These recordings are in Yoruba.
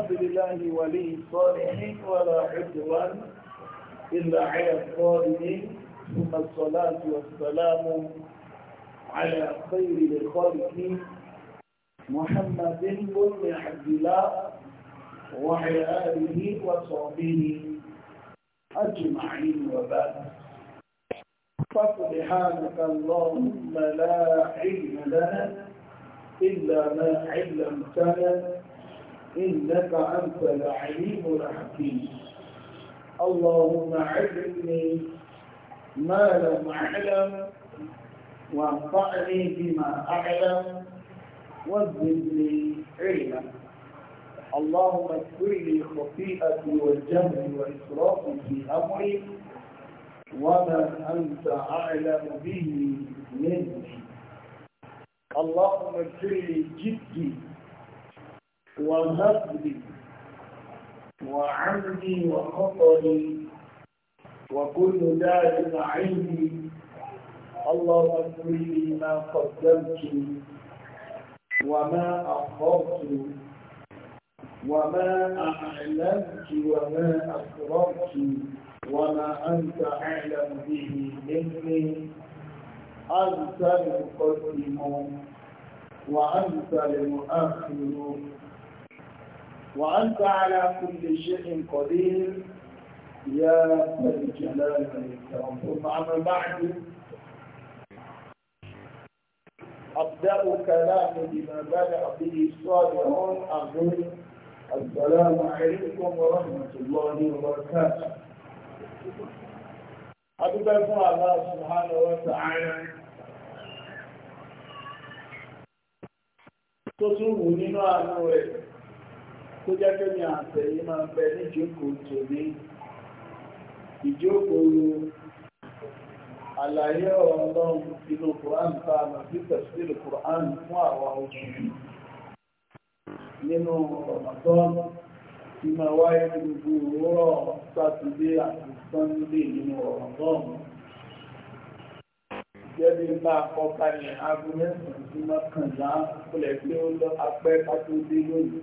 الحمد لله ولي الصالحين ولا عدوان إلا على الظالمين ثم الصلاة والسلام على خير الخلق محمد بن عبد الله وعلى آله وصحبه أجمعين وبعد فسبحانك اللهم لا علم لنا إلا ما علمتنا إنك أنت العليم الحكيم اللهم علمني ما لم أعلم وانفعني بما أعلم وزدني علما اللهم اغفر لي خطيئتي والجهل وإسرافي في أمري وما أنت أعلم به مني اللهم اغفر لي جدي ومكري وعمدي وخطري وكل ذلك عندي اللهم اغفر لي ما قدمت وما أخرت وما أعلمت وما أسررت وما أنت أعلم به مني أنت المقدم وأنت المؤخر وأنت على كل شيء قدير يا ذا الجلال والإكرام ثم أما بعد أبدأ كلامي بما بدأ به الصالحون أقول السلام عليكم ورحمة الله وبركاته أبدا الله سبحانه وتعالى تصوم لنا أنوي tó jẹ́ pé mi àtẹ̀yìn máa bẹ ní ìjókòó tòní ìjókòó àlàyé ọ̀rọ̀ ọlọ́run inú Quran tá a mọ̀ sí tẹ̀sílì Quran fún àwa obìnrin nínú Ramadan tí máa wáyé gbogbo òwúrọ̀ sátidé àti sannde nínú Ramadan jẹ́bi ńlá àkọ́kọ́ ni aago mẹ́sàn-án sí mọ́kànlá kọlẹ̀ pé ó lọ apẹ́ pátó dé lónìí.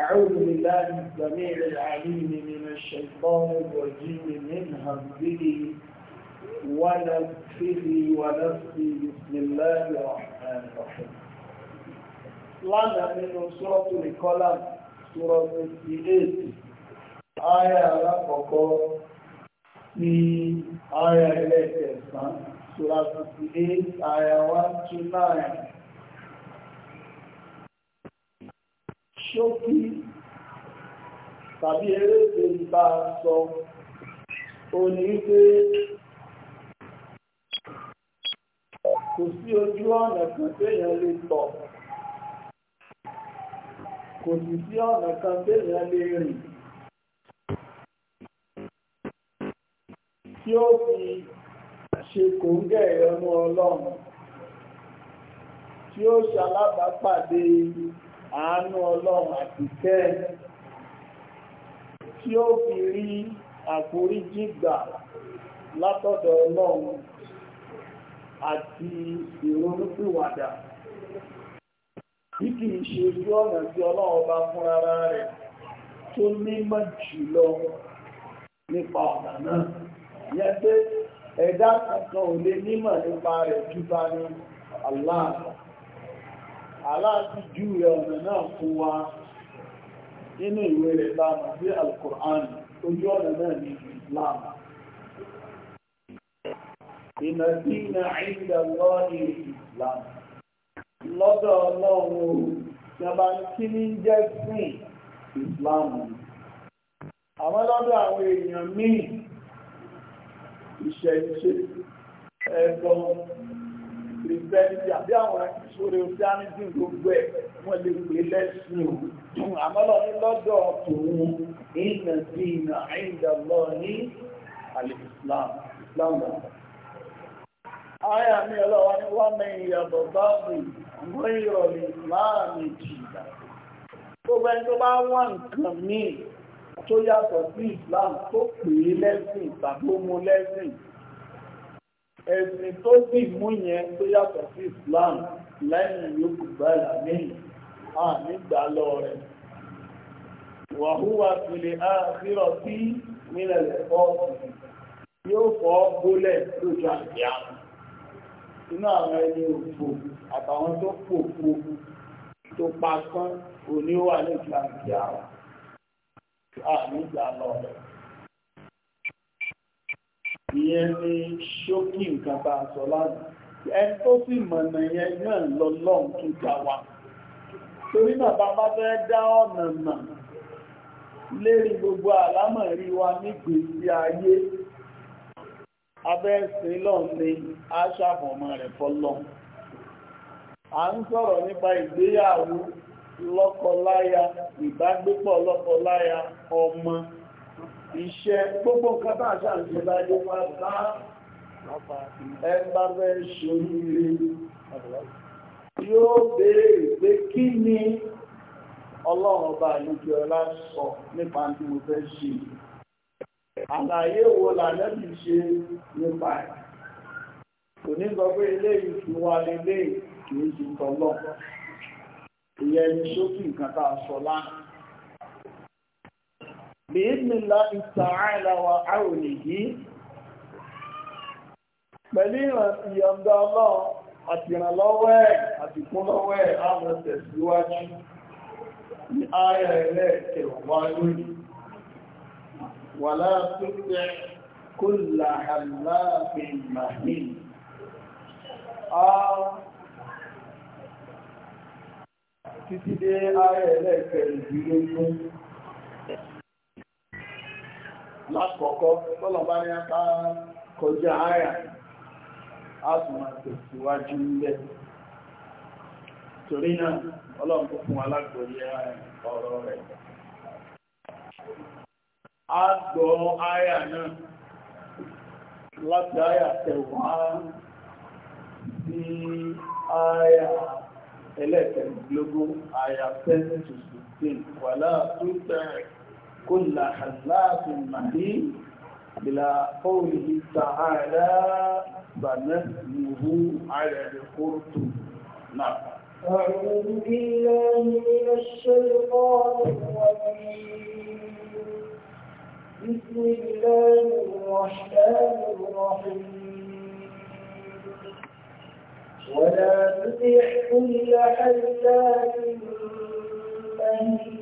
أعوذ بالله السميع العليم من الشيطان الرجيم من همزه ونفسه ونفسي بسم الله الرحمن الرحيم lánàá nínú sọ́ọ̀tù ìkọ́lá sọ́rọ̀ 28 ayé alákọ̀ọ́kọ́ sí ayé ẹlẹ́ẹ̀kẹ̀sán sọ́rọ̀ 28 ayé 129 ṣókí tàbí eré tó ń bá sọ ó ní pé kò sí ojú ọ̀nà kan téèyàn lè tọ̀ kò sì sí ọ̀nà kan téèyàn lè rìn tí ó fi ṣe kòńgẹ́ ìrọ̀nù ọlọ́run tí ó ṣalábàápàdé àánú ọlọ́run àti kẹ́ tí ó fi rí àforíjì gbà látọ̀dọ̀ ọlọ́run àti ìrònúpìwàdà bí ṣe rí ọ̀nà tí ọlọ́run bá fún ara rẹ̀ tó mímọ̀ jùlọ nípa ọ̀nà náà yẹn pé ẹ̀dá kankan ò lè mímọ̀ nípa rẹ̀ jù bá ní Allah aláàtí jú rẹ̀ ọ̀nà náà fún wa inú ìwé rẹ̀ láàmà sí alkùránì ojú ọ̀nà náà ní islam ìnàdínà ìdà lọ́ọ̀nì islam lọ́dọ̀ ọlọ́run ìjọba kí ní jẹ́ sìn islam àwọn lọ́dọ̀ àwọn èèyàn míì ìṣẹ̀ṣe ẹ̀gbọ́n kìrìsìtẹ́nìtì àbí àwọn ìṣòro oceanism gbogbo ẹ̀ wọ́n lè pè lẹ́sìn o àmọ́lọ́ ní lọ́dọ̀ tòun ìnà sí ìnà àìdàlọ́ ní alìsílám islam náà. mi ni wọ́n mẹ́yìn wọ́n ìrọ̀lẹ̀ ìsìláàmì gbogbo ẹni tó bá wọ́n nǹkan míì tó yàtọ̀ sí tó pè é lẹ́sìn ẹ̀sìn tó sì mú yẹn tó yàtọ̀ sí Islam lẹ́yìn yòókù báyà níyì á nígbà lọ rẹ̀ wàhúwà tìlẹ̀ àkírọ̀ sí nílẹ̀ lẹ́kọ́ yóò fọ́ bólẹ̀ lójú àgbẹ̀ àrùn inú àwọn ẹni òfò àtàwọn tó pòpò tó pa kán òní wà ní ìgbà àgbẹ̀ lọ rẹ̀. ìyẹn ni ṣókí nǹkan bá a sọ lánàá ẹni tó sì mọ̀nà yẹn náà lọ́lọ́run tó dá wa torí náà bàbá fẹ́ dá ọ̀nà nà lérí gbogbo àlámọ̀rí wa nígbèsí ayé abẹ́sìn lọ́n ni a ṣàfọ̀mọ́ rẹ̀ fọ́lọ́n à ń sọ̀rọ̀ nípa ìgbéyàwó lọ́kọláya ìbágbépọ̀ lọ́kọláya ọmọ iṣẹ́ gbogbo nǹkan bá ṣà ń sọba ilé pátá ẹgbà rẹ̀ ṣoríire yóò béèrè pé kí ni ọlọ́run ọba àlejò ọlá sọ nípa tí mo fẹ́ ṣe àlàyé wo làlẹ́bí ṣe nípa ẹ̀ kò ní sọ pé eléyìí ti wá lélẹ́yìí kì í ṣe tọ́lọ́ ìyẹn ni ṣókí nǹkan tá a sọ lánàá بإذن الله تعالى وعونه pẹ̀lú ìyọ̀ǹda ọlọ́run àtìrànlọ́wọ́ ẹ̀ àtìkúnlọ́wọ́ ẹ̀ àwọn tẹ̀síwájú ní ayà ẹ̀rẹ́ ẹ̀wà lórí wà láti tẹ́ kó làhàlá fi màmí títí dé ayà ẹ̀rẹ́ ẹ̀kẹ̀rẹ̀ ìdílógún lákọ̀ọ́kọ́ tọ́lọ̀bá ní aká kọjá àyà átùmà tẹ̀síwájú ilẹ̀ torí náà ọlọ́run fún alágbòye ọ̀rọ̀ rẹ̀ a àyà náà láti àyà tẹ̀wàá sí àyà gbogbo àyà 10 to 16 wà láà كل حلاف مهين إلى قوله تعالى فنسله على القرطب نعم أعوذ بالله من الشيطان الرجيم بسم الله الرحمن الرحيم ولا تطع كل حلاف مهين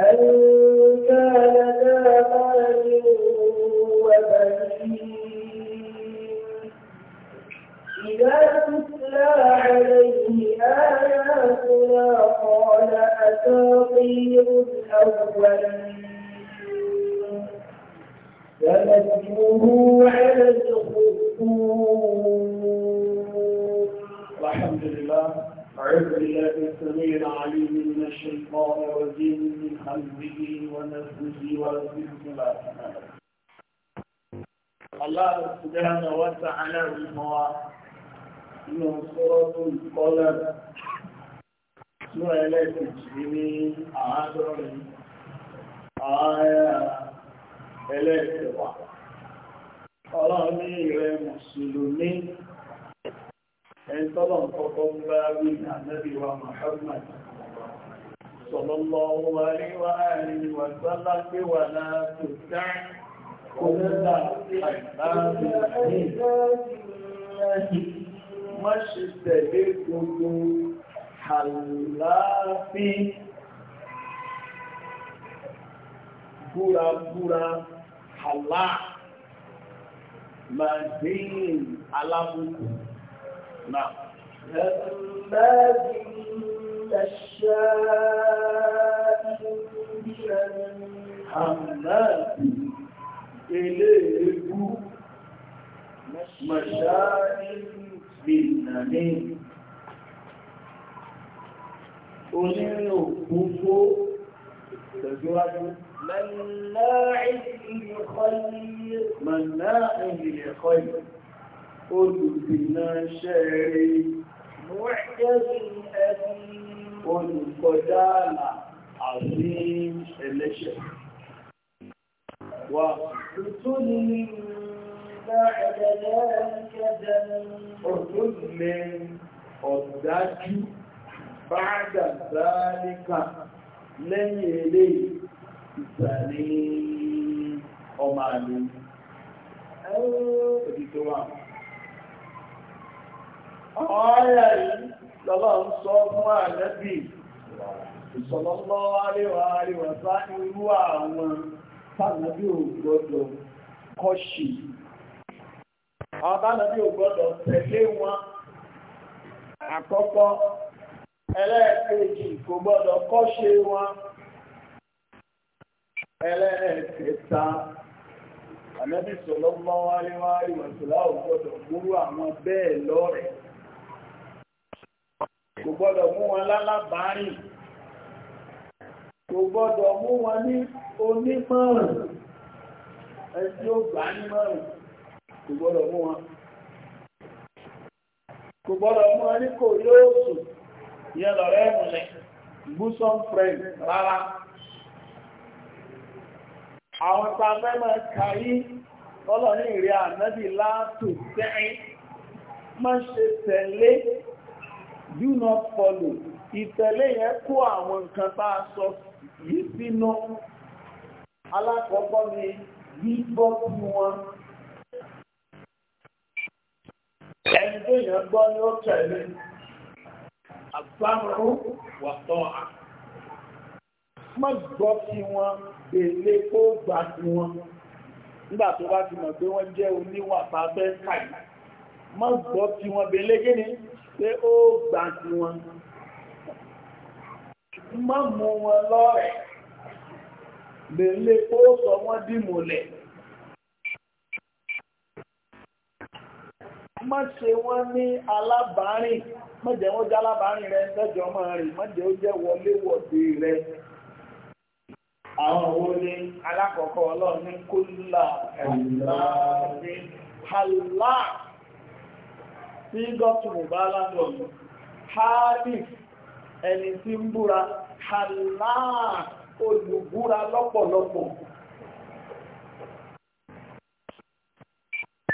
أن كان ذا وبنين إذا تتلى عليه آياتنا قال أساطير الأولين سنسجوه على الخطوط والحمد لله أعوذ بالله السميع العليم من الشيطان الرجيم من خلقه ونفسه ونفسه الله سبحانه وتعالى هو من سورة القلم سورة لا عذر آية إليك الله أمير مسلمين ẹni tọ́lọ̀ kọ́kọ́ ń bá rí ànábì wa Muhammad sallallahu alaihi wa alihi wa sallam pé wà náà tó dá kòmọ́lá àìbáàbì ní má ṣe tẹ̀lé gbogbo àláàfin búrabúra نعم هماز مشاء هماز إليه مشاء بالنميم onírìn òkú tó tẹ̀síwájú. Mẹ́nà ìlú ẹ̀kọ́ yìí. Mẹ́nà ìlú ẹ̀kọ́ yìí. olùdènà ṣẹ́ẹ̀rẹ́ olùkọjá àlà àti ẹlẹ́ṣẹ̀ wà tuntun ní ọdún lè ọ̀dájú bá dàbáríkà lẹ́yìn eré ìsàlẹ̀ ọmọ àlè ẹ̀rọ òdìtò wà. ọ̀ọ́yà yìí lọ́lọ́ ń sọ fún ànẹ́bì ìsọ̀lọ́lọ́ àríwá àríwá irú àwọn tánàbí ò gbọ́dọ̀ kọ́ṣì àwọn tánàbí wọn àkọ́kọ́ ẹlẹ́ẹ̀kejì kò gbọ́dọ̀ kọ́ṣe wọn ẹlẹ́ẹ̀kẹta ànẹ́bì ìsọ̀lọ́lọ́ àríwá gbọ́dọ̀ gbúrú kò gbọ́dọ̀ mú wọn lálábàárìn kò gbọ́dọ̀ mú wọn ní onímọ̀ràn ẹjọ́ gbà nímọ̀ràn kò gbọ́dọ̀ mú wọn kò gbọ́dọ̀ mú wọn ní kò yóò sùn yẹ lọ́rẹ́ ìmùlẹ̀ bosom friend rárá àwọn ta mẹ́mọ̀ kàyí ọlọ́rin ìrẹ́ ànábì látò tẹ́rin má ṣe tẹ̀lé do not follow ìtẹ̀lé yẹn kó àwọn nǹkan tá a sọ yìí sínú alákọ̀ọ́kọ́ ni gbígbọ́ sí wọn ẹni tó yẹn gbọ́ ni ó tẹ̀lé àgbámọ̀rún wà tán à má gbọ́ sí wọn èlé kó gbà sí wọn nígbà tó bá ti mọ̀ pé wọ́n jẹ́ oníwà tá a fẹ́ kà yìí má gbọ́ sí wọn bèlé kí ni. pé ó gbà sí wọn má mú wọn lọ́rẹ̀ lè lè sọ wọ́n dìmọ̀lẹ̀ má ṣe wọ́n ní alábàárìn má wọ́n jẹ́ alábàárìn rẹ lọ́jọ́ máa rìn má ó jẹ́ rẹ àwọn owó ní alákọ̀ọ́kọ́ ọlọ́run ní kólà ẹ̀lá sí gọ́tùmù bá ládọ̀lù hadith ẹni tí ń búra halláà olùgbúra lọ́pọ̀lọpọ̀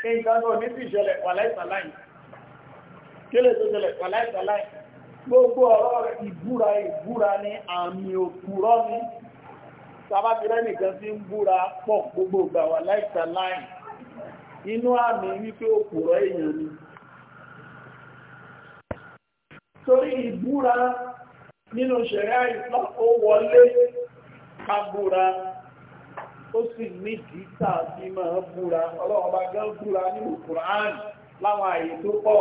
ní tó gbogbo ọ̀rọ̀ ìbúra ìbúra ní àmì òkúrọ́ ní nìkan ń búra pọ̀ gbogbo inú àmì wípé òkúrọ́ èèyàn ni torí ìbúra nínú ṣẹ̀rẹ́ àìsá ó wọlé kábúra ó sì ní kìíta bí máa búra ọlọ́ọ̀bá gán búra nínú kùránì láwọn àyè tó pọ̀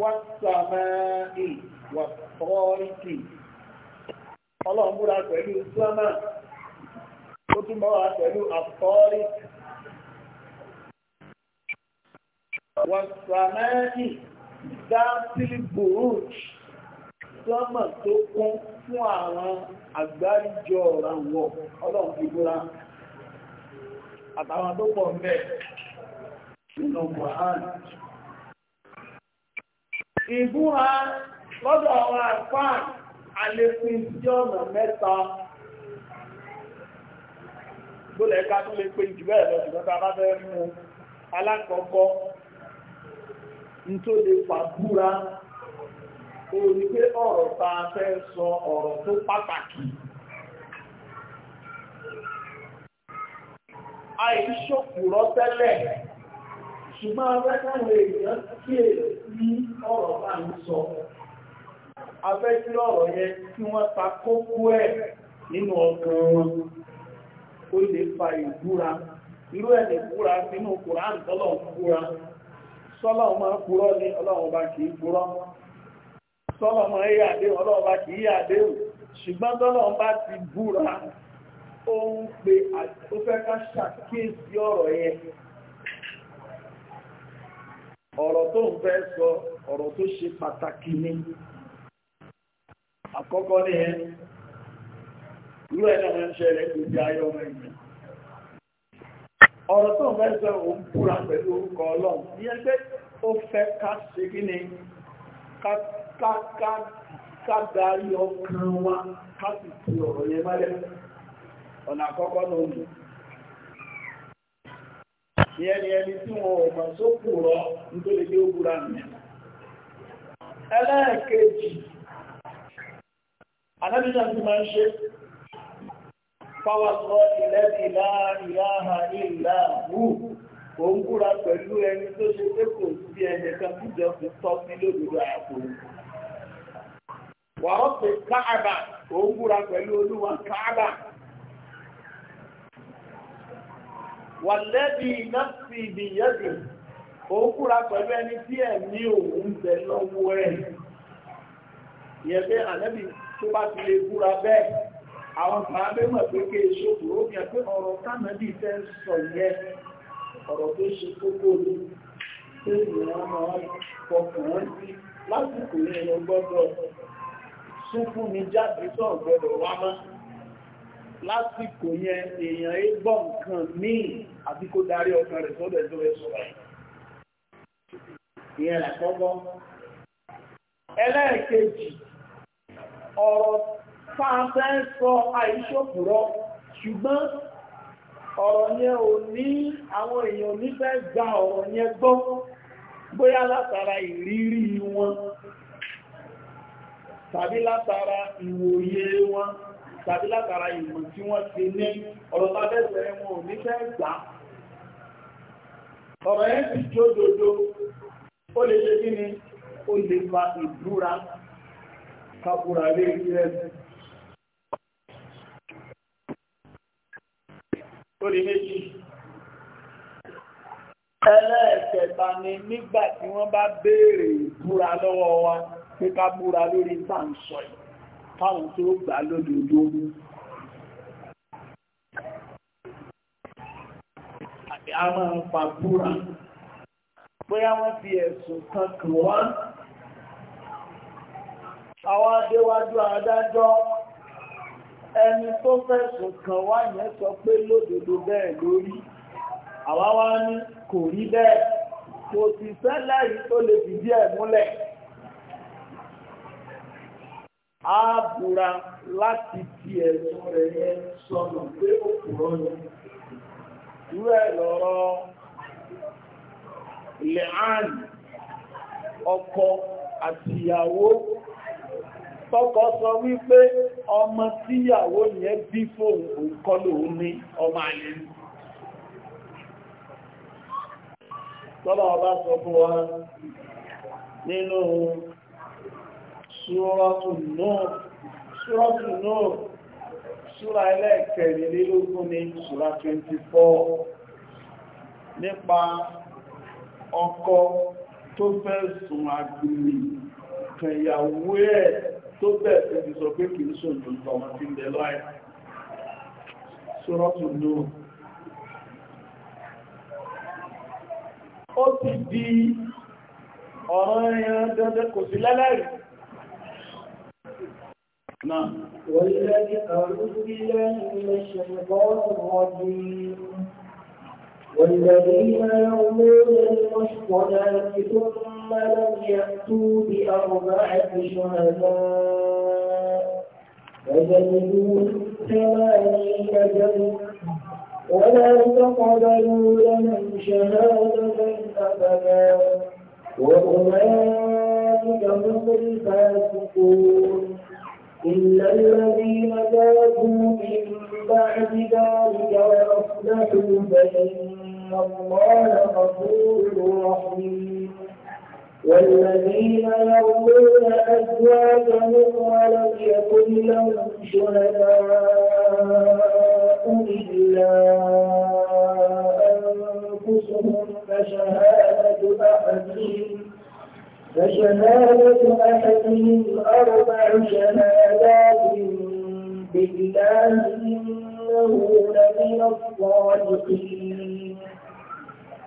wọ́n sàmáì wà pẹ̀lú sánà ó tún bá wà pẹ̀lú àfọ́ọ̀rìkì wọ́n sàmáì dáńtílì burúj sọ́mọ̀ tó kún fún àwọn àgbáríjọ ọ̀rànwọ̀ ọlọ́run ti búra àtàwọn tó pọ̀ mẹ́ nínú Kùránì. Ìbúra lọ́dọ̀ àwọn àfáà alépin sí ọ̀nà mẹ́ta. Gbólẹ̀ ká tó lè pe jù bẹ́ẹ̀ lọ nto de fagura búra ó ní a sọ ọ̀rọ̀ tó pàtàkì àìṣòkùrọ̀ tẹ́lẹ̀ ṣùgbọ́n afẹ́kànlẹ̀ èèyàn kí è ní ọ̀rọ̀ bá ń sọ afẹ́ tí yẹn wọ́n ta kókó ẹ̀ nínú ọkàn wọn ó lè fa ìbúra irú ẹ̀ lè búra tọ́lọ̀ sọ́lọ́run máa purọ́ ní ọlọ́run kìí purọ́ sọ́lọ́run máa àdéhùn ọlọ́run kìí yà àdéhùn ṣùgbọ́n tọ́lọ́run ti búra ó ń pe ṣàkíyèsí ọ̀rọ̀ tó ń fẹ́ sọ ọ̀rọ̀ tó ṣe pàtàkì ni àkọ́kọ́ ní ẹ irú náà ń ṣẹlẹ̀ kò di ayé ọ̀rọ̀ tó ń fẹ́ sọ òun búra pẹ̀lú orúkọ ọlọ́run ní ẹgbẹ́ ó fẹ́ ká ṣe kí ni ká ọkàn wa ọ̀rọ̀ yẹn ọ̀nà àkọ́kọ́ ní ẹni ẹni tí wọn ò mọ̀ sókù rọ nítorí pé ó فوالله الذي لا إله إلا هو òun búra pẹ̀lú ẹni tó ṣe pé kò sí ẹni kan kújọ fi tọ́ sí lódodo àpò. wàá pè káàbà òun búra pẹ̀lú olúwa káàbà. wàlẹ́bí nọ́ọ̀sì ìbíyẹ́dì òun búra pẹ̀lú ẹni tí ẹ̀mí òun bẹ̀ lọ́wọ́ ẹ̀. ìyẹn pé àlẹ́bí tó bá ti lè búra bẹ́ẹ̀ àwọn sàábé mọ̀ pé kí èṣòkò ó fi ẹ̀pẹ́ ọ̀rọ̀ tánàbí fẹ́ sọ yẹ ọ̀rọ̀ tó ṣe kókó ní pé ìran máa fọkàn sí lásìkò ìrìn gbọ́dọ̀ sún fún mi jáde tó ọ̀gbọ́dọ̀ wá mọ́ lásìkò yẹn èèyàn é gbọ́ nǹkan míì àbí kó darí ọkàn rẹ̀ sọ́dọ̀ ẹ̀ tó fẹ́ sọ̀rọ̀ ìyẹn làkọ́kọ́ ẹlẹ́ẹ̀kejì ọ̀rọ̀ fáfẹ́ sọ àìṣòpùrọ̀ ṣùgbọ́n ọ̀rọ̀ yẹn ò ní àwọn èèyàn nífẹ́ gba ọ̀rọ̀ yẹn gbọ́ bóyá látara ìrírí wọn tàbí látara ìwòye wọn tàbí látara ìmọ̀ tí wọ́n ti ní ọ̀rọ̀ lábẹ́sẹ̀ wọn ò nífẹ́ gbà ọ̀rọ̀ yẹn ti jódodo ó lè ṣe kí ni ó lè fa ìbúra kábúra lé ẹsẹ̀ lórí méjì ẹlẹ́ẹ̀kẹta ni nígbà tí wọ́n bá béèrè ìbúra lọ́wọ́ wa pé ká búra lórí sáǹsọ̀ fáwọn tó gbà lódodo àti a máa fa búra bóyá wọ́n fi ẹ̀sùn kan kàn wá àwọn adéwájú adájọ́ ẹni tó fẹ̀sùn kàn wá yẹn sọ pé lódodo bẹ́ẹ̀ lórí àwa wá ní kò rí bẹ́ẹ̀ kò sì sẹ́lẹ̀rí tó lè fìdí ẹ̀ múlẹ̀ á búra láti fi ẹ̀sùn rẹ̀ yẹn sọnù pé ó kúrò ní irú ẹ̀ lọ́rọ̀ lẹ́hàn ọkọ àti ìyàwó tọ́kọ sọ wípé ọmọ tíyàwó yẹn bí fóun òǹkọ́ lòun ní ọmọ àlè ní tọ́lá ọba sọ fún wa nínú ṣúrọ́tù náà ṣúrọ́tù náà ṣúra ẹlẹ́ẹ̀kẹrìnlélógún ní ṣúra 24 nípa ọkọ tó fẹ́ sùn àgbìlì kẹyàwó ẹ̀ tó bẹ̀ẹ̀ tó ti sọ pé kìí sọ ní ọmọ tí ń bẹ lọ́ẹ̀ sọ́rọ́tù náà ó ti di ọ̀rọ̀ ẹ̀yàn dandan kò sí lẹ́lẹ́rìí نعم والذي أعوذ بالله من الشيطان الرجيم والذين يؤمنون المحصنات ثم ثم لم يأتوا بأربعة شهداء فجلدوا ثمانين جلد ولا تقبلوا لهم شهادة أبدا وأولئك هم الفاسقون إلا الذين تابوا من بعد ذلك وأصلحوا فإن الله غفور رحيم والذين يرمون أزواجهم ولم يكن لهم شهداء إلا أنفسهم فشهادة أحدهم فشهادة أحدهم أربع شهادات بالله إنه لمن الصادقين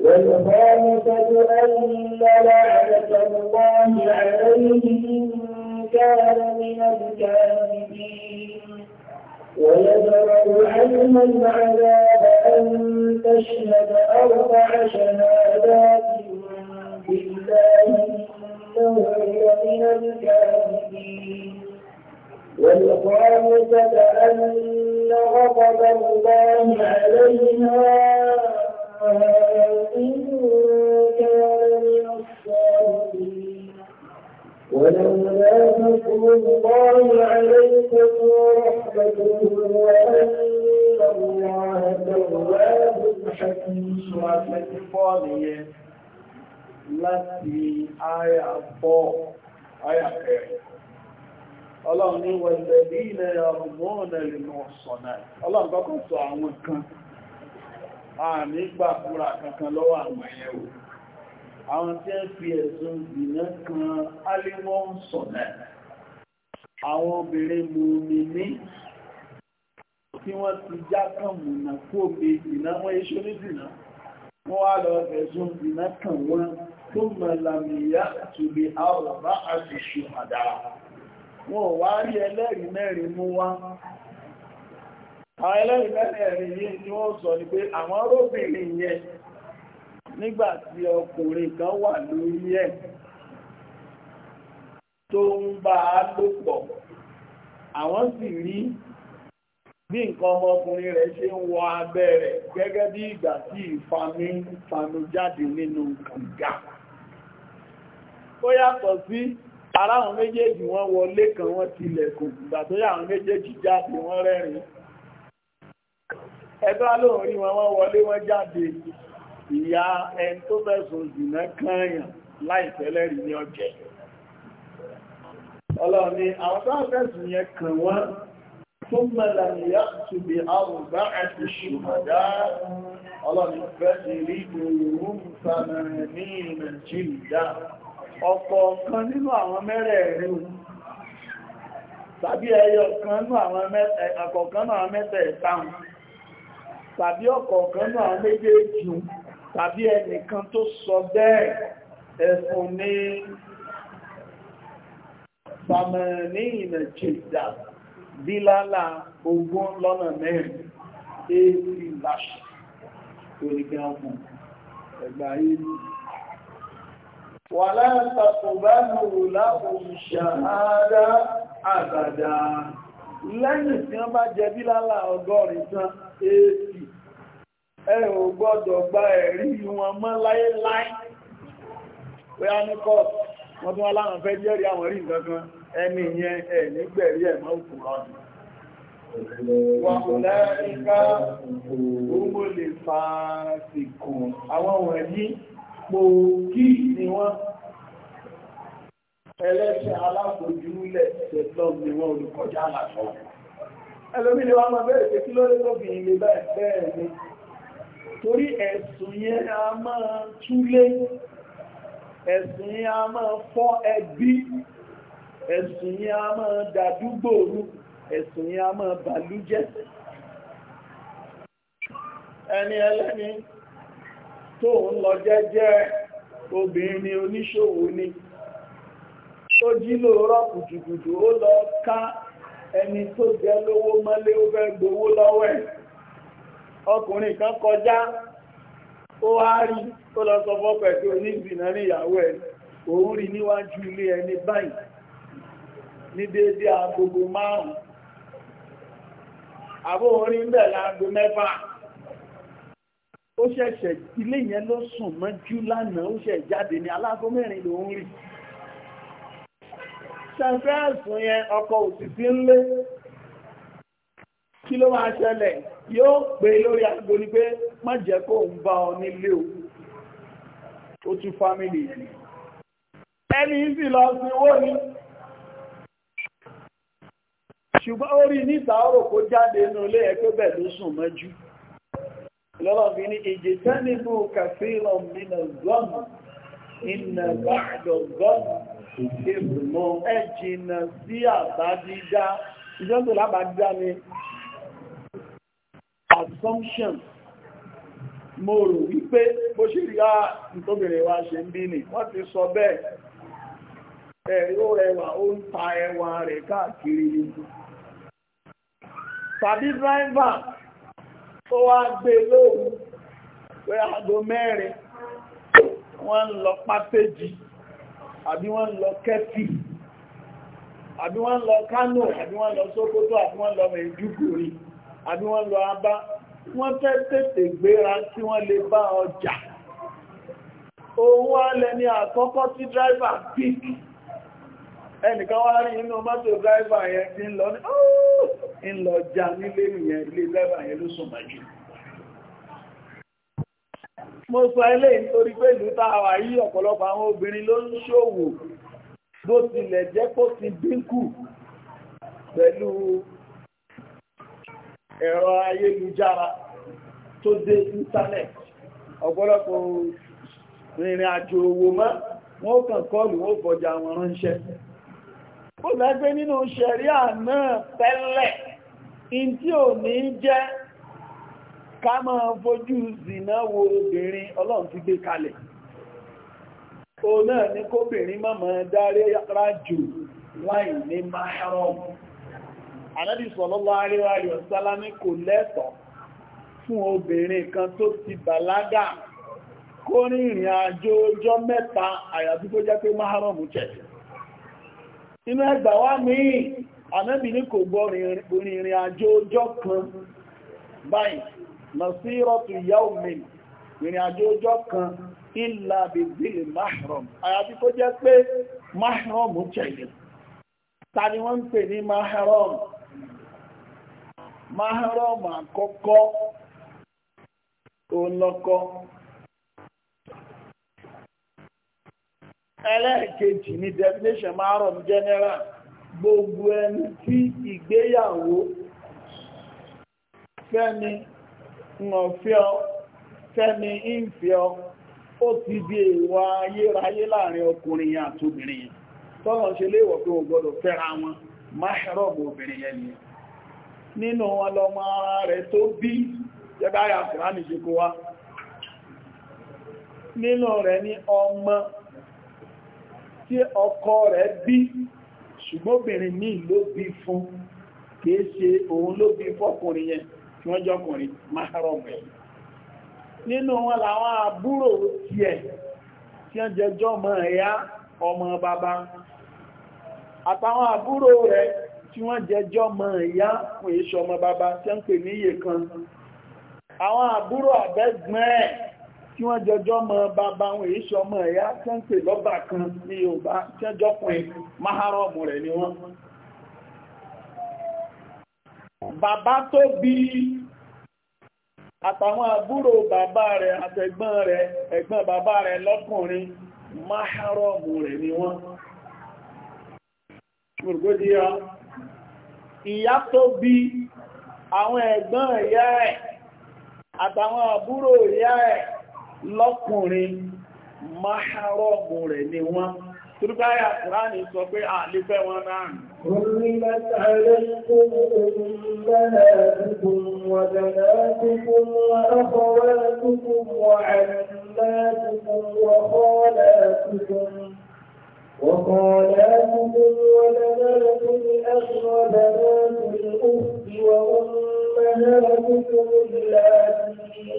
والخامسة أن لعنة الله عليه إن كان من الكاذبين ويدرأ عنها العذاب أن تشهد أربع شهادات بالله إنه لمن الكاذبين والخامسة أن غضب الله عليها إن كان من Ọlọ́run ní wọ̀lẹ̀ ní ilẹ̀ ọmọ ọ̀nà ìrìnà ọ̀sọ̀nà. Ọlọ́run kọ́kọ́ sọ àwọn kan àmì gbà fúra kankan lọ́wọ́ àwọn ẹ̀yẹ o àwọn tí ń fi ẹ̀sùn ìdìnà kan aléwọ́ ń sọ̀lẹ̀ àwọn obìnrin mú mi ní tí wọ́n ti já kàn múnà kó mi ìdìnà wọ́n iṣẹ́ onídìnà wọ́n wá lọ ẹ̀sùn ìdìnà kan wọ́n tó mọ̀lámìyá tùbí àwọ̀ bá àti ṣùhàdà wọn ò wá rí ẹlẹ́rìí mẹ́rin mú wá àwọn ẹlẹ́rìí mẹ́rẹ̀ẹ̀rin yìí ni wọ́n sọ ní pé àwọn róbìnrin yẹn Nígbàtí ọkùnrin kan wà lórí ẹ̀ tó ń bá a lò àwọn sì rí bí nǹkan ọmọkùnrin rẹ̀ ṣe ń wọ abẹ́ rẹ̀ gẹ́gẹ́ bí ìgbà tí ìfami fanu jáde nínú kànga ó yàtọ̀ sí ara méjèèjì wọ́n wọlé kan wọ́n tilẹ̀kùn ìgbà tó yà àwọn méjèèjì jáde wọ́n rẹ́rìn-ín ẹ̀tọ́ alóhùn rí wọn wọ́n wọlé wọ́n jáde ìyá ẹni tó fẹ́sùn ìdìnà kányàn láìtẹ́lẹ̀ rí ní ọjẹ́ ọlọ́run ni àwọn tó fẹ́sùn yẹn kàn wọ́n tó mẹ́lẹ̀ ìyá tó bí ẹ̀sì ṣùgbọ́dá ọlọ́run tàbí ẹyọ kan nínú àwọn mẹ́tẹ̀ẹ̀ta tàbí ọ̀kọ̀ọ̀kan náà méjèèjì tàbí ẹnìkan tó sọ bẹ́ẹ̀ ẹ̀fún ní bàmẹ̀ní ìnàjẹ̀dà bílálà ogún lọ́nà mẹ́rin èsì láṣì orígbàmù ẹgbà ìlú wà nù láàrín ṣàhádá àgbàdà lẹ́yìn tí wọ́n bá jẹ bí lálà ọgọ́rin tán éèkì ẹ ò gbọ́dọ̀ gba ẹ̀rí wọn mọ́ láéláé pé a ní kọ́ọ̀tù wọ́n tún wọ́n láwọn fẹ́ jẹ́rìí àwọn rí nǹkan kan ẹni yẹn ẹ̀ nígbẹ̀rí ẹ̀ mọ́ òkú rọ́ọ̀nù wàhùnlẹ́ríká òmò lè fàásìkò àwọn wọ̀nyí pòókì ni wọ́n ẹlẹ́ṣẹ̀ alábòjúlẹ̀ tẹ̀lọ́ ni wọ́n olùkọjá àlàṣọ́. ẹlòmí ni wọ́n máa bẹ̀rẹ̀ pé kí ló lé lóbi ilé bẹ́ẹ̀ ni torí ẹ̀sùn yẹn a máa túlé ẹ̀sùn yẹn a máa fọ́ ẹbí ẹ̀sùn yẹn a máa dàdúgbò rú ẹ̀sùn yẹn a máa bàlújẹ́ ẹni ẹlẹ́ni tó ń lọ jẹ́jẹ́ obìnrin tó jí lóòrọ̀ kùtùkùtù ó lọ ká ẹni tó jẹ lówó mọ́lé ó fẹ́ gbowó lọ́wọ́ ọkùnrin kan kọjá ó wá rí ó lọ sọ fọ́pẹ̀ tó ní ìbìnà ní ìyàwó òun rí níwájú ilé ẹni báyìí ní déédéé agogo márùn àbó orin ń bẹ̀ láago mẹ́fà ó ṣẹ̀ṣẹ̀ ilé yẹn ló sùn lánàá ó jáde ní ṣẹ̀fẹ́ ẹ̀sùn yẹn ọkọ òsìsí ńlé kí ló máa ṣẹlẹ̀ yóò pè lórí aago ni pé má jẹ́ kó ń bá ọ nílé o ó tún fámìlì yẹn ẹni sì lọ sí owó ni ṣùgbọ́n ó rí níta ó kó jáde inú ilé ẹ̀ pé bẹ́ẹ̀ ló sùn mọ́jú lọ́lọ́bí ní ìjẹ́sẹ́ nínú kàfíìlọ̀ mìíràn gbọ́mù iná báàdọ̀ gọ́ọ̀nù ìgbìmọ̀ ẹ jìnà sí àbádídá ìjọ́sọ̀ lábàdídá ni assumption mo rò wípé bó ṣe rí á nítòbìnrin wa ṣe ń bí nì wọ́n ti sọ bẹ́ẹ̀ ẹ̀rọ ẹwà ó ń ta ẹwà rẹ̀ káàkiri ni tàbí dráìvà tó wá gbé lóòrùn pé aago mẹ́rin wọ́n ń lọ pápéjì àbí wọ́n ń lọ kẹ́fì àbí wọ́n ń lọ Kánò àbí wọ́n ń lọ Sókótó àbí wọ́n ń lọ Maiduguri àbí wọ́n ń lọ Abá wọ́n fẹ́ tètè gbéra kí wọ́n lè bá ọjà òun alẹ́ ni àkọ́kọ́ tí dráìvà pík ẹnìkan wá rí inú mọ́tò dráìvà yẹn ti ń lọ ní ọ́ọ́ ń lọ já nílé ìyẹn mo sọ eléyìí nítorí pé ìlú tá a wà yí ọ̀pọ̀lọpọ̀ àwọn obìnrin ló ń ṣòwò bó tilẹ̀ jẹ́ kó ti dínkù pẹ̀lú ẹ̀rọ ayélujára tó dé íńtánẹ̀tì ọ̀pọ̀lọpọ̀ rìnrìn àjò òwò mọ́ wọ́n kàn kọlù ó fọjà wọn ránṣẹ́ ó lẹ́gbẹ́ nínú ṣẹ̀ríà náà tẹ́lẹ̀ in ò ní jẹ́ ká máa fojú zìnà wo obìnrin ọlọ́run ti gbé kalẹ̀ o náà ní kóbìnrin má máa rájò láì ní mahram Ànábì sallallahu fún obìnrin kan tó ti bàlágà kó ní ìrìn àjò ọjọ́ mẹ́ta àyàbí tó jẹ́ báyìí nasírọ̀tù yaumin ìrìn àjò ọjọ́ kan ìlà bìbìlì mahram àyàfi kó jẹ́ pé mahram tẹ̀lé ta ni wọ́n ń pè ní mahram mahram àkọ́kọ́ olọ́kọ́ ẹlẹ́ẹ̀kejì ni definition mahram general gbogbo ẹni tí ìgbéyàwó fẹ́ni ọ̀fẹ́ ọ fẹ́mi ìfẹ́ ọ ó ti di èèwọ̀ ayérayé láàrin ọkùnrin yẹn àtòbìnrin yẹn tọ́lọ̀ ṣe léèwọ̀ pé wọ́n gbọ́dọ̀ fẹ́ra wọn máṣẹ́rọ̀bù obìnrin yẹn ni nínú wọn lọmọ ara rẹ̀ tó bí jẹ́báyà kìránì ṣe kó wá nínú rẹ̀ ní ọmọ tí ọkọ rẹ̀ bí ṣùgbọ́bìnrin míì ló bí fún kìí tí wọ́n jọkùnrin máhárọ̀mù ẹ̀ nínú wọn làwọn àbúrò tiẹ̀ tí wọ́n jẹjọ́ ọmọ ẹ̀yà ọmọ bàbá àtàwọn àbúrò rẹ̀ tí wọ́n jẹjọ́ ọmọ ẹ̀yà fún èṣọ́ ọmọ bàbá tí wọ́n pè ní iye kan àwọn àbúrò àbẹ́gbọ́n ẹ̀ tí wọ́n jọjọ́ ọmọ bàbá wọn èṣọ́ ọmọ ẹ̀yà tí wọ́n pè lọ́bà kan ní Yorùbá tí wọ́n jọkùnrin máhárọ̀mù rẹ̀ ni wọ́n bàbá tó bí àtàwọn àbúrò bàbá rẹ̀ àtẹ̀gbọ́n rẹ̀ ẹ̀gbọ́n bàbá rẹ̀ lọ́kùnrin máhárọ̀mù rẹ̀ ni wọ́n gbogbogbò ìyá tó bí àwọn ẹ̀gbọ́n ìyá ẹ̀ àtàwọn àbúrò ìyá ẹ̀ lọ́kùnrin máhárọ̀mù rẹ̀ ni wọ́n Turubáyà Kùránì sọ pé à lè حرمت عليكم أمهاتكم وبناتكم وأخواتكم وعماتكم وخالاتكم وخالاتكم وبنات الأخ وبنات الأخت وأمهاتكم اللاتي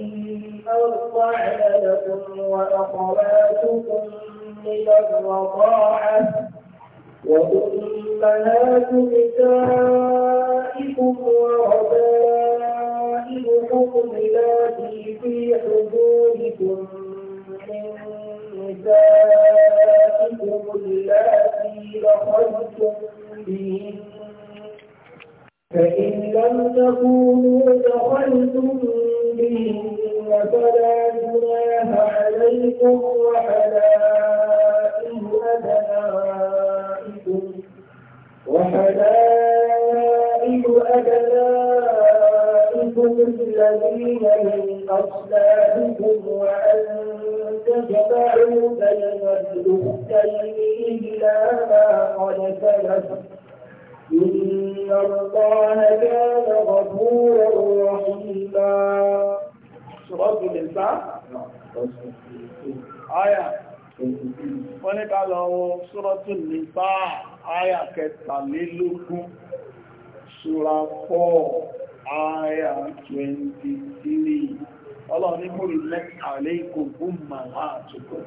أرضعن لكم وأخواتكم من الرضاعة وأمهات نسائكم وربائبكم التي في حضوركم من نسائكم التي دخلتم بهن فإن لم تكونوا دخلتم بهن فلا جناح عليكم وحلائل أبنائكم الذين من أصلابكم وأن تجمعوا بين الأختين إلا ما قد سلفت إن الله كان غفورا رحيما سورة الإنسان آية wọ́n ní ká lọ wo ṣúrọ́tù kẹta àyà kẹtàlélógún ṣúra 4 àyà 23 ọlọ́run ní múrí lẹ́kàlẹ́ ìkòkú màá àtùkù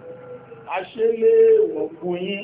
aṣẹ́lẹ̀ ìwọ̀kùn yìí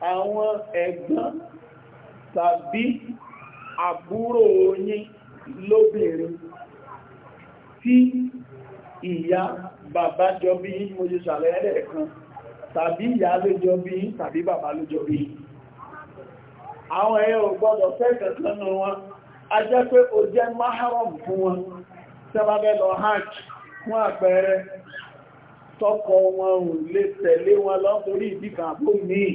àwọn ẹ̀gbọ́n tàbí àbúrò yín lóbìnrin tí ìyá bàbá jọ bí i mo jù ṣàlẹ́ẹ̀dẹ̀ kan tàbí ìyá ló jọ bí i tàbí bàbá ló jọ bí i àwọn ẹ̀yẹ ò gbọ́dọ̀ fẹ́ẹ̀kẹ́ sọ́nà wọn a jẹ́ pé ó jẹ́ maharam fún wọn tẹ́bàbẹ́ lọ hajj fún àpẹẹrẹ tọ́kọ wọn ò lè tẹ̀lé wọn lọ́torí ìdíkàbó míì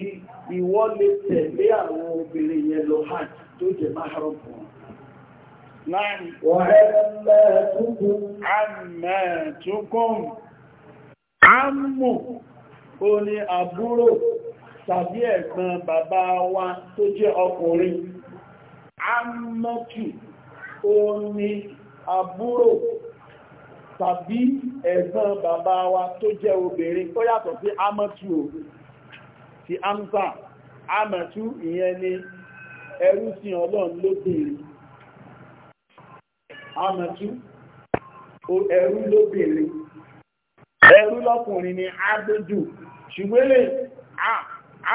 ìwọ lè tẹ̀lé àwọn obìnrin yẹn lọ hajj tó jẹ mahrum fún wọn. Láàrín ọ̀rẹ́mẹ́tukùn. Àmẹ́tukùn. Àmù ó ní àbúrò tàbí ẹ̀gbọ́n bàbá wa tó jẹ́ ọkùnrin. Àmọ́kì ó ní àbúrò tàbí ẹ̀gbọ́n bàbá wa tó jẹ́ obìnrin. Ó yàtọ̀ sí àmọ́kì òun ti amsa amatu ìyẹn ni ẹrú sí ọlọ́run lóbìnrin amatu ẹrú lóbìnrin ẹrú lọ́kùnrin ni agbójú ṣùgbọ́n lè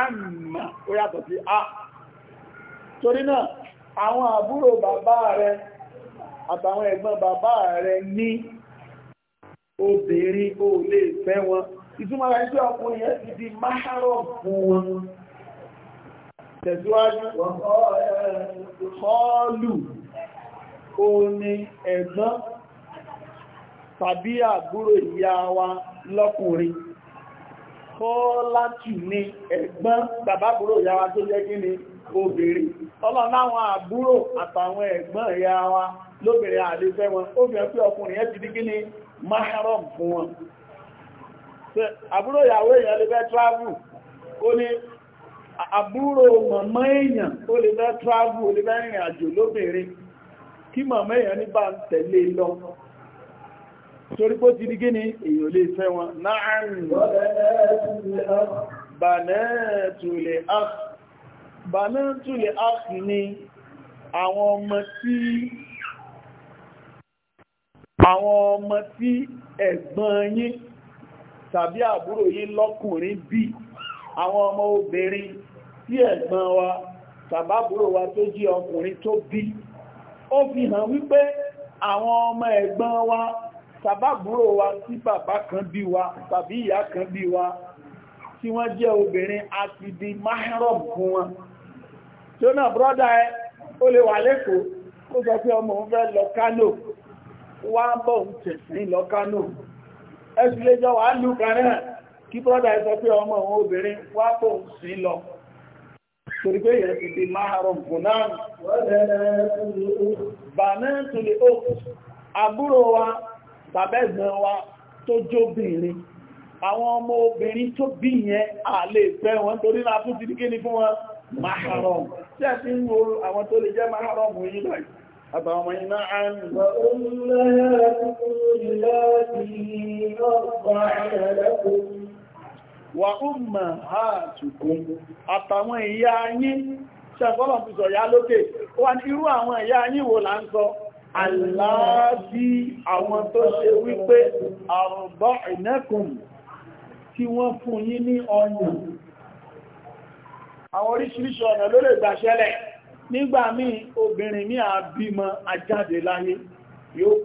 àmà ó yàtọ̀ sí a torí náà àwọn àbúrò bàbá rẹ àtàwọn ẹ̀gbọ́n bàbá rẹ ní obìnrin ó lè fẹ́ wọn ìtumọ̀ rẹ̀ tí ọkùnrin yẹn ti di fún wọn tẹ̀síwájú ọ̀họ́ọ̀lù ó ní ẹ̀gbọ́n tàbí àbúrò ìyá wa lọ́kùnrin kọ́ọ́látù ní ẹ̀gbọ́n tàbábúrò ìyá wa tó jẹ́ ni obìnrin ọlọ́run láwọn àbúrò àtàwọn ẹ̀gbọ́n ìyá wa lóbìnrin wọn ó fi ọkùnrin yẹn fún wọn àbúrò ìyàwó èèyàn lè fẹ́ travel ó ní àbúrò màmá èèyàn ó lè fẹ́ travel ó lè fẹ́ rìnrìn àjò lóbìnrin kí màmá èèyàn ní bá ń tẹ̀lé e lọ torí pó ti di gíní èèyàn lè fẹ́ wọn láàárín bànẹ́ẹ̀tùlẹ̀ ni àwọn ọmọ tí ẹ̀gbọ́n yín tàbí àbúrò yín lọ́kùnrin bí àwọn ọmọ obìnrin tí ẹ̀gbọ́n wa tàbábúrò wa tó jí ọkùnrin tó bí ó fi hàn wípé àwọn ọmọ ẹ̀gbọ́n wa tàbábúrò wa tí bàbá kan bí wa tàbí ìyá kan bí wa tí wọ́n jẹ́ obìnrin a ti di mahram fún wọn tó náà brọ́dá ẹ ó lè wà lẹ́kọ̀ọ́ ó sọ pé ọmọ òun fẹ́ lọ Kánò wá bọ̀ ń tẹ̀sí lọ Kánò ẹ̀sùlẹ́jọ́ wà lù kan kí brọ́dà ẹ pé ọmọ òun obìnrin wá lọ torí pé èèyàn ti di maharam gunan bàná tuli ó àbúrò wa tàbẹ́gbọ̀n wa tó jóbìnrin àwọn ọmọ obìnrin tó bí yẹn à lè fẹ́ wọn torí náà fún ti ní kí ni fún wọn maharam tí a ti ń àtàwọn ọmọ iná àánú. Wà ọmọ àtùkùn àtàwọn ìyá yín ṣẹ̀fọ́lọ̀ fi sọ̀yá lókè. Ó wà ní irú àwọn ìyá yín wo là ń sọ, aláàbí àwọn tó ṣe wípé àrùbọ̀ ìnẹ́kùn tí wọ́n fún yín ní ọyàn. Àwọn oríṣiríṣi ọ̀nà ló lè gbà nígbà míì obìnrin míì àbímọ ajáde láyé yóò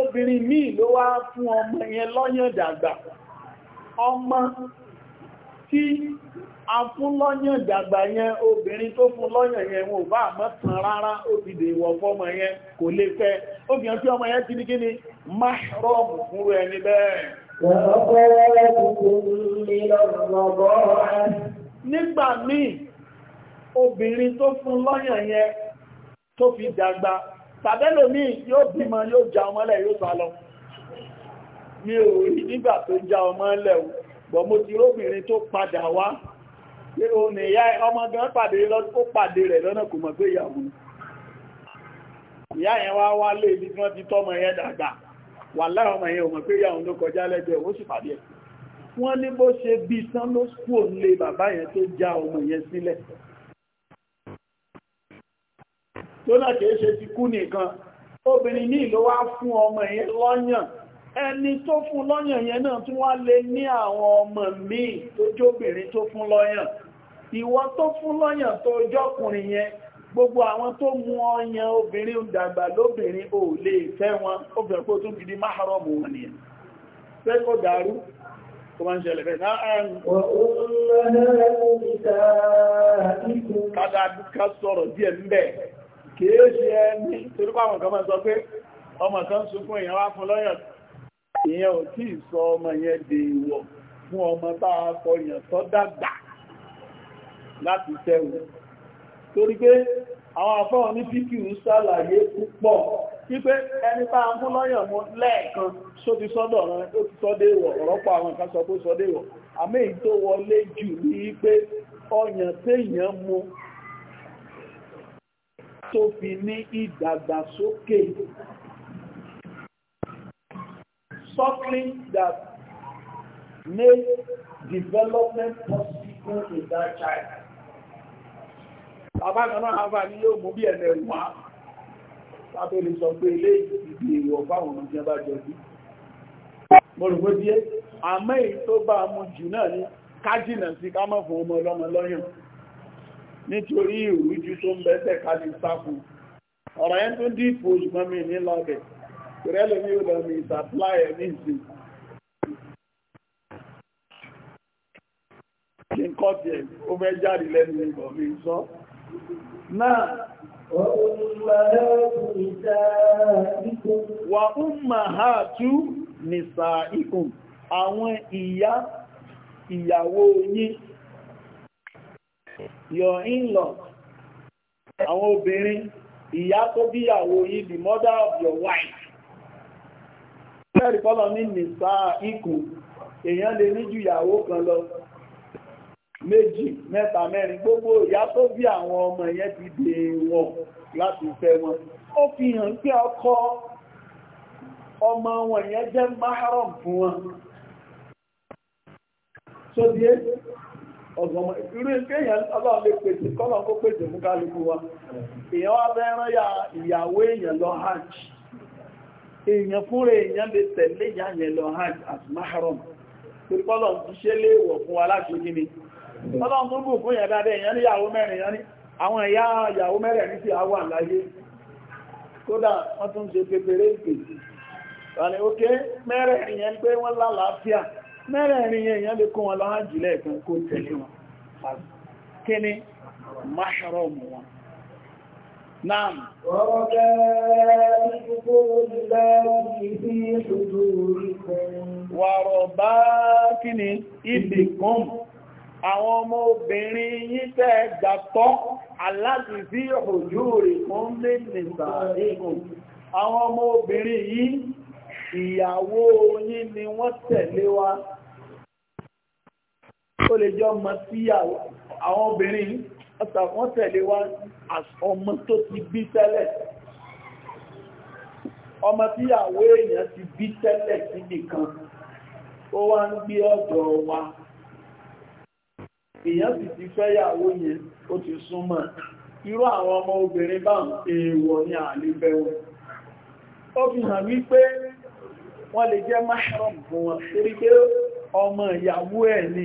obìnrin míì ló wá fún ọmọ yẹn lọ́yàn ọmọ tí a fún lọ́yàn dàgbà yẹn obìnrin tó fún lọ́yàn yẹn wọn bá rárá òbìdè ìwọ̀ fọ́mọ yẹn kò lè fẹ́ obìnrin tí ọmọ yẹn ti ẹni bẹ́ẹ̀ nígbà míì obìnrin tó fún lọ́yàn yẹn tó fi dàgbà tàbẹ́lòmí yóò bímọ yóò já ọmọlẹ̀ yóò sá lọ mi nígbà tó já ọmọlẹ̀ o bọ̀ mo ti róbìnrin tó padà wá pé o ní ìyá ọmọ gan pàdé ó pàdé rẹ̀ lọ́nà kò mọ̀ pé ìyàwó ìyá yẹn wá wá lé ibi tí wọ́n ti tọ́mọ yẹn dàgbà wà láwọn ọmọ yẹn ò mọ̀ pé ìyàwó ló kọjá lẹ́gbẹ̀ẹ́ ó sì pàdé ẹ̀ wọ́n ní bó ṣe bí tán ló kú òun lé bàbá yẹn tó já ọmọ yẹn sílẹ̀ tó náà kìí ṣe ti kú nìkan obìnrin ní ìlú wá fún ọmọ yẹn lọ́yàn ẹni tó fún lọ́yàn yẹn náà tún wá lè ní àwọn ọmọ míì tó jóbìnrin tó fún lọ́yàn ìwọ tó fún lọ́yàn tó jọkùnrin yẹn gbogbo àwọn tó mú ọyàn obìnrin dàgbà lóbìnrin ò lè wọn ó fẹ́ kó gidi máhàrọ̀mù wọn kìí ṣe ẹni torí pàwọn kan máa sọ pé ọmọ kan sunkún èèyàn wá fún lọ́yàn ìyẹn ò tí ì sọ ọmọ yẹn dèèwọ̀ fún ọmọ tá a fọyàn tó dàgbà láti tẹ́wù torí pé àwọn afọ́wọ́ ní pípì ń ṣàlàyé púpọ̀ wípé ẹni tá a mú lọ́yàn mú lẹ́ẹ̀kan só ti sọ́dọ̀ ọ̀rọ̀ ó ti sọ́dé ìwọ̀ ọ̀rọ̀pọ̀ àwọn kan sọ pé sọ́dé ìwọ̀ àmì tó wọlé jù ní pé ọyàn téèyàn mú tó fi ní ìdàgbàsókè something that make development possible in that child. Bàbá kan náà àbá ní yóò mú bí ẹ̀lẹ̀ wá. Bábẹ́ lè sọ pé ilé ìdí èrò ọ̀fáwọn ọmọ jẹ́ bá jọ bí. Mo rò pé bí é, àmọ́ èyí tó bá mú jù náà ní kájìnà sí ká mọ́ fún ọmọ ọlọ́mọ lọ́yàn nítorí ìrújú tó ń bẹ́sẹ̀ kálí sáfù ọ̀rọ̀ yẹn tó dìpò ṣùgbọ́n mi ní lọ́bẹ̀ ìrẹ́lẹ̀ mi ò lọ́mí ìsàpláyẹ̀ ní ìsìn kí n kọ́ tiẹ̀ ó fẹ́ jáde lẹ́nu ìbọ̀ mi sọ náà wà ó mà á tú nìsà ikùn àwọn ìyá ìyàwó yín your in-laws àwọn obìnrin ìyá tó bíyàwó yìí the mother of your wife lẹ́rì pọ́lọ̀ ní nìsá ikú èèyàn lè ní ju ìyàwó kan lọ méjì mẹ́ta mẹ́rin gbogbo ìyá tó bí àwọn ọmọ yẹn ti dè wọ̀ láti fẹ́ wọn ó fi hàn pé ọkọ ọmọ wọn yẹn jẹ́ mahram fún wọn so díẹ̀ ọgbọ̀mọ̀ irú kéèyàn ọlọ́run lè pèsè kọ́lọ̀n kó pèsè mú kálukú wa èèyàn wá fẹ́ rán ya ìyàwó èèyàn lọ hajj èèyàn fúnra èèyàn lè tẹ̀lé ìyá lọ hajj as mahram pé kọ́lọ̀n ṣe léèwọ̀ fún wa láti ni tó bù fún yẹn dáadé èèyàn ní ìyàwó mẹ́rin yẹn ní àwọn ìyàwó mẹ́rin ní ti àwọn kódà wọ́n tún ṣe mẹ́rẹ̀ẹ̀rin èèyàn lè kó wọn lọ hajj lẹ́ẹ̀kan kó tẹ̀lé wọn kí ni máṣọ́rọ̀mù wọn náà ọ̀rọ̀kẹ́ ìgbogbo ìlẹ́ àwọn ọmọ obìnrin yìí tẹ́ gbàtọ́ aláti sí òjú rẹ̀ fún lè nìta ẹ̀kùn àwọn ọmọ obìnrin yìí ìyàwó yìí ni wọ́n tẹ̀lé wa ó lè jọ ọmọ sí àwọn obìnrin wọ́n tẹ̀lé wá ọmọ tó ti bí tẹ́lẹ̀ ọmọ tí àwọn èèyàn ti bí tẹ́lẹ̀ sí nìkan ó wá ń gbé ọ̀dọ̀ wa èèyàn sì ti fẹ́yàwó yẹn ó ti súnmọ́ irú àwọn ọmọ obìnrin bá ń èèwọ̀ ní àlébẹ̀wọ̀ ó fi hàn wípé wọ́n lè jẹ́ mahram fún wọn torí pé ọmọ ìyàwó ẹ̀ ni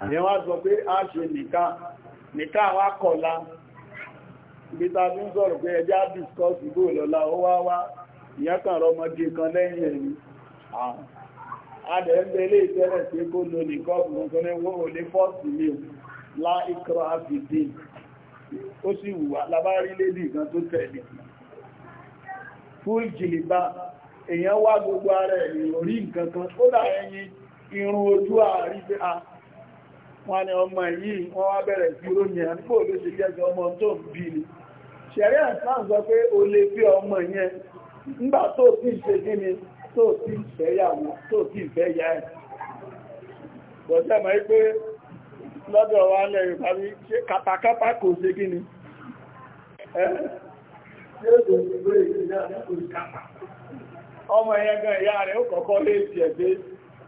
ìyẹn wá sọ pé a ṣe nìká nìká wá kọ̀lá ibi ta fi ń sọ̀rọ̀ pé ẹjá discuss ìbò lọ́la ó wá wá ìyẹn rọmọdé kan lẹ́yìn ẹ̀yìn adẹ̀ ilé ìtẹ́lẹ̀ tí kó lo nìkọ́ fún la o si ojú pé a wọ́n ni ọmọ yìí wọ́n wá bẹ̀rẹ̀ sí ròyìn àdúgbò ló ṣe ọmọ tó ń bí ni ṣẹ̀rí àìsàn sọ pé o lè fi ọmọ yẹn nígbà tó ti ṣe kí ni tó ti fẹ́yàwó tó ti fẹ́yà ẹ̀ bọ̀jẹ́ mọ̀ pé lọ́dọ̀ wa lẹ̀ ni ọmọ yẹn ìyá rẹ̀ ó lè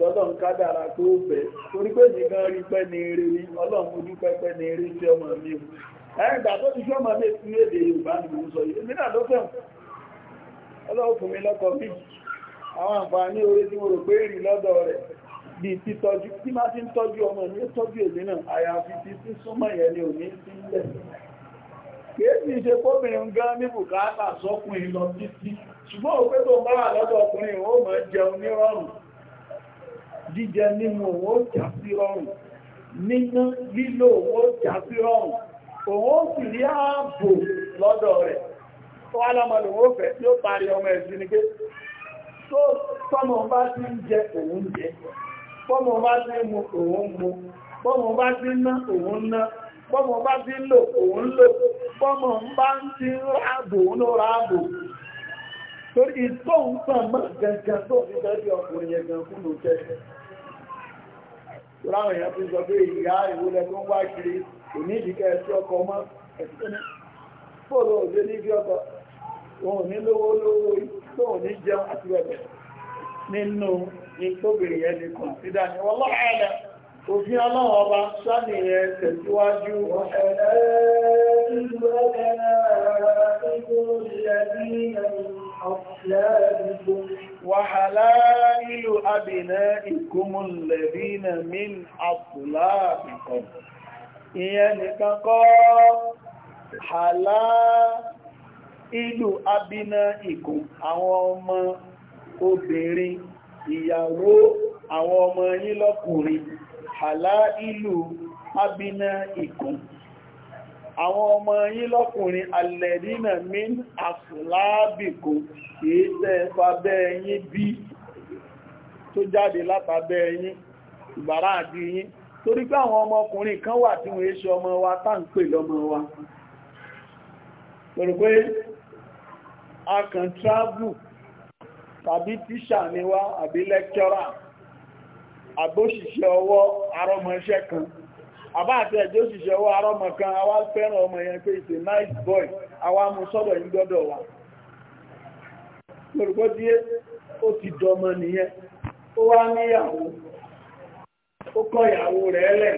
lọ́lọ́n kádàrà tó bẹ̀ torí pé nìkan rí pẹ́ ní eré ní ọlọ́run ojú pẹ́pẹ́ ní eré tí ọmọ mi o ẹgbà tó ti ṣọ́mọ mi sí èdè Yorùbá ni mo ń sọ yìí mínà ló fẹ́ ọlọ́run fún mi lọ́kọ mi àwọn àǹfààní orí tí mo rò pé rí lọ́dọ̀ rẹ̀ bí títọ́jú tí má ti ń tọ́jú ọmọ mi ó tọ́jú èmi náà àyàfi ti sí súnmọ́ yẹn ni òní sí ilẹ̀ kéèsì ṣe kóbìnrin gan ní bùkátà sọ́kùnrin lọ títí ṣùgbọ́n òpé tó ń bá wà lọ́dọ̀ ọkùnrin ó mọ̀ jẹun ní rọrùn jíjẹ nínú òun ó jà sí rọrùn níná lílò òun ó jà sí rọrùn òun ó sì rí ààbò lọ́dọ̀ rẹ̀ tó wá lọ́mọ lòun ó fẹ́ tí ó parí ọmọ ẹ̀sìn ni pé tó tọ́mọ bá ti ń jẹ òun jẹ bọ́mọ bá ti ń mu òun mu bọ́mọ bá ti ń ná òun ná bọ́mọ bá ti ń lò òun lò bọ́mọ bá ti ń ráàbò òun ló ráàbò torí ìtọ́ ń sàn mọ́ gẹ̀gẹ̀ tó fi tẹ́lẹ̀ ọkùnrin yẹn gan fún jẹ́ tó láwọn èèyàn fi sọ pé ìyá ìwúlẹ̀ tó ń wá kiri kò ní ìdíkẹ́ ẹ̀sí ọkọ̀ mọ́ ẹ̀sí tó ní fóònù òde ní ibi ọkọ̀ òun ní lówó lówó tóun ní jẹun àti bẹ̀bẹ̀ nínú ìtóbìnrin yẹn ní kọ̀ǹsídà ni wọ́n òfin ọlọ́run ọba sáàlì yẹn tẹ̀síwájú ọ̀ẹ́lẹ́ أصلابكم وحلائل أبنائكم الذين من أصلابكم يعني كقال حلائل أبنائكم أوما obìnrin ìyàwó àwọn ọmọ yìí lọ́kùnrin hàlá ìlú abínà ìkùn àwọn ọmọ yín lọ́kùnrin alẹ́dínà min àfúlábìkò kìí tẹ́ fàbẹ́ yín bí tó jáde látàbẹ́ yín ìbára àti yín torí pé àwọn ọmọkùnrin kan wà tí wọ́n ṣe ọmọ wa tá ń pè lọ́mọ wa lórí pé a kàn travel tàbí tíṣà ni wá àbí lẹ́kítọ́rà àbóṣìṣẹ́ ọwọ́ arọ́mọṣẹ́ kan àbá àti ẹ̀jẹ́ òṣìṣẹ́ ọwọ́ arọ́mọ kan àwa fẹ́ràn ọmọ yẹn pé it's nice boy àwa mú sọ́dọ̀ yín gbọ́dọ̀ wa lórúkọ díẹ̀ ó ti dọmọ nìyẹn ó wá níyàwó ó kọ ìyàwó rẹ̀ lẹ̀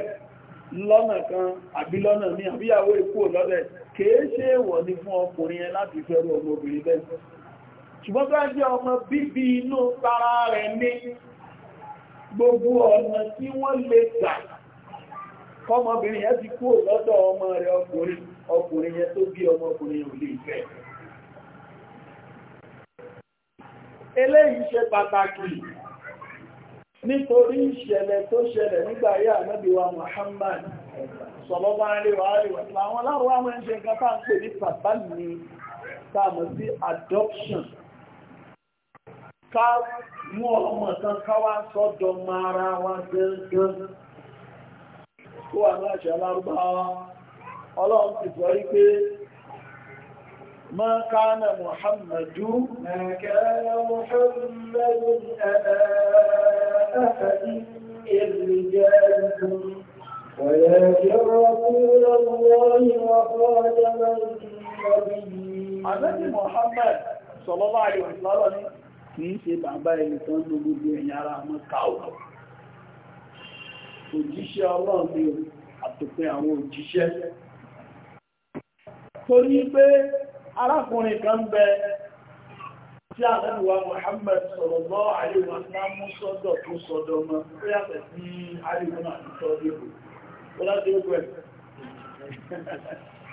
lọ́nà kan àbí lọ́nà míì àbíyàwó ikú lọ́dẹ̀ kìí ṣe èèwọ̀ ní fún ọkùnrin yẹn láti fẹ́rù ọmọbìnrin bẹ́ẹ̀ ṣùgbọ́n bá jẹ́ ọmọ bíbí inú tara rẹ̀ ní gbogbo ọ̀nà tí wọ́n lè gbà kọ́mọbìnrin yẹn ti kúrò lọ́dọ̀ ọmọ rẹ̀ ọkùnrin ọkùnrin yẹn tó bí ọmọkùnrin ò lè fẹ́ eléyìí ṣe pàtàkì nítorí ìṣẹ̀lẹ̀ tó ṣẹlẹ̀ nígbà ayé wa Muhammad sọlọ́bá aléwà aléwà àwọn aláwọ̀ àwọn nǹkan tá ń pè ní sí adoption ká mú kó àwọn àṣà lárúbáwá ọlọ́run ti sọ ما كان محمد ما كان محمد أبا أحد من رجالكم ولكن رسول الله وخاتم النبيين النبي محمد صلى الله عليه وسلم kìí ṣe bàbá ẹnìkan ló gbogbo ẹ̀yà ara òjíṣẹ́ ọlọ́run ni àwọn òjíṣẹ́ torí pé arákùnrin kan bẹ tí àdánùwà Muhammad sallallahu alaihi wa na sọ́dọ̀ tó sọ́dọ̀ mọ́ a yàtọ̀ sí àríwọ̀n na sọ́dọ̀ ìbò tó láti ó pẹ̀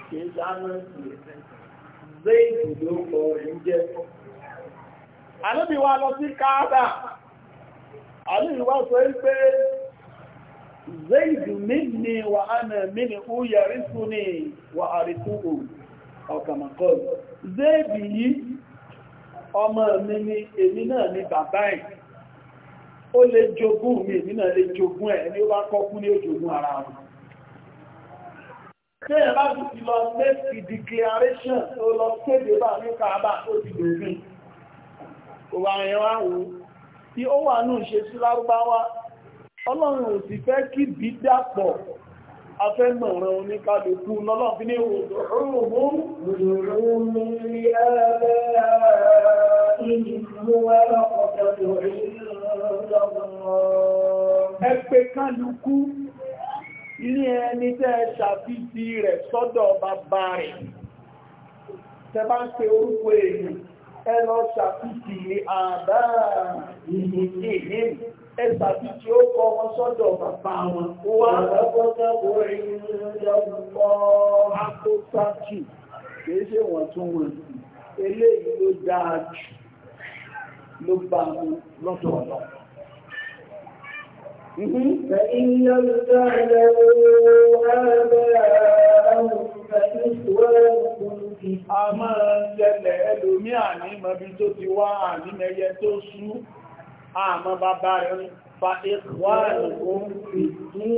kìí sáánú lọ sí zaidu minni wa ana minhu yarithuni wa arithuhu aw kama qala zaidu yìí ọmọ mi ni èmi náà ni bàbá ẹ̀ ó lè jogún mi èmi náà lè jogún ẹ̀ ni ó bá kọ́kún ní ó jogún ara wọn ṣe ẹ̀ bá ti lọ make declaration tó lọ kéde bá ní káàbà ó ti dòfin òwà ẹ̀yàn wá wò tí ó wà náà ṣe sí lárúbáwá ọlọ́run ò sì fẹ́ kí bí dàpọ̀ afẹ́mọ̀ràn oníkàlùkù lọ́lọ́fin ní òòrùn ẹgbẹ́ kálukú ilé ẹni tẹ́ ṣàfíìsí rẹ̀ sọ́dọ̀ bàbá rẹ̀ tẹ́ bá ń pe orúkọ èèyàn ẹ lọ ṣàfíìsí àbá ìhìnhìn ẹgbà bí tí ó kọ wọn sọ́dọ̀ bàbá wọn wà lọ́pọ̀tàkùn ìrìnlọ́pọ̀ akótákì kìí ṣe wọ́n tún wọ́n eléyìí ló dáa jù ló bá mú lọ́dọ̀ ọ̀nà فإن يرتعلوا آباءهم فإخوانكم في الأرض. A máa ń ṣẹlẹ̀ ẹlòmí àní àmọ́ bàbá rẹ̀ ní fa ìwọ̀nìkún ní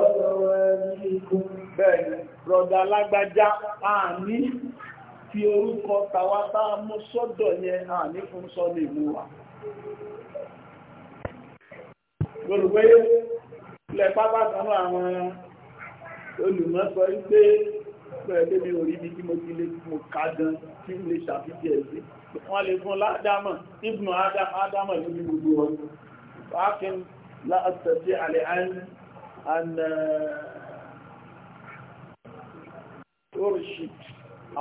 ọ̀rọ̀ bẹ́ẹ̀ni rọ̀dà alágbájá àní fi orúkọ tàwátá mú sọ́dọ̀ yẹn àní fún sọ́nà ìlú wa olùgbé lẹ́pàá bàtánú àwọn olùmọ́sọ wípé pẹ̀lú lébi orí bí tí mo ti lè mo ká gan tí lè ṣàfihì ẹ̀sí wọ́n lè fún ládámọ̀ ibùn ádámọ̀ lórí gbogbo wọn wákin láàtẹ̀sí àlẹ́ àánú uh, orship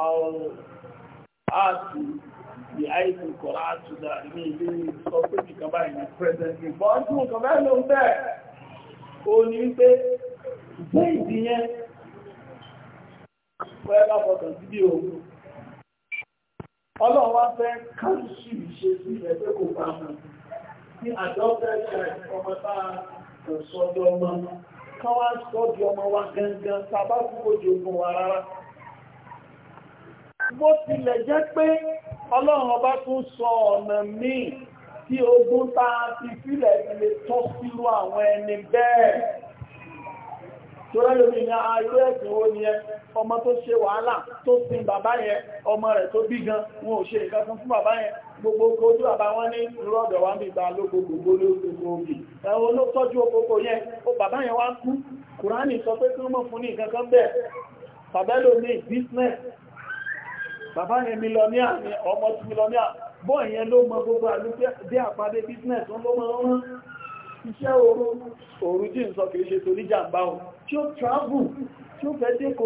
àwọn àti the item kọ̀rọ̀ àtúdà ní ilé sọ pé nìkan báyìí ní present report ọdún kan báyìí ló ń bẹ́ẹ̀ o ní wípé bẹ́ẹ̀ ìdíyẹn pẹ́lá fọ́tọ̀ sí bí ogun ọlọ́run wá fẹ́ káàkiri ìṣe sí ẹgbẹ́ kò bá mọ̀ ní àjọ́fẹ́ ṣe ọmọ bá sọ́dọ̀ ọmọ kan wá sọ́dọ̀ ọmọ wa gangan sábà kúkò jogun wa rárá bó tilẹ̀ jẹ́ pé ọlọ́run ọba tún sọ ọ̀nà míì tí ogun tá a ti sílẹ̀ ti tọ́ sílùú àwọn ẹni bẹ́ẹ̀ torí lómi ní ayé ẹ̀sìn ó ní ẹ ọmọ tó ṣe wàhálà tó sin bàbá yẹn ọmọ rẹ̀ tó bí gan wọn ò ṣe nǹkan kan fún bàbá yẹn gbogbo kojú àbá wọn ní rọ́dọ̀ wá bí gba ló gbogbo lóògbogbo òbí ẹ̀wọ̀n olótọ́jú ogógó yẹn ó bàbá yẹn wá kú kùránì sọ pé kí wọ́n fún ní nǹkan kan bẹ́ẹ̀ bàbẹ́lò ní business bàbá yẹn mílọ́níà ni ọmọ mílọ́níà bọ́ọ̀ yẹn ló mọ gbogbo àlúgbẹ́ bí àpàdé business wọn ló mọ rán iṣẹ́ òru jí ń sọ kìí ṣe torí jàmbá o tí ó travel tí ó fẹ́ dékò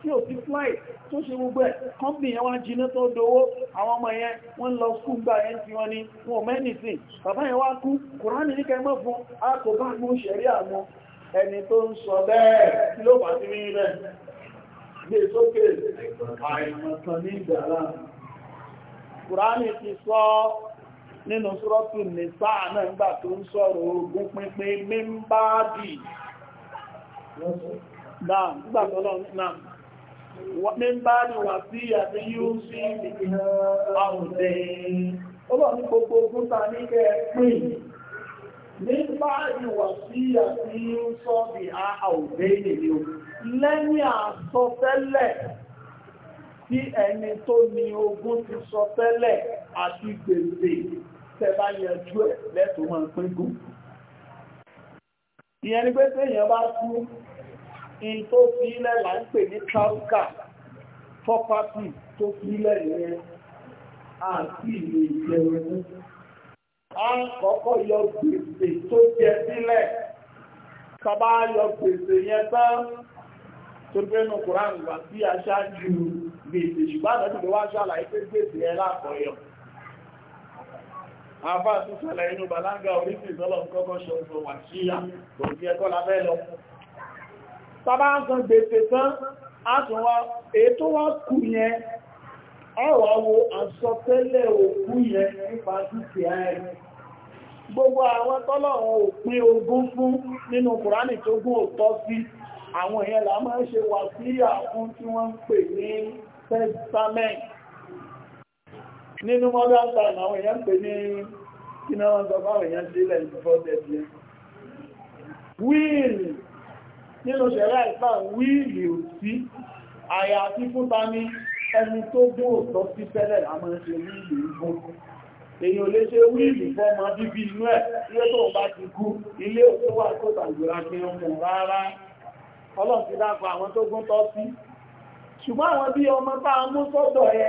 tí ó ti flight tó ṣe gbogbo ẹ̀ kọ́mpì yẹn wá jiná tó dówó àwọn ọmọ yẹn wọ́n lọ skúl gbà yẹn tí wọ́n ní wọn mẹ́nìsìn bàbá yẹn wá kú kùránì ní kẹmọ́ fún a kò bá mú ṣẹ̀rí àwọn ẹni tó ń sọ bẹ́ẹ̀ tí ló bá ti rí rẹ̀ gbé e sókè àìmọ̀kan ní ìgbàlá nínú súrọ́tù nìsá náà nígbà tó ń sọ̀rọ̀ ogún pínpín mímbáàdì mímbáàdì wà sí àti yíó sí àwùdẹ̀ ọlọ́ni gbogbo ogún ta ní kẹ́ pín mímbáàdì wà sí àti yíó sọ́bì àwùdẹ̀ ìlú lẹ́yìn àsọtẹ́lẹ̀ tí ẹni tó ní ogún ti sọ tẹ́lẹ̀ àti gbèsè tẹ́ bá yanjú ẹ̀ lẹ́tọ̀ọ́ máa pín gún ìyẹn ni pé téèyàn bá kú in tó fi ilẹ̀ là ń pè ní trauka property tó fi ilẹ̀ yẹn àti ilé ìjẹun a kọ́kọ́ yọ gbèsè tó jẹ sílẹ̀ sábà yọ gbèsè yẹn tán tó gbé nù kúrán wà sí aṣáájú gbèsè ṣùgbọ́n àtàkùn wá ṣàlàyé pé gbèsè ẹ lákọ̀ọ́yọ̀ àbá àtúnṣẹlẹ̀ inú bàlágà orísì ìtọ́lọ̀ kọ́kọ́ ṣọ́gbọ̀n wà síyà tó ti ẹkọ́ labẹ́ lọ tàbá ń san gbèsè tán àtúnwà ètò wá kù yẹn ọ̀rọ̀ wo àsọtẹ́lẹ̀ òkú yẹn nípa dúkìá ẹ̀ gbogbo àwọn tọ́lọ̀wọ̀n òpin ogún fún nínú kùránì tó gún òtọ́ sí àwọn èèyàn là máa ń ṣe wà síyà fún tí wọ́n ń pè ní testament nínú modern time àwọn èèyàn pè ní kí náà wọ́n sọ fáwọn èèyàn sílẹ̀ ìfọ́tẹ̀ẹ̀tì wíìlì nínú ṣẹ̀rẹ́ ìpá wíìlì ò sí àyà àti fúnta ní ẹni tó gún òtọ́ sí fẹ́lẹ̀ àmọ́ ṣe wíìlì ìgbọ́n èyàn lè ṣe wíìlì fọ́mọ bíbí inú ẹ̀ ilé tó bá ti kú ilé tó wà tó tàgbòrà kí ọmọ rárá ọlọ́sí dápọ̀ àwọn tó gún tọ́ sí ṣùgbọ́n àwọn bí ọmọ bá mú sọ́dọ̀ ẹ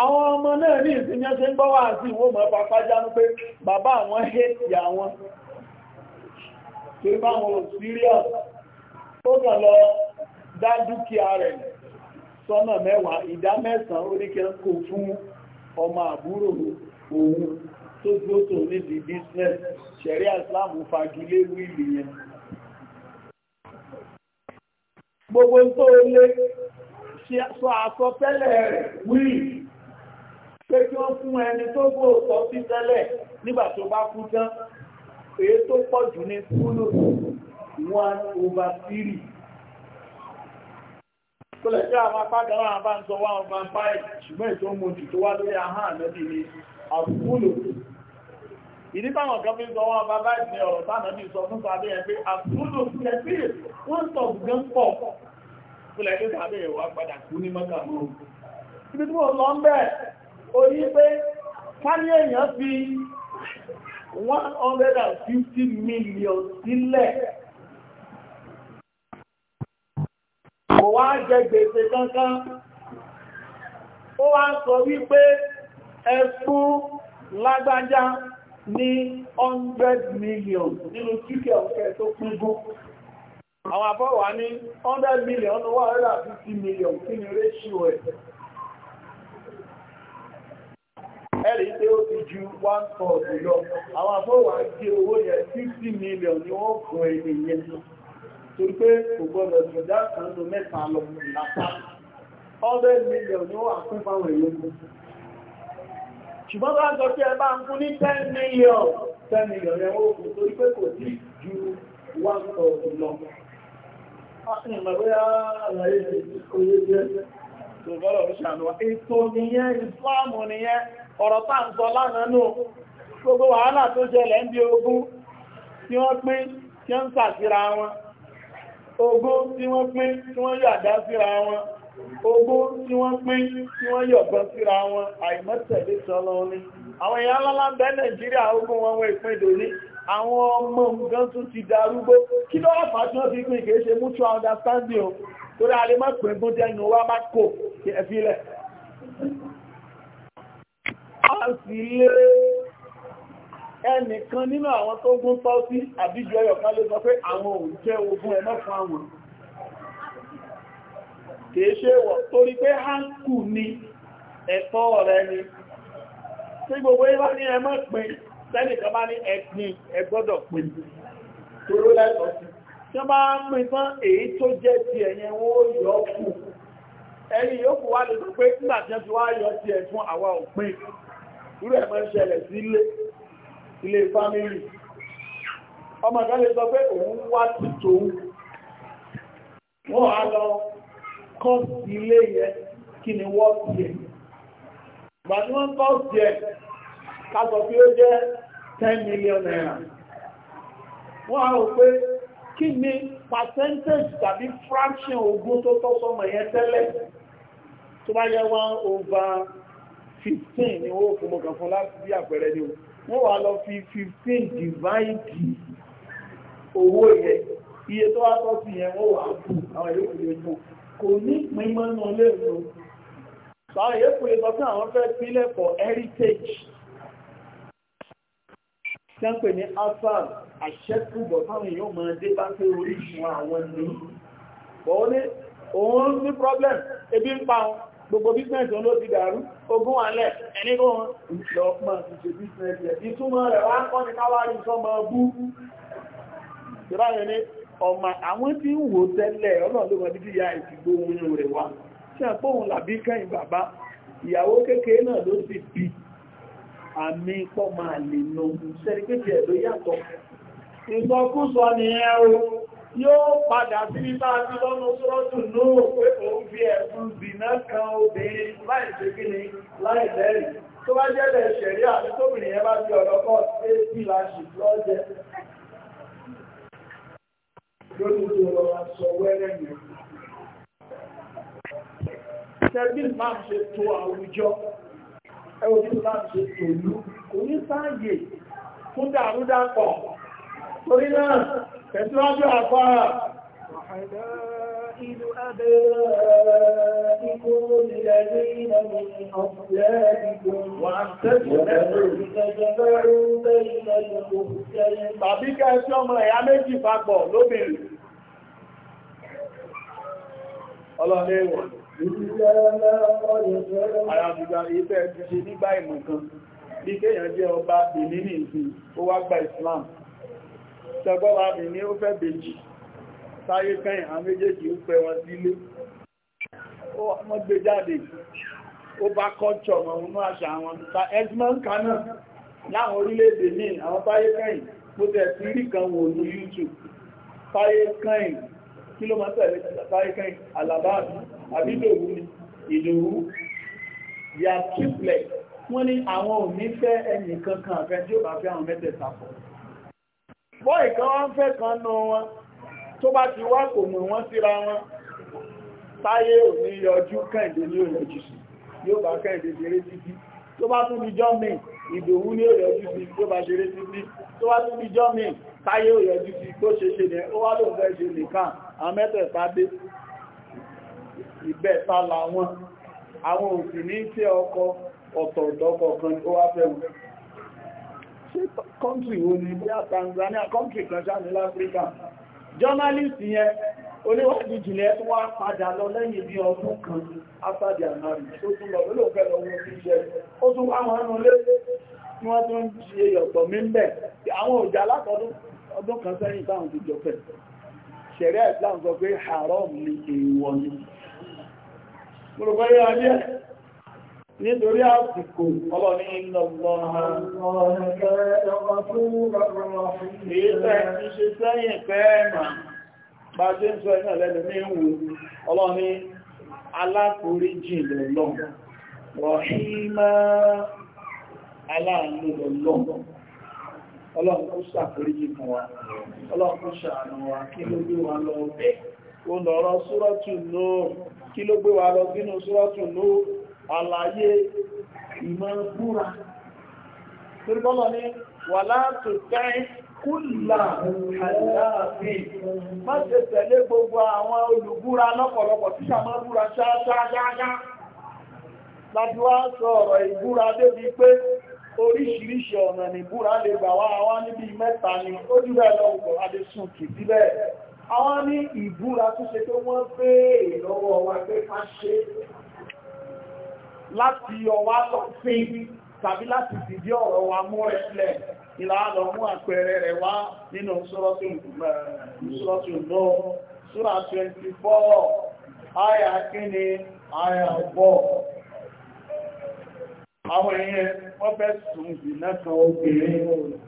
àwọn ọmọ náà ní ìsinmi ṣe ń gbọ́wà sí ìwọ́n mọ̀ pàpá jánú pé bàbá àwọn hẹ́tì àwọn tó bá wọn serious tó kàn lọ dá dúkìá rẹ̀ sọ́nà mẹ́wàá ìdá mẹ́sàn-án oríkẹ́ kò fún ọmọ àbúrò òun tó tó tó nídi business Sharia Islam fagilé wíìlì yẹn gbogbo tó lé sọ àsọtẹ́lẹ̀ rẹ̀ wíìlì pé kí wọ́n fún ẹni tó gbó ọ̀tọ̀ sí tẹ́lẹ̀ nígbà tó bá kú tán èyí tó pọ̀ jù ní fúlù one over three tó lẹ̀ jẹ́ àwọn apága wọn àbá ń sọ one over five ṣùgbọ́n ètò mú jù tó wá lórí ahọ́n àmẹ́bí ni àfúlù ìdí táwọn kan fi sọ wọn bá báyìí ní ọ̀rọ̀ tánàbí sọ fún sàbí ẹ̀ pé àfúlù kẹfí wọ́n tọ̀ gan pọ̀ tó lẹ̀ jẹ́ sàbí ẹ̀ wá padà kú ní mọ́kànlú ibi tí wọ́n lọ ń bẹ́ẹ̀ orí pé kárí èèyàn fi 150 million sílẹ̀ kò wá jẹ gbèsè kankan ó wá sọ wípé ẹ fún lágbájá ní 100 million nínú kíkẹ̀ ọ̀kẹ́ tó kún gún àwọn àbọ̀wà ní 100 million wà rẹ̀ 50 million kí ni ratio ẹ̀ ẹ̀rí tí ó ti ju one third lọ àwọn afọ́wà gé owó yẹn fifty million ni wọ́n fún ẹni yẹn torí pé kò gbọdọ̀ jù dáàbò nínú mẹ́ta lọ lápá hundred million ni wọ́n àkún fáwọn èèyàn mú ṣùgbọ́n bá sọ pé ẹ bá ń ten million ten million yẹn ó kù torí one third lọ. Ìmọ̀lẹ́yà àlàyé ìṣòye jẹ́. Tòbọ́lọ̀ ń ṣàlùwà. Ètò nìyẹn, ìsìláàmù nìyẹn. ọ̀rọ̀ tá ń sọ lánàá nù gbogbo wàhálà tó jẹlẹ̀ ń bí ogún tí wọ́n pín tí ń wọn ogún tí wọ́n pín tí wọ́n yọ àdá síra wọn ogún tí wọ́n pín tí wọ́n yọ ọ̀gbọ́n síra wọn sọ́lọ́ ní àwọn èèyàn lọ́lá Nàìjíríà ogún wọn wọ́n ìpín ọmọ nǹkan tún ti darúgbó kí ló wà fi pín mutual understanding o torí sí lé ẹnìkan nínú àwọn tó gún tọ́ sí àbíjọ ẹyọ̀kan ló sọ pé àwọn ò jẹ́ ogún ẹmọ́ àwọn kìí ṣe wọ̀ torí pé hankù ni ẹ̀tọ́ rẹ̀ ni tí gbogbo ibá ní ẹmọ́ pin sẹ́nìkan bá ní ẹ̀pin ẹgbọ́dọ̀ pin toró lẹ́tọ̀ọ́ sí tí wọ́n bá ń pin tán èyí tó jẹ́ ti ẹ̀yẹn wọ́n yọ kù ẹ̀yìn yóò kù wá lè sọ pé nígbà tí wọ́n ti wá yọ ti ẹ̀ fún àwa òpin irú ẹ̀ máa ń ṣẹlẹ̀ sí ilé ilé fámílì ọmọ kan lè sọ pé òun wá ti tòun wọ́n á lọ kọ́ sí ilé yẹn kí ni wọ́n ti ẹ̀ ìgbà tí wọ́n kọ́ sí ẹ̀ ká sọ ó jẹ́ ten million naira wọ́n á rò pé kí ni percentage tàbí fraction ogún tó tọ́ sọmọ yẹn tẹ́lẹ̀ tó bá yẹ one over fifteen ni wọ́n fún mọ̀kàn fún láti bí àpẹẹrẹ ni wọ́n wà lọ fi fifteen divide owó yẹn iye tó wá tọ́ sí yẹn wọ́n wà fún àwọn yòókù yẹn fún kò ní ìpín mọ́nà lẹ́nu àwọn yòókù yẹn sọ pé àwọn fẹ́ sílẹ̀ for heritage tí wọ́n pè ní afar àṣẹ́kùbọ̀ táwọn èèyàn máa dé bá pé orísun àwọn ní òun ní problem ebi ń pa wọn gbogbo bísẹ̀nsì ló ti dàrú ogún alẹ́ ẹni kó wọn lọ pọ̀ ti ṣe bísẹ̀nsì ẹ̀ ìtumọ̀ rẹ̀ wá ń kọ́ ní káwárí sọmọ bú ìráyẹ̀ ní ọmọ àwọn tí ń wò tẹ́lẹ̀ ọlọ́ọ̀lọ́gbọ̀n dídí ya ìdìgbò ohun rẹ̀ wá ṣe àpóhun làbí kẹ́yìn bàbá ìyàwó kékeré náà ló sì bí àmì pọ̀ máa lè nà sẹ́ni kékeré ló yàtọ̀ ìsọkúsọ nìyẹn o yóò padà sí bá ti lọ́nà sọ́rọ́tù náà pé òun fi ẹ̀sùn zìnà kan obìnrin láì ṣe kí ni láì lẹ́rìí tó bá jẹ́ lẹ̀ ṣẹ̀rí àti tóbìnrin yẹn bá ti ọ̀dọ́ kọ́ sí èsì láṣì lọ́jẹ́ lórí tó lọ sọ wẹ́rẹ́ yẹn torí náà tẹ̀síwájú àpáà Tàbí kẹ́ẹ̀sí ọmọ ẹ̀yà méjì papọ̀ lóbìnrin. Ọlọ́lé ìwọ̀n. Àyàbùgbà ìfẹ́ ti ṣe nígbà ìmọ̀ kan, bí kéèyàn jẹ́ ọba Benin nìsìn, ó wá gba Ìsìlámù ṣẹgbọ́wà ní ní ó fẹ́ bèjì sáyé kẹ́yìn àwọn méjèèjì ó pẹ wọn sílé wọ́n gbé jáde ó bá kọ́ńtọ̀ ọmọ àṣà àwọn Edmond Cannon láwọn orílẹ̀-èdè ní àwọn sáyé kẹ́yìn mo tẹ̀ sí rí kan wò ní YouTube sáyé kẹ́yìn kí ló máa tẹ̀lé sáyé kẹ́yìn alábáàbí àbídòwú ni ìdòwú yà kíplẹ̀ wọ́n ní àwọn ò ní fẹ́ ẹnì kankan àfẹ́ tí ó bá fẹ́ àwọn mẹ́tẹ̀ẹ̀ta pọ̀ bọ́ ìkan wọ́n fẹ́ kan nù wọn tó bá ti wá kò mọ̀ wọ́n síra wọn táyé ò ní yọjú kẹ́ǹdé ní òyọjú sí yóò bá kẹ́ǹdé ṣeré títí tó bá tún bíjọ́ mi ìdòwú ní òyọjú sí tó bá ṣeré títí tó bá tún bíjọ́ mi táyé òyọjú sí tó ṣe ṣe ní ó wá ló fẹ́ ṣe nìkan àmẹ́tẹ̀ta dé ìbẹ́ta làwọn àwọn òsì ní tí ọkọ̀ ọ̀tọ̀ọ̀tọ̀ kọ̀ọ̀kan ó wá fẹ́ wọn ṣé kọ́ntì wo ni bí i Tanzania kọ́ntì kan ṣáà ní journalist yẹn oníwájú jìnlẹ̀ tó wá padà lọ lẹ́yìn bí ọdún kan after their marriage tó tún lọ ló fẹ́ lọ wọ́n sí iṣẹ́ ó tún wá wọn nù lé ní wọ́n tún ṣe mí ń bẹ̀ àwọn òjà kan sẹ́yìn táwọn ti jọ ṣẹ̀rẹ́ sọ pé haram ni èèwọ̀ ni mo rò nítorí àsìkò ọlọ́ni iná ọlọ́ni aláforíjì lọ́lọ́ rọ̀hímá aláàánú lọ́lọ́ ọlọ́run kó ṣàforíjì fún wa ọlọ́run kó ṣàánú wa kí ló gbé wa lọ bẹ̀ ó lọ́rọ̀ súrọ́tù lóò kí ló gbé wa lọ sínú súrọ́tù lóò àlàyé ìmọ̀ búra torípọ́lọ̀ ní wà látò tẹ́ kúlà àyàfi má ṣe tẹ̀lé gbogbo àwọn olùbúra lọ́pọ̀lọpọ̀ tí sàmọ́ búra ṣáṣáṣáṣá láti wá sọ ọ̀rọ̀ ìbúra débi pé oríṣiríṣi ọ̀nà nìbúra lè gbà wá wá níbi mẹ́ta ni ó jùlọ ẹlọ́gbọ̀ adéṣùn kì sílẹ̀ àwọn ní ìbúra tó ṣe pé wọ́n béèrè lọ́wọ́ wa pé ká ṣe é láti ọwá lọ fín tàbí láti fìdí ọ̀rọ̀ wa mú ẹ̀lẹ̀ ìlàálọ̀ mú àpẹẹrẹ rẹ̀ wá nínú Suratul Nur Sura 24 àyà kíni àyà ọ̀pọ̀ àwọn èèyàn wọ́n fẹ́ sùn ìdínà kan obìnrin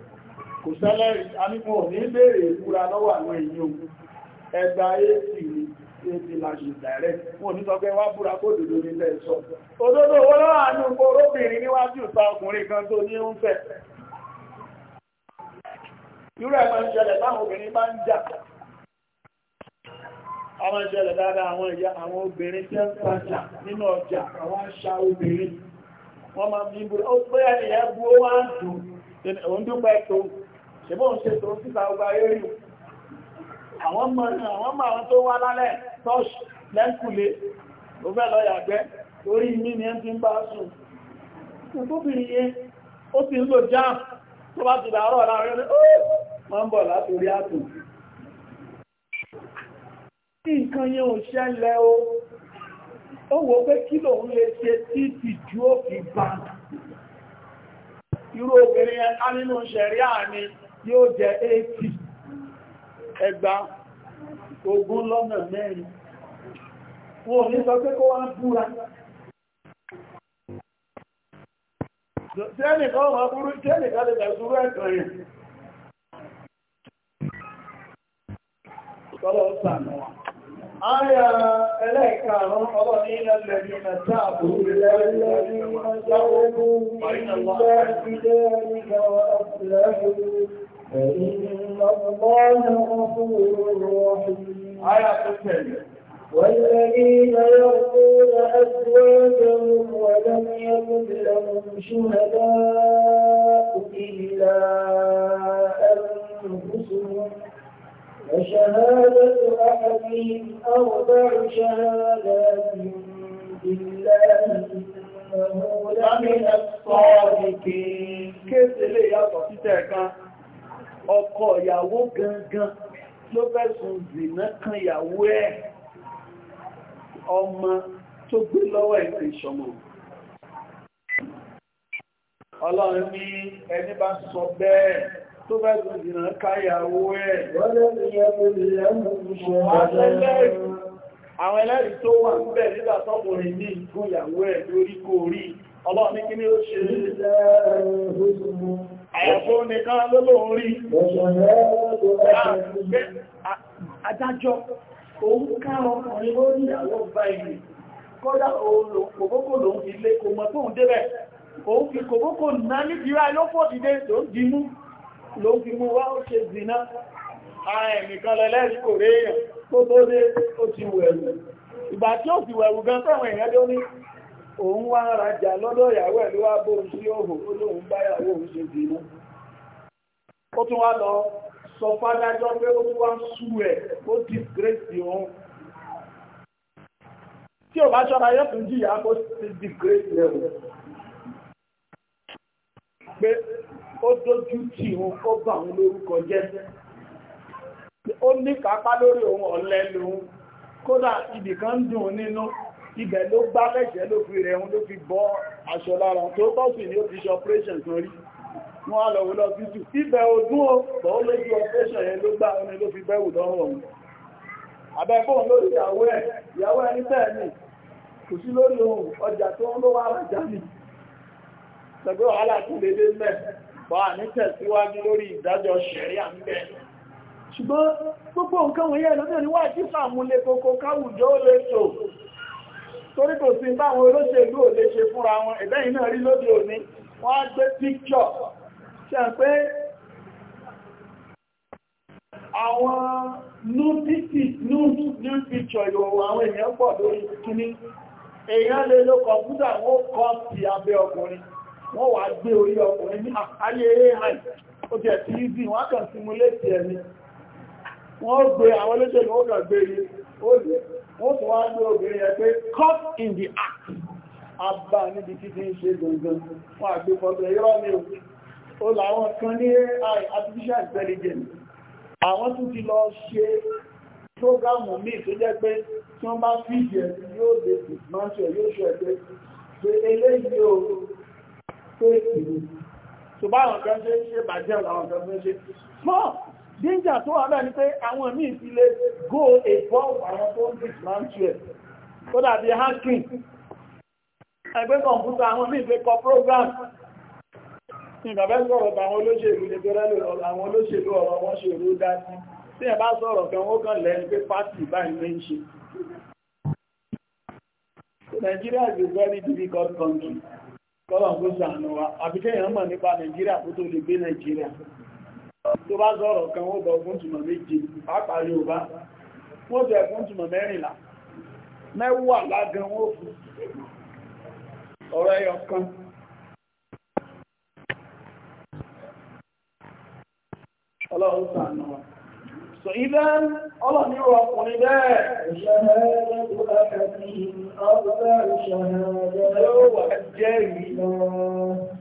kò sẹ́lẹ̀ àníkò ní bèèrè ìwúra lọ́wọ́ àwọn èèyàn ẹgbà èsì ni tí ó ti láṣù direct wọn ní sọ pé wá búra kó dòdò nílẹ̀ sọ òdodo owó lọ́wọ́ àánú gbóróbìnrin níwájú ìta ọkùnrin kan tó ní ń fẹ́ irú ẹ̀ máa ń ṣẹlẹ̀ táwọn obìnrin bá ń jà a máa ń ṣẹlẹ̀ dáadáa àwọn ìyá àwọn obìnrin tí ń pàjà nínú ọjà àwọn àṣà obìnrin wọ́n máa fi búra ó pé ẹnìyàn bu ó máa ń dùn òun dúpẹ́ tó ṣe bóun ṣe tó tọ́ṣì lẹ́kùnlé ló fẹ́ lọ yàgbẹ́ orí mi ni ẹn ti ń bá sùn ìgbóbìnrin yẹn ó ti ń lò jáàm tó bá ti dàárọ̀ láàrin ó ma ń bọ̀ látorí àtò nǹkan yẹn ò ṣẹlẹ̀ o ó wò pé kí lòun lè ṣe tí ìtìjú ó fi bá irú obìnrin yẹn ká nínú ṣẹ̀rí àárín yóò jẹ 80 ẹgbàá ogún lọ́nà mẹ́rin wọn ní sọ pé kó wá búra tẹ́lẹ̀ kan wọ́n burú tẹ́lẹ̀ kan lè gbàgbúrú ẹ̀kan yẹn kọ́lọ̀ sànà wọn Aya ẹlẹ́ẹ̀kàrún ọlọ́ni ilẹ̀ ìrìnà táàbù ilẹ̀ ilẹ̀ ìrìnà jáwọ́ فإن الله غفور رحيم آية والذين يرقون أزواجهم ولم يكن لهم شهداء إلا أنفسهم وشهادة أحدهم أربع شهادات بالله إنه لمن الصادقين كيف لي ọkọ ìyàwó gangan ló fẹ̀sùn zìnà kan ìyàwó ẹ̀ ọmọ tó gbé lọ́wọ́ ìpè ìṣọ̀mọ̀ ọlọ́run ní ẹni bá sọ bẹ́ẹ̀ tó bá gùn ìrìnà káyàwó ẹ̀ àwọn ẹlẹ́rìí tó wà ń bẹ̀ nígbà tọ́kùnrin ní ìgúnyàwó ẹ̀ lórí kò rí ọlọ́run kí ni ó ṣe rí àyẹ̀fó nìkan ló lóun rí adájọ́ òun ká ọkùnrin ó ní ìyàwó báyìí kọ́dá kòkókò lòun fi lé kò mọ̀ tóun débẹ̀ òun fi kòkókò náà ní ìrà ló fò dìde tó ń dimú lòun fi mú wá ó ṣe zìnà ààrẹ̀mìkan lẹ́lẹ́rí kò réèyàn tó tó dé ó ti wẹ̀rù ìgbà tí ó òun wá ń rajà lọ́dọ̀ ìyàwó ẹ̀ ló wá bóun sí òhò olóhun báyàwó òun ṣe dìínà ó tún wá lọ sọ fádájọ́ pé ó tún wá ń sú ẹ̀ ó ti gírèsì òun tí ò bá ṣọ́ra yóò tún jìyà kó ti di gírèsì ẹ̀ wò pé ó dójú tì òun ó bà òun lórúkọ jẹ́ ó ní kápá lórí òun lòun kódà ibẹ̀ ló gbá lẹ́sẹ̀ ló fi rẹ̀ wọn ló fi bọ́ aṣọ lára tó tọ́ sí ní ó operation kan rí wọ́n á lọ́wọ́ lọ sí jù ibẹ̀ ojú ó tọ́ lójú operation yẹn ló gbá wọn ló fi bẹ́wù ṣùgbọ́n gbogbo nǹkan wọ̀nyẹ́ lọ́dọ̀ ni wà tí fàmúlé kókó káwùjọ lè tò torí kò sí báwọn olóṣèlú ò lè ṣe fúnra wọn ẹ̀bẹ́ iná rí lóde òní wọ́n á gbé píkṣọ̀ ṣe pé àwọn new picture ìwọ̀wọ̀ àwọn èèyàn pọ̀ lórí kíní èèyàn lè lo kọ̀mpútà wọ́n kọ́ sí abẹ́ ọkùnrin wọ́n wá gbé orí ọkùnrin ní ayé ai ó jẹ́ tí ìdí wọ́n kàn simulate ẹni wọ́n gbé àwọn olóṣèlú ó kàn gbé ó lè wọ́n tó wá gbé obìnrin yẹn pé cut in the act abá níbi títí ń ṣe gbọ̀ngàn wọ́n àgbé fọ́tọ̀ irọ́ ní o ó làwọn kan ní ai artificial intelligence àwọn tún ti lọ ṣe prógámù míì tó jẹ́ pé tí wọ́n bá fíjì ẹ̀ yóò lè fi máa ṣe yóò ṣe ẹ̀gbẹ́ pé eléyìí o pé ìlú tó bá àwọn kan ṣe ń ṣe bàjẹ́ danger tó wà bẹ́ẹ̀ ni pé àwọn míì lè go above àwọn tó ń bí ìsìláńtì tó dàbí hacking ẹgbẹ́ àwọn míì kọ program ìgbàbẹ́ sọ̀rọ̀ àwọn olóṣèlú ní pẹ́rẹ́ àwọn olóṣèlú ọ̀rọ̀ wọn ṣe rú dá sí tí ẹ bá sọ̀rọ̀ kan ó kàn lẹ́nu pé pátì báyìí ló ń ṣe Nigeria is a very difficult country kọ́lọ̀ ń kó sànù wa àbíkẹ́yàn mọ̀ nípa Nigeria kó tó lè gbé Nigeria tó bá sọ̀rọ̀ kan ó bọ̀ fún túnmọ̀ méje pàápàá Yorùbá wọ́n tẹ̀ fún túnmọ̀ mẹ́rìnlá mẹ́wàá lágan wọ́n fún ọ̀rọ̀ ẹyọ kan ọlọ́run sànà wa so ibẹ́ ọlọ́nirò ọkùnrin bẹ́ẹ̀ ṣẹ̀rẹ̀ ẹgbẹ́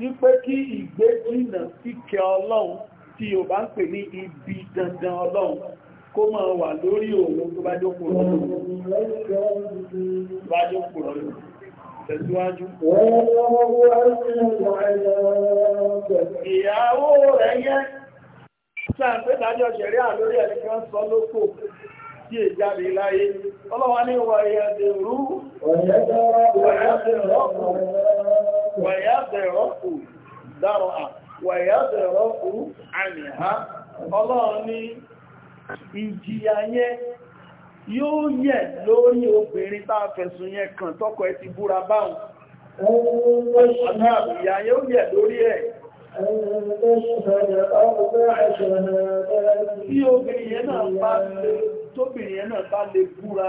wípé kí ìgbé jìnà síkẹ ọlọ́run tí o bá ń pè ní ibi dandan ọlọ́run kó mọ̀ wà lórí òun tó bá jókòó lọ́rùn tẹ̀síwájú. Ìyàwó rẹ̀ yẹ́ sáà pé dájọ́ ṣẹ̀rí ẹni kí wọ́n sọ lókò tí è jáde láyé. Ọlọ́wà ní wà ẹ̀yẹ̀ wẹ̀yàdẹ̀rọ́kù dárọ̀ à wẹ̀yàdẹ̀rọ́kù àníhá ọlọ́run ní ìjìyà yẹn yóò yẹ lórí obìnrin tá a fẹ̀sùn yẹn kàn ẹ ti búra báhùn ìyà yóò yẹ lórí yẹn náà bá lè búra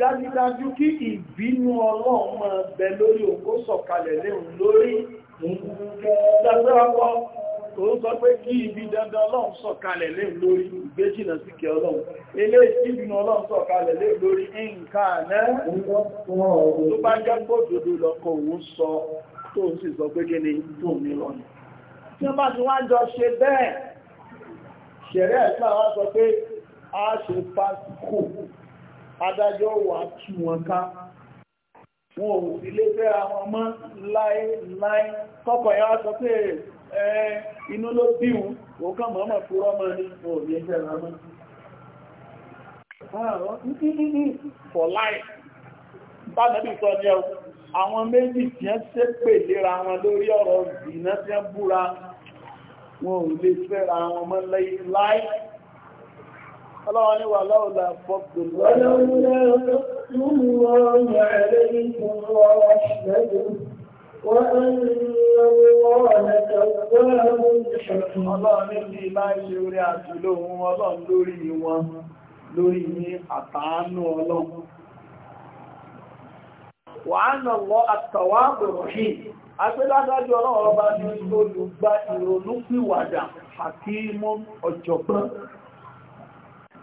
dájúdájú kí ìbínú ọlọ́run máa bẹ lórí òkó sọ̀kalẹ̀ léhùn lórí ìgbẹ́gbẹ́gbọ́ òun sọ pé kí ibi dandan ọlọ́run sọ̀kalẹ̀ léhùn lórí ìgbéjìnà sí kẹ ọlọ́run ilé ìbínú ọlọ́run sọ̀kalẹ̀ léhùn lórí nǹkan àná tó bá jẹ́ gbòdòdó lọ́kọ̀ òun sọ tó ń sì sọ pé kí ni tó ní lọ́nà tí wọ́n bá ti wá jọ ṣe bẹ́ẹ̀ ṣẹ̀rẹ́ ẹ̀sán wá sọ pé a ṣe pásíkò adájọ́ wà tú wọn ká wọn ò sì lè fẹ́ àwọn ọmọ láíláí kọ́kọ̀ yá sọ pé ẹ inú ló bíhùn òun kàn mọ́mọ́ fúrọ́ mọ́ ní wọn ò ní fẹ́ ra ah, for life bá nàbí sọ ní ẹwọ́ àwọn méjì tí ṣe pè lera wọn lórí ọ̀rọ̀ ìdìnà tí ẹ́ búra wọn ò lè wọn mọ́ ọlọ́wọ́ ní wà lọ́wọ́lá fọ́gbọ̀n lọ́wọ́lá lórí ní àtàánú ọlọ́run wàánà lọ àtàwà bẹ̀rọ̀ṣì agbẹ́ládájú ọlọ́run ọba ní olùgbà ìrònúpìwàdà àti mọ́ ọ̀jọ̀gbọ́n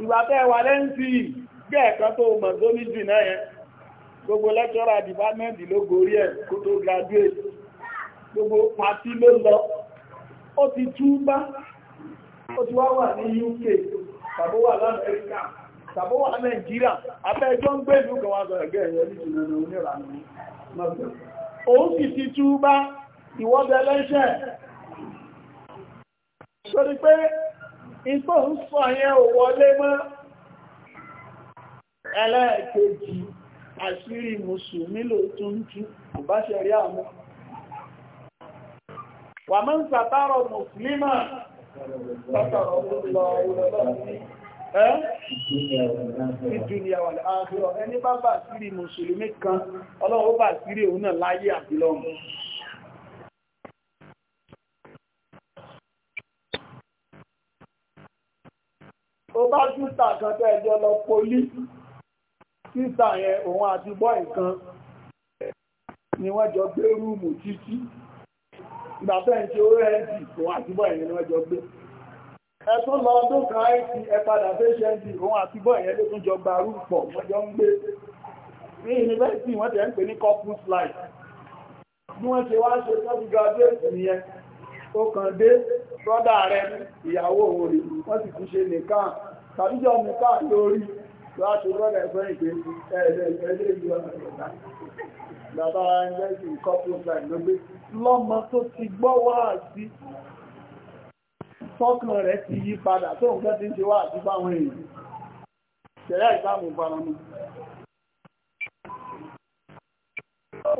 ìgbà tẹ́ wà lẹ́ǹsì gbé ẹ̀kan tó mọ̀ tó ní jù náà yẹn gbogbo lecturer department ló gorí ẹ̀ kó tó graduate gbogbo pàtí ló lọ ó ti túbá ó ti wá wà ní UK tàbó wà l'Amẹ́ríkà tàbó wà Nàìjíríà abẹ́ẹjọ́ ń gbé ìlú kan wá sọ ẹ̀gẹ́ ìtò ń sọ yẹn ò wọlé mọ́ ẹlẹ́ẹ̀kejì àṣírí mùsùlùmí ló tún tú àbáṣẹ̀rí àwọn wà mọ́ ń sàtàrọ̀ mùsùlùmí sàtàrọ̀ ọlọ́run ó bà sírí òun náà láyé àbílọ́mù ó bá sísà kan tẹ́ ẹjọ́ lọ polí sísà yẹn òun àti bọ́ nǹkan ni wọ́n jọ gbé rúùmù títí ìgbà bẹ́ẹ̀ ṣe ó rẹ̀ ẹ̀ǹtì òun àti bọ́ yẹn ni wọ́n jọ gbé ẹ tún lọ ọdún kan àìsí ẹ padà fẹ́ ṣe ẹ̀ǹtì òun àti bọ́ yẹn ló tún jọ gba rúùmù pọ̀ wọ́n jọ ń gbé ní yunifásitì wọ́n tẹ̀ ń pè ní corpus life bí wọ́n ṣe wá ṣe tọ́jú graduate nìyẹn ó kàn dé brọ́dà rẹ̀ ìyàwó òun rí wọ́n sì tún ṣe nìkan tàbíjọ́ nìkan lórí láti brọ́dà ẹ̀fẹ́ ìgbé ẹ̀ẹ́dẹ́ ìlú ọ̀nà ìgbà bàbá ẹgbẹ́ sì kọ́ fún ìgbà ìgbẹ́ lọ́mọ tó ti gbọ́ wá sí tọ́kàn rẹ̀ ti yí padà tó nǹkan ti ń ṣe wá àti báwọn èèyàn ṣẹ̀rẹ́ ìbámu baramu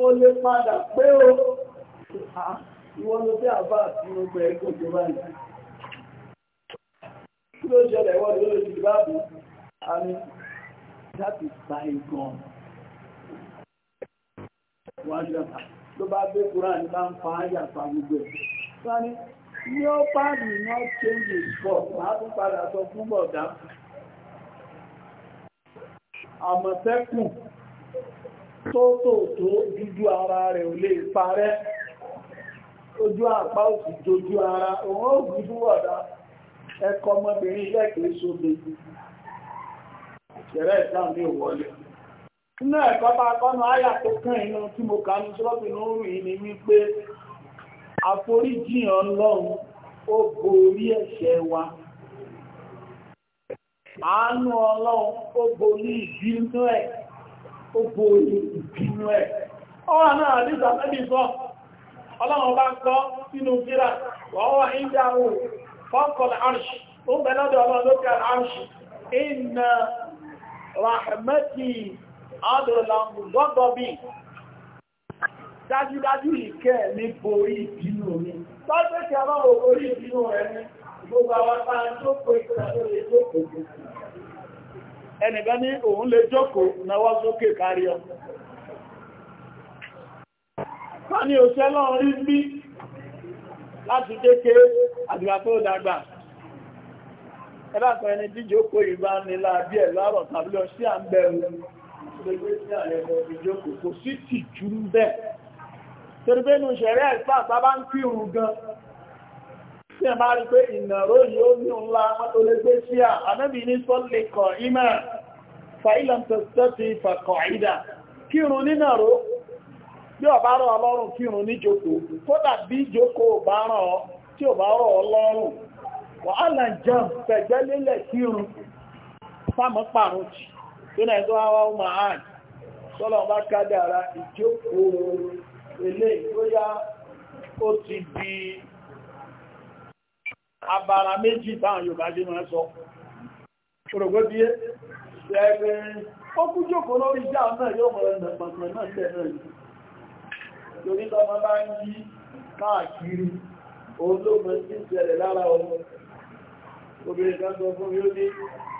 ó lè padà pé ó Ìwọ́n ló tẹ́ àbá àti gbogbo ẹgbẹ́ òjò báyìí. Kí ló ṣẹlẹ̀ wọ́n ló lè ti báàbò? A ní láti pa ìgàn. Wọ́n ṣe àpá. Ló bá gbé Kúrán ní bá ń fa àyà pa gbogbo ẹ̀. Wọ́n ní ní ó bá mi ná change his sport, màá tún padà sọ fún bọ̀dá. Àmọ̀tẹ́kùn tó tòótó ojú àpá òsì jojú ara òun ó gúdú ọ̀dá ẹkọ ọmọbìnrin lẹ́kẹ̀ẹ́ sóbe ìṣẹ̀rẹ́ ní ìwọlé inú ẹ̀kọ́ bá kọ́nà tó kàn inú tí mo kà ní sọ́ọ̀bì ní orí ni wípé àforíjìn ọlọ́run ó borí ẹ̀ṣẹ̀ wa àánú ọlọ́run ó borí ìbínú ẹ̀ ó borí ìbínú ẹ̀ ọ̀rọ̀ náà àdìsà mẹ́bí sọ́ọ̀ ọlọ́run bá ń kọ́ sínú jíra wọ́n wà ń dá ohun fọ́kọ̀lá arṣì ó bẹ lọ́dọ̀ ọlọ́run lókè arṣì inna rahmeti adọ́lọ́mù lọ́dọ̀ bí dájúdájú ìkẹ́ ní borí ìbínú mi tọ́jẹ́kẹ́ ọlọ́run borí ìbínú rẹ̀ gbogbo àwọn tá a sáàni òṣẹ́ lọ́rùn rí bí láti kékeré àdìgbà tó dàgbà ẹlàpọ̀ ẹni díjókò ìgbà nílá bí ẹ̀ lọ́rọ̀ tàbí lọ sí à ń bẹ̀rù kò sí tìjú ń bẹ̀ torípénú ṣẹ̀rẹ́ ẹ̀pá àtàbá ń kírun gan tí bí ọba bá ọlọ́rùn kírun níjókòó kódà bí ìjókòó bá rọ ọ tí ó bá rọ̀ ọlọ́rùn wàhálà jẹun fẹ̀gbẹ́ lélẹ̀ kírun fámọ́ pàrún jì tó náà tó wáwá ó máa sọ́lọ̀ bá kádàrà ìjókòó ilé ìgbóyá ó ti di abara méjì táwọn Yorùbá máa sọ ó kú lórí ìjà náà torí lọ́mọ bá ń yí káàkiri olóòmọ sí ìṣẹ̀lẹ̀ lára ọmọ obìnrin kan sọ fún mi ó ní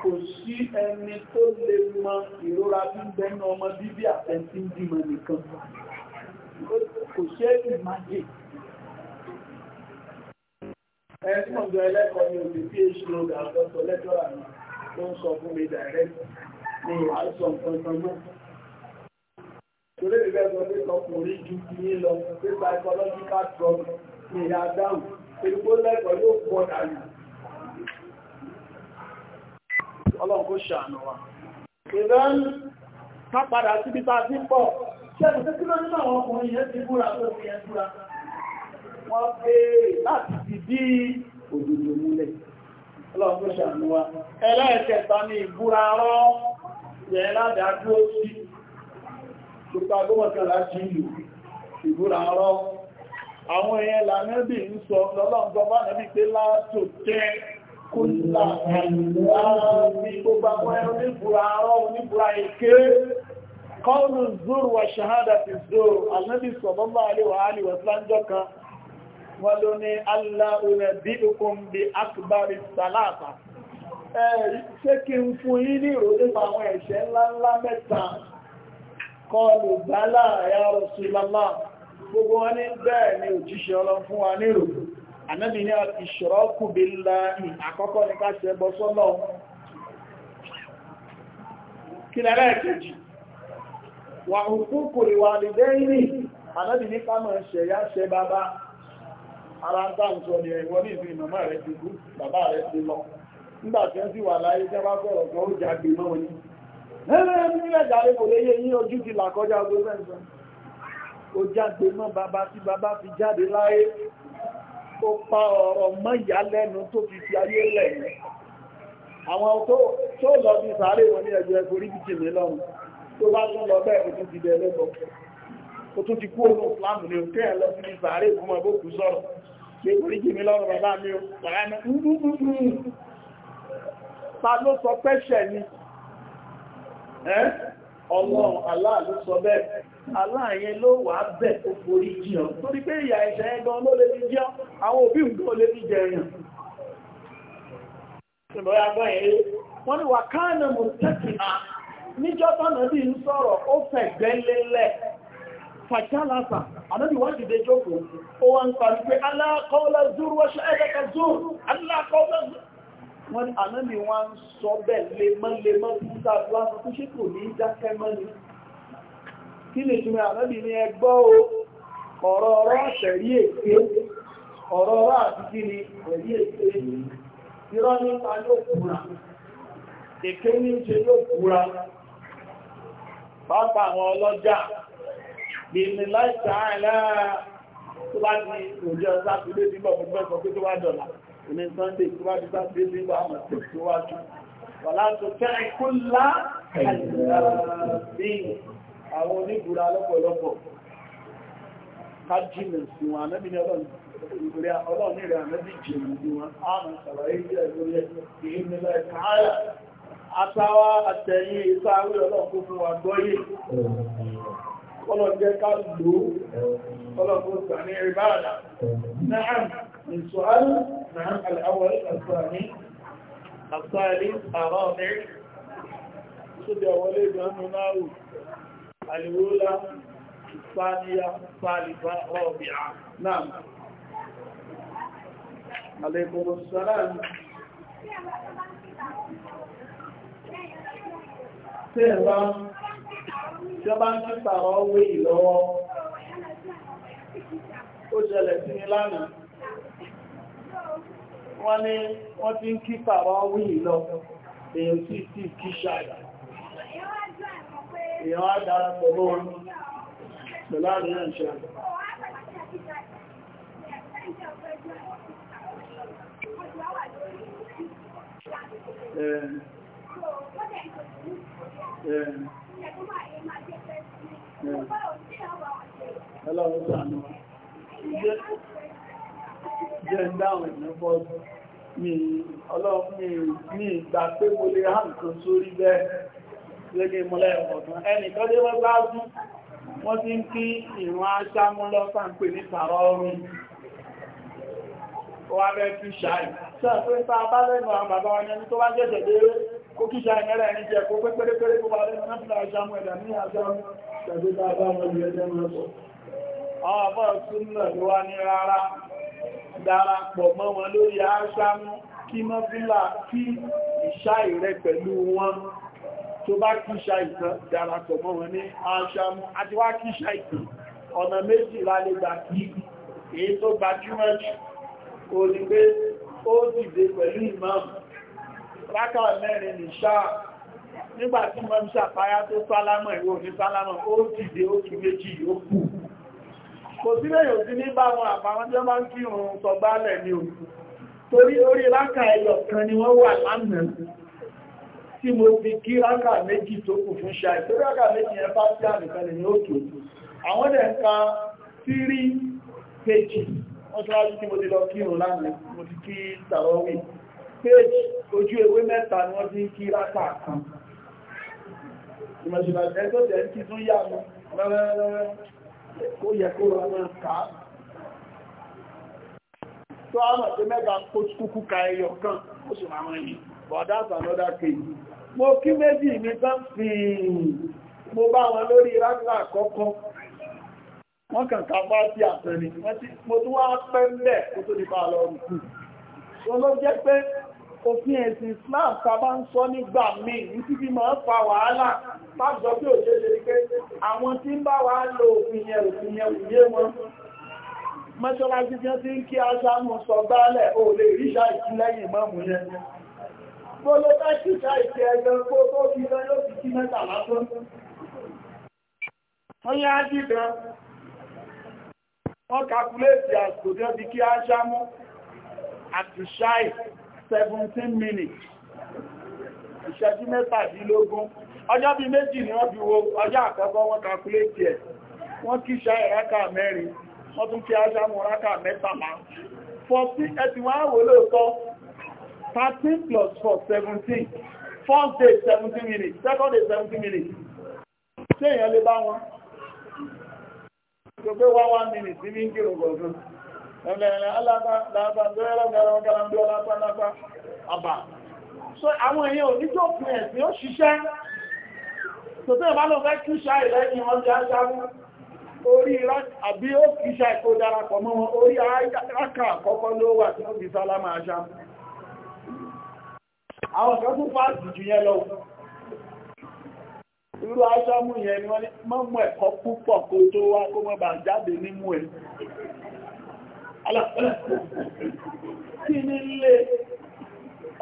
kò sí ẹni tó lè mọ ìrora tí ń bẹnu ọmọ bíbí àtẹ́ntí ń bímọ nìkan kò ṣe é ìmájì ẹni mọ̀jọ ẹlẹ́kọ̀ọ́ ni òbí tí èṣù lọ́gbà àtọ́sọ lẹ́tọ́rà mi tó ń sọ fún mi dàrẹ́ ni wàá sọ nǹkan náà torí ìrẹ́ sọ pé ọkùnrin ju ti yín lọ pé psychological drug ni ìyá dáhùn èdúgbò lẹ́kọ̀ọ́ yóò pọ̀ dàrí ọlọ́run kó ṣàánú wa ìrẹ́n ká padà síbi tá a ti pọ̀ ṣe ẹ̀sẹ̀ kí ló nínú àwọn ọkùnrin yẹn ti búra tó fi yẹn búra wọ́n béèrè láti ti dí òdòdó múlẹ̀ ọlọ́run kó ṣàánú wa ẹlẹ́ẹ̀kẹta ni ìbúra rọ́ yẹn ládàá dúró sí Gbogbo agbọ́mọ̀kànlá jí ìlú, ìbúra ọ̀rọ̀. Àwọn èèyàn lànẹ́bì ń sọ lọ́lọ́ǹgọ́ bá nẹ́bì pé látò jẹ́ kó láàrín láàrín gbogbo àwọn ẹ̀rọ níbúra ọ̀rọ̀ oníbúra èké. Kọ́ọ̀lù zúrù wà ṣàhádà ti zúrù, àlẹ́bì sọ̀bọ́bà àlẹ́wà àlẹ́wà sáńjọ́ kan wọ́n ló ní aláhùnẹ̀ bí òkun bí akbari salata. Ẹ ṣé kí n fún yín ní ìròyìn àwọn ẹ̀ṣẹ̀ ńláńlá mẹ́ta kọlù bálà a Rasulullah gbogbo wọn ní bẹ́ẹ̀ ni òjíṣẹ́ Ọlọ́run fún wa nírò ànábì ní ìṣọ́rọ́kù billahi àkọ́kọ́ ní káṣẹ bọ́ sọ́nà kí lẹ́rẹ́ kejì wà òkúkù ìwà àlìdẹ́yìnì ànábì ní ká mọ̀ ṣẹ̀ yá ṣe bàbá ara ń ni ẹ̀wọ́ ní rẹ̀ ti kú bàbá rẹ̀ lọ nígbà tí wọ́n sì wà láyé kan ó ẹ̀rẹ́ ní ẹ̀dàrí kò lè yé yí ojú ti là kọjá ogun mẹ́sàn ó jáde mọ́ bàbá tí bàbá fi jáde láyé ó pa ọ̀rọ̀ mọ́ ìyá lẹ́nu tó fi fi ayé lẹ́yìn àwọn tó lọ bí sàárè wọn ní ẹgbẹ́ forí bìtì mi lọ́run tó bá tún lọ bẹ́ẹ̀ kò tún ti dẹ̀ lẹ́bọ̀ ó tún ti kú òun ìsìlámù ẹ́ ọlọ́run aláà ló sọ bẹ́ẹ̀ aláà ló wà bẹ̀ tó forí torí pé ìyà ẹ̀ṣẹ̀ ẹ̀gan ló lè fi jẹ́ àwọn òbí nǹkan lè ya jẹyàn wọ́n ni wà m mọ̀ tẹ́kìá níjọ́ tọ́nà bí ń sọ̀rọ̀ ó fẹ̀gbẹ́ lélẹ̀ fàjálàsà ànábì wọ́n dìde jókòó ó wá ń pé zúrú wọ́ṣẹ́ wọ́n ní ànábì wọ́n ń sọ bẹ́ẹ̀ lemọ́lemọ́ fún sáàtú wá sọ fún ṣé kò ní dákẹ́ mọ́ ni kí lè túnmọ̀ ànábì ní ẹgbọ́ o ọ̀rọ̀ ọ̀rọ̀ àtẹ̀rí èké ọ̀rọ̀ ọ̀rọ̀ àti kí ni ẹ̀rí èké irọ́ nípa yóò kúra èké ní ṣe yóò kúra pápá àwọn ọlọ́jà bìnnì láìsàn àìlá tó bá ti òjò ọ̀sá tó lé nígbà gbogbo ẹ̀kọ́ pé tó wá dọ̀là ní sunday tó wá dídá sí ilé ìgbà àwọn tẹ̀síwájú wà látò tẹ́rẹ kó lá àwọn oníbùra lọ́pọ̀lọpọ̀ kájínà sí wọn anábì ní ọlọ́run ní rẹ̀ anábì jèrè ní wọn àmà sàlàyé ilẹ̀ lórí ìhìn nílẹ̀ ọlọ́jẹ́ ká lò ọlọ́pọ̀ sàní ìbáàdà náà ìṣòhálù náà aláwọ̀ àṣàní àṣàrí àrọ́ọ̀mí sóbi àwọlé ìgbàmù náà àlìwólá ìsáníyà sálìbá ọ̀bìà náà عليكم السلام سيرا tí wọ́n bá ń kí tààrọ̀ wé ìlọ́wọ́ ó ṣẹlẹ̀ sí ní lánàá wọ́n ní wọ́n ti ń kí tààrọ̀ wé ìlọ́ èyàn sí sí kí ṣàdá èyàn á dára pẹ̀lú wọn pẹ̀lú àríyàn ṣàdá Yeah. Yeah. Ọlọ́run sànú. Jẹ́ ń dáhùn ìmẹ́fọ́ mi ọlọ́run mi ìgbà pé mo lè hàn kan sórí bẹ́ẹ̀ lẹ́gbẹ́ mọ́lẹ̀ ọ̀gbọ̀n. Ẹnìkan dé wọ́n bá sún, wọ́n ti ń kí ìrún aṣámúlọ́ sáńpè ní tààrọ Ó wá bẹ́ kí ṣáì. Sọ́ọ̀ pé àwọn bàbá wọn tàbí bá bá wọn lè ẹjẹ́ máa sọ. Àwọn àbọ̀ súnmọ̀ ló wá ní rárá darapọ̀ mọ́ wọn lórí aṣámú kí mọ́bílà kí ìṣá ìrẹ pẹ̀lú wọn tó bá kí ìṣá ìtàn darapọ̀ mọ́ wọn ní aṣámú àti wá kí ìṣá ìtàn ọ̀nà méjì lálẹ́gbà kí èyí tó gbajúmọ̀ jù kò ní pé ó dìde pẹ̀lú ìmáàmù rákà mẹ́rin nìṣáà nígbà tí mọ́ ṣàfáyá tó sálámọ̀ ìwò ní sálámọ̀ ó dìde ó kí méjì ó kù kò sí lẹ́yìn òsí ní bá wọn àbáwọn tí wọ́n máa ń kí òun sọgbálẹ̀ ní òun torí orí rákà ẹyọ kan ni wọ́n wà lánàá tí mo fi kí rákà méjì tó kù fún ṣáì tó rákà méjì yẹn bá sí àmìkan lè ní òkè àwọn dẹ̀ ń ka tírí péjì wọ́n tó wájú ìmọ̀ṣùgbà ẹgbẹ́ tẹ̀ ń mẹ́ta kó kúkú ka ẹyọ kan ó sì máa rìn but that's another case mo kí méjì mi tán fi mo bá wọn lórí rákà àkọ́kọ́ wọ́n kàn ká bá sí àtẹni mo tún wá pẹ́ ń bẹ̀ tó nípa lọ rùkù tó ló jẹ́ pé òfin ẹ̀sìn Islam tàbá ń sọ nígbà míì ní títí máa fa wàhálà pàjọ bí òṣè lè pé àwọn tí ń bá wà lo òfin yẹn òfin yẹn òyé wọn mọ́ṣọ́lájí tí wọ́n ti ń kí aṣáàmù sọ gbálẹ̀ ò lè ríṣà ìkílẹ́yìn mọ́mù yẹn gbogbo bá ṣíṣà ìkẹ́ ẹgbẹ́ gbogbo kí lọ yóò fi kí mẹ́ta lásán wọ́n yá dìbọn wọ́n kàkúlẹ̀ sí àsìkò tí wọ́n ti kí 17 minutes ìṣẹ́jú mẹ́tàdínlógún ọjọ́ bí méjì ni wọ́n bí wo ọjọ́ àkọ́kọ́ wọ́n kàkúlétì ẹ̀ wọ́n kí ṣá ìrákà mẹ́rin wọ́n tún kí aṣámù rákà mẹ́tàlá 14 ẹ̀tì wọ́n á wò lóòótọ́ 13 plus 4 17 first day 17 minutes second day 17 minutes ṣé èèyàn lè bá wọn? Gbogbo wá 1 minute ní ń kírò gbọ̀ngàn ẹ̀lẹ́ orí àbí ó kìíṣà ìkó darapọ̀ mọ́ wọn orí àákà àkọ́kọ́ ló wà tí ó bí sálámà àṣà àwọn kan tún fàájì jù yẹn lọ irú aṣọ́mù yẹn ni wọ́n ní mọ́mù ẹ̀kọ́ púpọ̀ kó tó wá kó mọ́ bà jáde nímú ẹ̀ kí ní ilé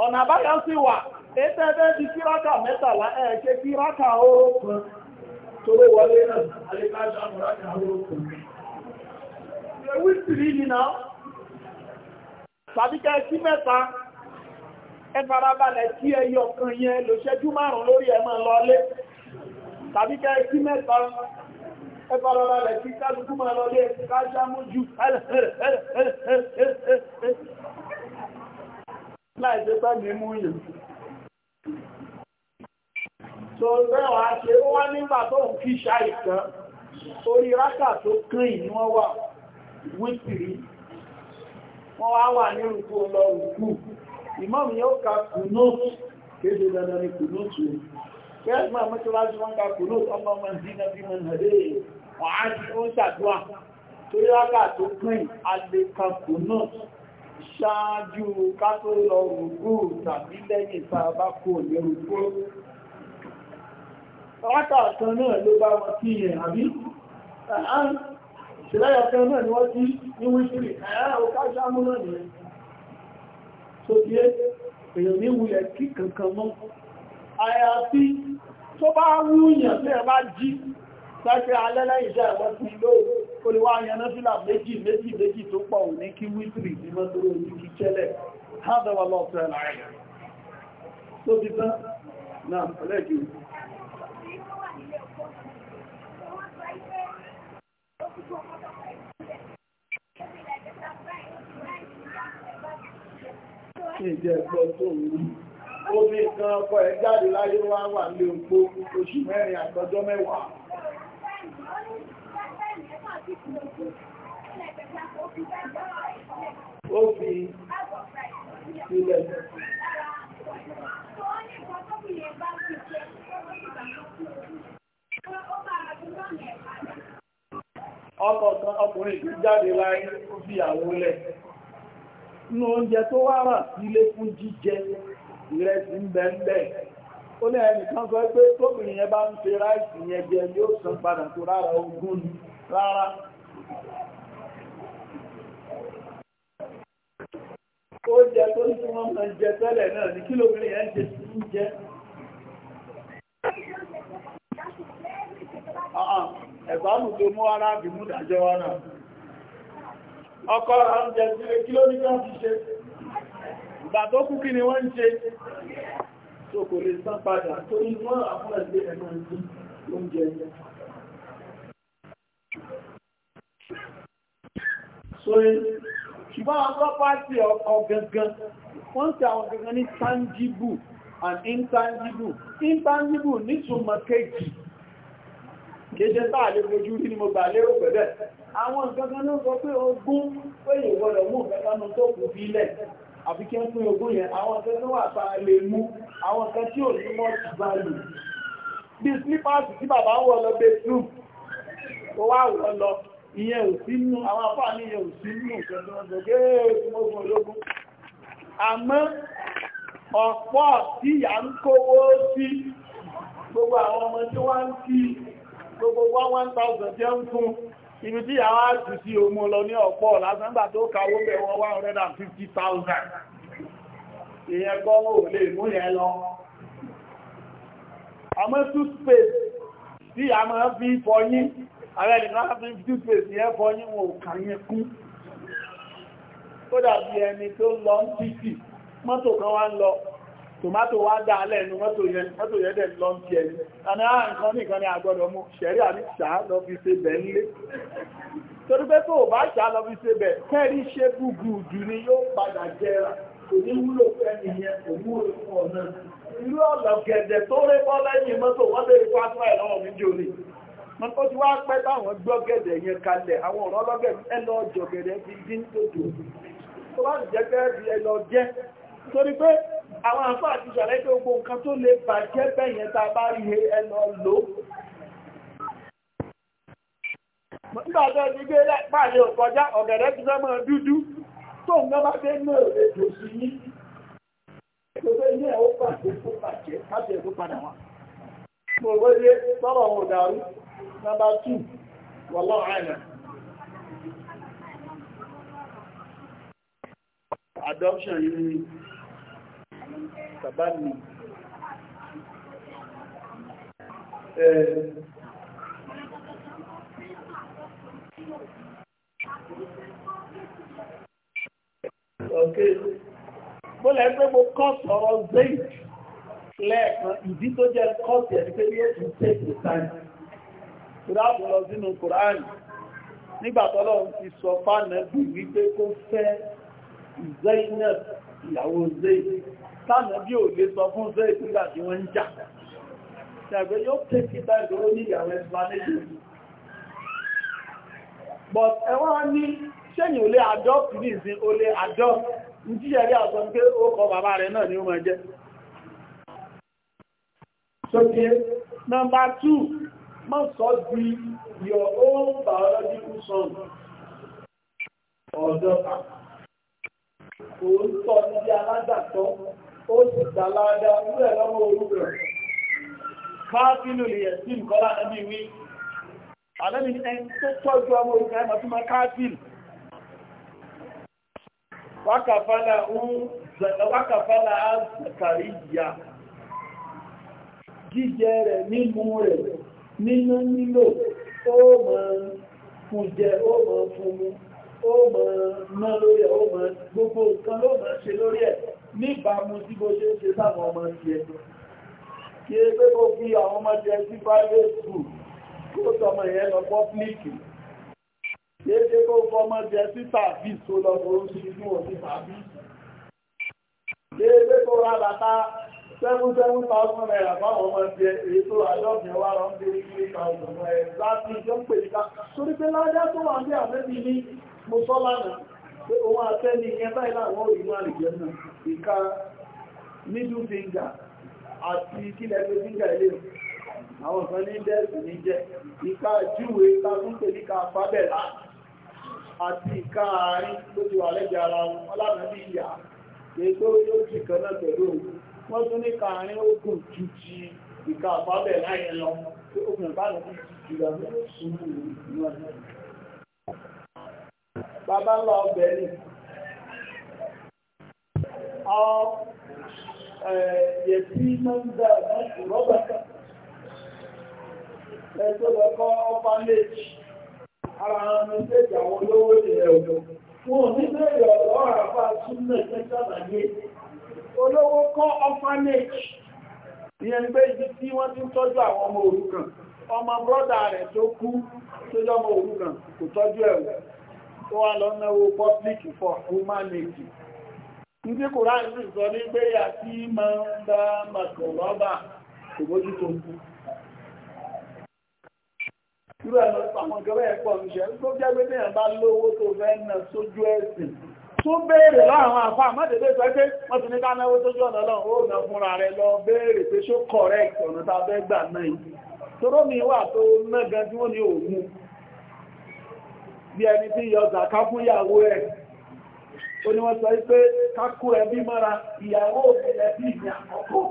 ọ̀nà àbáyọ sí wà ẹ́tẹ́ẹ̀ẹ́ di kíráka mẹ́tàlá ẹ̀ẹ́ṣẹ́ kíráka oró kan tó ló wọlé náà alẹ́kájá mọ́ráka oró kan ewì tìrí nìna tàbíkẹ́ sí mẹ́ta ẹ farabalẹ̀ kí ẹyọ kan yẹn lò ṣẹ́jú márùn-ún lórí ẹ máa lọlé tàbíkẹ́ sí mẹ́ta ẹgbà rọra rẹ̀ kí kálukú máa lọ lé kájá mójú láìsẹ́ báyìí mú yìí tó rẹwà ṣe ó wá nígbà tó ń fi ṣàìsàn orí rákà tó kán ìní wọ́n wà wítìrí wọ́n wá ó ń ṣàdúrà torí rákà tó pín alẹ́kàkù náà ṣáájú ká tó lọ rùgbù tàbí lẹ́yìn tàbá kò ní rùgbù rákà kan náà ló bá wọn kí yẹn àbí ṣìláyà kan náà ni wọ́n tí ní wíṣìrì ẹ̀rẹ́ ọ̀ká ṣámú náà nìyẹn tó tí sáṣẹ́ alẹ́lẹ́ ìṣẹ́ ẹ̀wọ́ ti ló olùwà yanáfílà méjì méjì méjì tó pọ̀ ní kí wítìrì ní mọ́tòrò ní kí tẹ́lẹ̀ hádọ́wà lọ́tẹ́ láàrín tó ti tán náà ẹlẹ́kì Ìjẹ́ ẹ̀kọ́ tó ń omi kan ọkọ̀ ẹ̀ jáde láyé wá wà ní òpó oṣù mẹ́rin àtọjọ́ mẹ́wàá. ó fi sílẹ̀. Ọkụ ọkùnrin tó jáde láyé ó àwọn lẹ̀ nínú oúnjẹ tó wá rà sílé fún jíjẹ ìrẹsì ń bẹ ń ó ní ẹnìkan sọ pé tóbìnrin yẹn bá ń fi ráìsì yẹn jẹ yóò padà tó rárá ogun ni rárá jẹ tó ní tí máa ń jẹ náà ní kí yẹn jẹ sí ń tó mú ara bí mú ọkọ ni wọ́n ń tó kò lè sán padà tó ní wọ́n àfúnàṣe ẹ̀mọ́ ìdí oúnjẹ ẹ̀yẹ. Sọ́yìn, ṣùgbọ́n àwọn property ọ̀gangan, wọ́n ń tẹ àwọn gangan ní tangible and intangible. Intangible nítumọ̀ kejì, kéje táà lè fojú rí ni mo gbà lérò pẹ̀lẹ̀. Àwọn gangan ló sọ pé ogún pé ìwọ̀dọ̀ mú ìfẹ́ àbí kí ń pín ogún yẹn àwọn nǹkan tó wà tá lè mú àwọn nǹkan tí ò ní much value bí slippers tí bàbá ń wọ lọ bedroom ó wá wọ lọ ìyẹn ò sí nù àwọn afáàní ìyẹn ò sí nù nǹkan tó ń ibi tí àwọn àti sí omo lọ ní ọ̀pọ̀ lásánbà tó kàwó bẹ̀ wọ́n 150,000 èyẹ gọ́wọ́ ò lè mú yẹn lọ àmọ́ toothpaste tí a máa fi fọyín ààrẹ nìkan fi space yẹn fọyín wọn ò kàyẹn kú ó dàbí ẹni tó lọ ń títì mọ́tò kan wá ń lọ tomato wá dá lẹ́nu mọ́tò yẹn mọ́tò yẹn dẹ̀ lọ ń ti ẹni àná ah, nǹkan nìkan ni àgbọ́dọ̀ mú ṣẹ̀rí àní ṣá lọ fi ṣe bẹ̀ nílé torí pé tó bá ṣá lọ fi ṣe bẹ̀ kẹ́rí ṣe gbùgbùdù ni yóò padà jẹra kò ní wúlò fẹ́ni yẹn kò wúlò fún ọ náà irú ọ̀nà gẹ̀dẹ̀ tó rẹ́ bọ́ lẹ́yìn mọ́tò wọ́n lè wá fún ẹ̀ lọ́wọ́ mi jò ní ó ti wá pẹ́ táwọn gbọ́gẹ̀dẹ̀ yẹn kalẹ̀ àwọn ọ̀rọ̀ ọlọ́gẹ̀dẹ̀ ẹ lọ jọ̀gẹ̀dẹ̀ fi dín tó dùn tó bá sì jẹ́ pé ẹ lọ jẹ́ torí pé àwọn àfáà ti ṣàlẹ́ pé ogun nǹkan tó lè bàjẹ́ bẹ̀yẹn tá a bá rí ẹnà lò nígbà tó ti gbé pàdé òkọjá ọ̀gẹ̀dẹ̀ ti fẹ́ mọ́ dúdú tó ń gbọ́n bá dé náà lè dò sí ní ìgbésẹ̀ ilé ẹ̀ ó pàṣẹ tó bàjẹ́ láti ẹ̀kọ́ padà wá. mo rò lé bàbá mi ọ̀kẹ́ mo lẹ́ pé mo kọ́ sọ̀rọ̀ zayd lẹ́ẹ̀kan ìdí tó jẹ́ kọ́ọ̀tì ẹ̀ pé yẹ́ to take the time ìdáàbò lọ sínú kòránì nígbàtọ́lọ́ ti sọ fánàbì wípé kó fẹ́ Zainab ìyàwó Zayn tánà bí ò lè sọ fún ṣe ìpínlẹ̀ tí wọ́n ń jà ṣàgbẹ́ yóò tẹ́ kíta ìdúró ní ìyàwó explanation but ẹwọ́n ní ṣẹ́yìn ò lè adopt ní ìsìn ò lè adopt pé ó kọ bàbá rẹ̀ náà ni ó máa jẹ́ sókè number two mọ́ sọ di your own biological son ọ̀dọ́ta òun tọ́ níbi alágbàtọ́ ó sì gbàládá nílẹ̀ lọ́wọ́ orúkọ káàkiri lè sí nǹkọ́lá ẹbí wí alẹ́bí ẹni tó tọ́jú ọmọ orúkọ ẹmọ tó máa káàkiri wákàfàlà àzàkàríyà jíjẹ rẹ̀ mímú rẹ̀ nínú nílò ó mọ̀ fún jẹ ó mọ̀ fún mú ó mọ̀ ná lórí ẹ̀ ó mọ̀ gbogbo nǹkan ló mọ̀ ṣe lórí ẹ̀ níbàmú sí bó ṣe ṣe sáwọn ọmọ ti ẹ̀ kí é pé kó fi àwọn ọmọ jẹ sí private school kó tọmọ ìyẹn lọ pọ́pílìkì kí é pé kó fọmọ jẹ sí tàbí tó lọ borúsí inú òsì tàbí kí é pé kó ra bàtà seven seven thousand naira fáwọn ọmọ ti ẹ èyí tó àjọpìn lọ ń three thousand naira láti ìjọ ń pè nípa torí pé ládá tó wà ní àmẹ́bí ní mo pé òun àtẹ́ni ìyẹn báyìí láwọn òrìnú àrìjẹ́ náà ìka middle finger àti kílẹ̀ tó finger ilé àwọn kan ní dẹ́ẹ̀sì ní jẹ́ ìka ta tún pè níka àti ìka àárín tó ti wà ara wọn ọlànà bàbá ńlá ọbẹ̀ ni ọ yẹtí mọ́ńdà mọ́sù rọ́bàtà ẹgbẹ́ lọ́kọ́ ọpánlẹ̀jì ara àwọn méjèèjì àwọn olówó ilẹ̀ ọ̀dọ́ wọn ní bẹ́ẹ̀rẹ̀ ọ̀rọ̀ àràfà súnmọ̀ ìfẹ́sàlàyé olówó kọ́ ọpánlẹ̀jì ìyẹn pé ibi tí wọ́n ti ń tọ́jú àwọn ọmọ òrukàn ọmọ rẹ̀ tó kú tó jọmọ òrukàn kò tọ́jú ẹ̀wọ̀ kó wá lọ náwó public for humanity ní kòrán sì sọ ní pé àti máa ń dá màkọ̀lọ́bà kò bójú tó ń bú irú ẹ̀lọ́ àwọn gẹ́rẹ́ ẹ̀pọ̀ ìṣẹ́ tó jẹ́ pé níyàn bá lówó tó fẹ́ nà sójú ẹ̀sìn tó béèrè láwọn àfá àmọ́dẹ̀dẹ́ sọ pé wọ́n ti ní ká náwó sójú ọ̀nà lọ ó nà fúnra rẹ̀ lọ béèrè pé ṣó correct ọ̀nà tá fẹ́ gbà náà yìí toró mi wà tó náà gan tí wọ́n ní bí ẹni tí yọ zàká fún ìyàwó ẹ̀ ó ní wọ́n sọ wípé kákó ẹbí mọ́ra ìyàwó ẹbí ìní àkọ́kọ́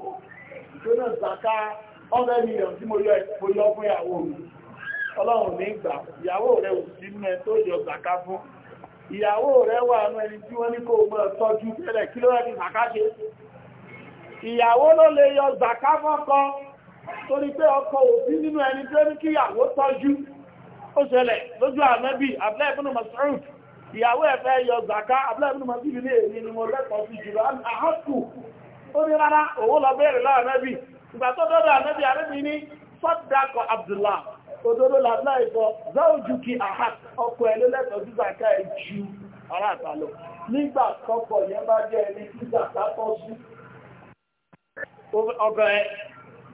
tó náà ọmọ ènìyàn tí mo yọ fún ìyàwó mi ọlọ́run ní gbà ìyàwó rẹ̀ ò sí mẹ́ tó yọ fún ìyàwó rẹ̀ wà ẹni tí wọ́n ní kó tọ́jú tẹ́lẹ̀ kí ló rẹ̀ ṣe ìyàwó ló lè yọ torí pé òbí nínú ẹni ó ṣẹlẹ̀ lójú ànábì Abdullahi ibn Mas'ud ìyàwó ẹ̀fẹ́ yọ zaka Abdullahi ibn Mas'ud ní èyí ni mo lẹ́kọ̀ọ́ sí jùlọ àhákù ó ní rárá òwò lọ bẹ́ẹ̀rẹ̀ lọ́wọ́ ànábì ìgbà tó dọ́dọ̀ ànábì ànábì ní sọ́dàkọ̀ Abdullahi òdodo làbúlá ìsọ záòjú kí àhák ọkọ̀ ẹ̀ ló lẹ́tọ̀ọ́ sí zaka ẹ̀ ju ará àtàlọ́ nígbà kọ́kọ̀ yẹn bá jẹ́ ẹni sí zaka tọ́ sí ọbẹ̀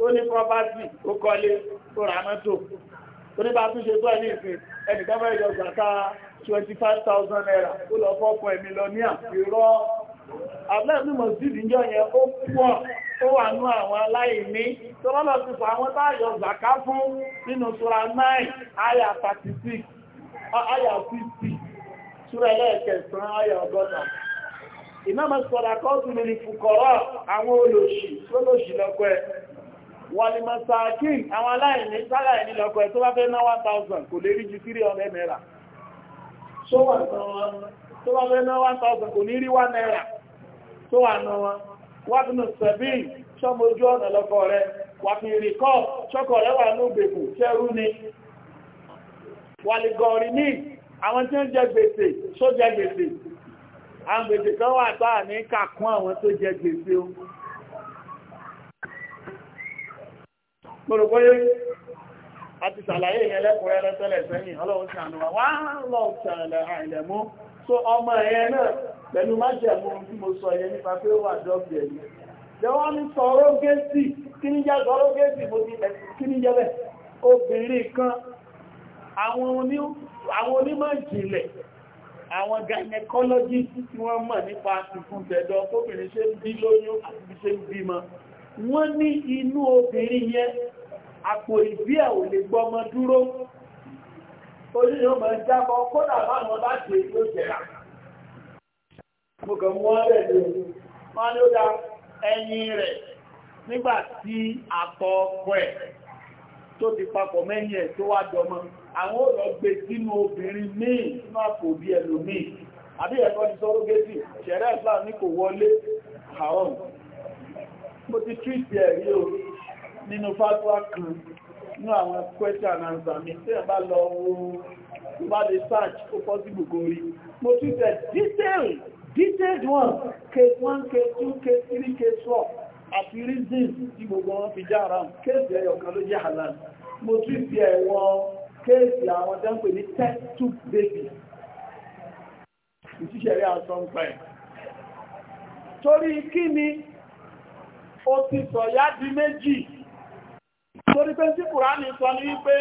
ó ní property ó kọ́lé ó ra mọ́tò tó ní bá tún ṣe tó ẹni ìsìn ẹnìkan fẹ́ yọ zàká 25,000 naira ó lọ fọ́pọ̀ ẹ̀mí lọ ní àfihàn àbẹ́ẹ̀mí mọ̀sílì ń jọ yẹn ó pọ̀ tó wà ní àwọn aláìní tó lọ́lọ́ ti fà àwọn táyọ̀ zàká fún nínú sura 9 aya 36 aya 50 sura ẹlẹ́ẹ̀kẹsàn aya ọgọ́ta ìnáma sọ̀rọ̀ akọ́sùn ní fùkọ̀rọ̀ àwọn olóṣì tó lóṣì lọ́gbẹ́ wàlìmọ̀sàkín àwọn aláìní sáláìní lọ́kọ̀ ẹ̀ tó bá fẹ́ ná 1000 kò lè rí ju 300 naira tó wà náà wọn tó bá fẹ́ ná 1000 kò ní rí 1 naira tó wà náà wọn wákùnù sẹ̀bìn ṣọ́mọ ojú ọ̀nà lọ́kọ̀ rẹ̀ wàfìrì kọ́ ṣọ́kọ̀ rẹ̀ wà ní ògbèkù ṣẹ́rú ni wàlìgọ̀rì ní àwọn tí ó jẹ gbèsè só jẹ gbèsè àwọn gbèsè kan wà táà ní kàkún àwọn tó jẹ gbèsè ohun gbọ́rọ̀gbọ́yé àti sàlàyé ìrẹ́lẹ́kùnrin ẹlẹ́tẹ́lẹ̀ sẹ́yìn ọlọ́run sí ànúwà wà lọ́ọ̀ tẹ̀lẹ̀ àìlẹ̀mú so ọmọ ẹ̀yẹ náà pẹ̀lú májẹ̀mú tí mo sọ ẹ̀yẹ nípa pé ó wà dọ́gbẹ̀ ẹ̀yẹ jẹ́wọ́n ní sọ̀rọ̀ gẹ́ẹ̀sì kí ní jẹ́ sọ̀rọ̀ gẹ́ẹ̀sì mo ti kí ní jẹ́bẹ̀ obìnrin kan àwọn onímọ̀ ìjìnlẹ̀ àwọn gynecologist tí wọ́n mọ̀ nípa ìfúntẹ̀dọ̀ kóbìnrin ṣe ń bí lóyún àti bí ṣe ń bímọ wọ́n ní inú obìnrin yẹn àpò ìbí ẹ̀ ò lè gbọmọ dúró mo mú ẹyin nígbà tí ọkọ ẹ tó ti papọ̀ mẹ́yìn ẹ̀ tó wá dọmọ àwọn ò sínú obìnrin míì nínú àpò bí àbí ẹ̀kọ́ ti sọ́rọ́gẹ́sì ṣẹ̀rẹ́ kò wọlé àwọn mo ti tríìtì ẹ̀rí o nínú fatuwa kan nínú àwọn question and answer mi tí ẹ bá lọ wo tó bá lè search ó possible kó rí mo tríìtì detail detailed one case one case two case three case four àti reasons tí gbogbo wọn fi já ara kéèsì ẹyọkan ló jẹ́ halal mo tríìtì ẹ̀wọ̀n kéèsì àwọn tó ń pè ní test tube baby ìṣiṣẹ́ rí àwọn tó ń pa ẹ̀ torí kí ni ó ti dị meji. méjì torí sọ ní wípé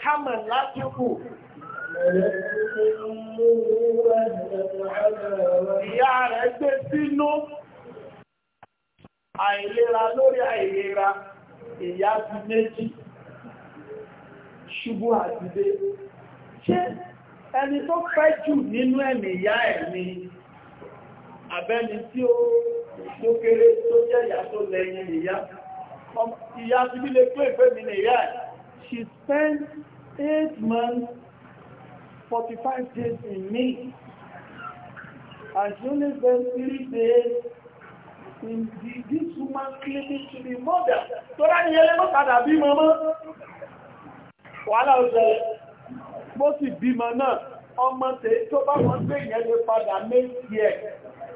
kámẹ̀ láti kù ìyá rẹ̀ àìlera lórí àìlera ìyá di méjì ṣubú àdìdé ṣé ẹni tó fẹ́ jù nínú ẹ̀mìyá ẹ̀mí àbẹ́ni tí ó tó kéré tó jẹ́ ìyá tó lẹ́yìn ìyá ìyá ti bí lè pé ìfẹ́ mi ní ìyá ẹ̀ she spent eight months 45 days in me and she only spent three days in the, this woman claiming to be mother tó rá ní ẹlẹ́mọ́ padà bímọ mọ́ wàhálà ó jẹ́ bó sì bímọ náà ọmọ tèyí tó bá wọn gbé ìyẹn lè padà méjì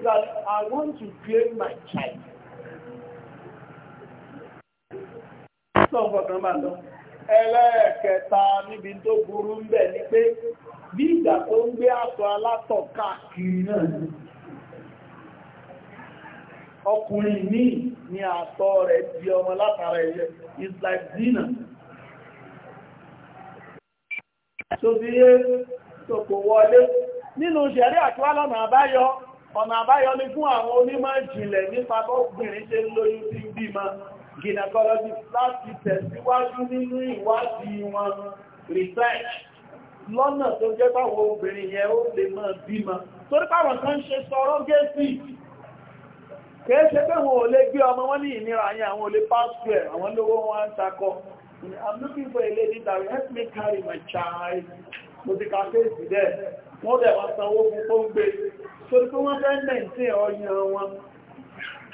that I want to claim my child. Ẹlẹ́ẹ̀kẹta níbi tó burú ń bẹ̀ ni pé bí ìgbà tó ń gbé aṣọ alátọ̀ káàkiri náà ni. Ọkùnrin di ọmọ látara ẹ̀yẹ. tó wọlé nínú ṣẹ̀rí àtúwá àbáyọ ọ̀nà àbáyọ ni fún àwọn onímọ̀ ìjìnlẹ̀ nípa bọ́gbìnrin ṣe lóyún sí bímọ gynecology láti tẹ̀síwájú nínú ìwádìí wọn research lọ́nà tó jẹ́ báwọn obìnrin yẹn ó lè máa bímọ torí báwọn kan ṣe sọ̀rọ̀ gẹ́ẹ̀sì kìí ṣe pé wọn ò lè gbé ọmọ wọn ní ìnira yẹn àwọn olè pàṣẹ àwọn lówó wọn ń takọ I'm looking for a lady that will help me carry my child mo ti ka kéèsì dẹ̀ wọ́n dẹ̀ wá sanwó fún tó ń gbé torí pé wọ́n fẹ́ mẹ́ǹtì ọyàn wọn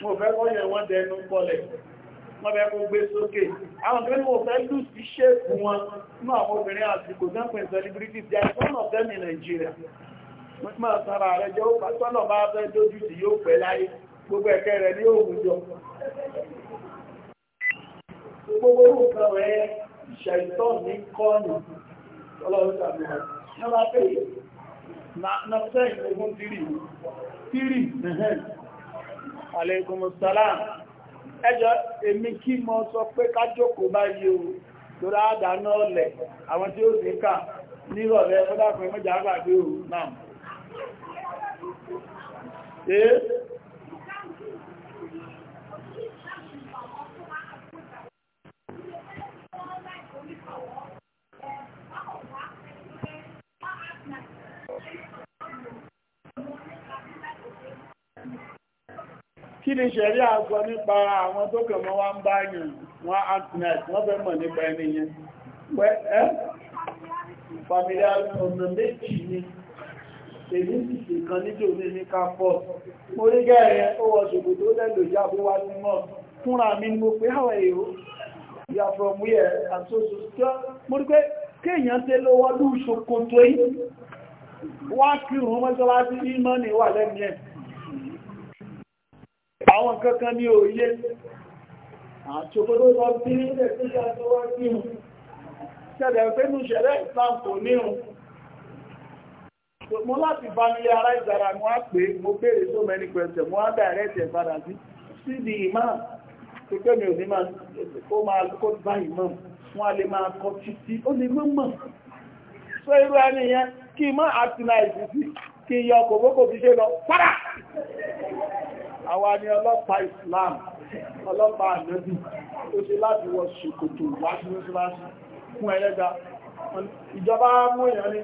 mo fẹ́ kọ́yàn wọn dẹnu kọlẹ̀ wọ́n fẹ́ kó gbé sókè àwọn tó ní mo fẹ́ lù sí ṣéèkù wọn ní àwọn obìnrin àsìkò dẹ́pẹ̀ celebrity ti àìsàn náà fẹ́ mi Nàìjíríà wọ́n ti máa sára rẹ̀ jẹ́ ó pàtọ́nà bá fẹ́ dójú sí yóò pẹ́ láyé gbogbo ẹ̀kẹ́ rẹ̀ ní òwújọ ní kọ́ọ̀nù ọlọ́run ṣàbíwọ̀n náà pẹ̀lú náà ẹgbùn tírì tírì alaikumussalam ẹjọ́ èmi kí mo sọ pé ká bá báyìí o lórí àdánà ọlẹ̀ àwọn tí ó sì kà nírọ̀lẹ́ fọ́dákùnrin mẹ́jà àgbàgbé o náà kí ni ṣẹ̀rí àkọ nípa àwọn tó kẹ̀ mọ́ wá ń bá yàn wọ́n antinet wọ́n fẹ́ mọ̀ nípa ẹni yẹn pẹ́ ẹ́ familial ọ̀nà méjì ni èyí sì sì kan níjò ní ní kápọ̀ mo rí gẹ́ẹ̀rẹ́ ó wọ ṣòkò tó lẹ́lò ìyàbó wá sí mọ́ fúnra mi ni mo pé àwọn èrò ìyà from where and so so so mo rí pé kéèyàn tẹ́ lọ́wọ́ lú ṣòkòtò yìí wá kírun mọ́sọ́lá sí ìmọ́ ni wà lẹ́mìí àwọn kankan ní òye àtòkòtò sọ bí ilẹ̀ tó ṣe àtọwọ́ sí hùn ṣẹ̀dẹ̀ pé ní ṣẹ̀rẹ́ Islam kò ní hùn mo láti bá nílé ara ìzára mo á pè mo béèrè so many questions mo á direct ẹ̀ padà sí sí di imam tó pé mi ò ní máa kó máa kó bá imam wọn a lè máa kọ títí ó lè mọ́ mọ̀ sọ irú ẹni yẹn kí imam àtìláìsì sí kí iye àwa ni ọlọ́pàá Islam ọlọ́pàá ànẹ́bì ó ṣe láti wọ ṣòkòtò láti mọ́síláṣì fún ẹlẹ́gbà ìjọba mú èèyàn ní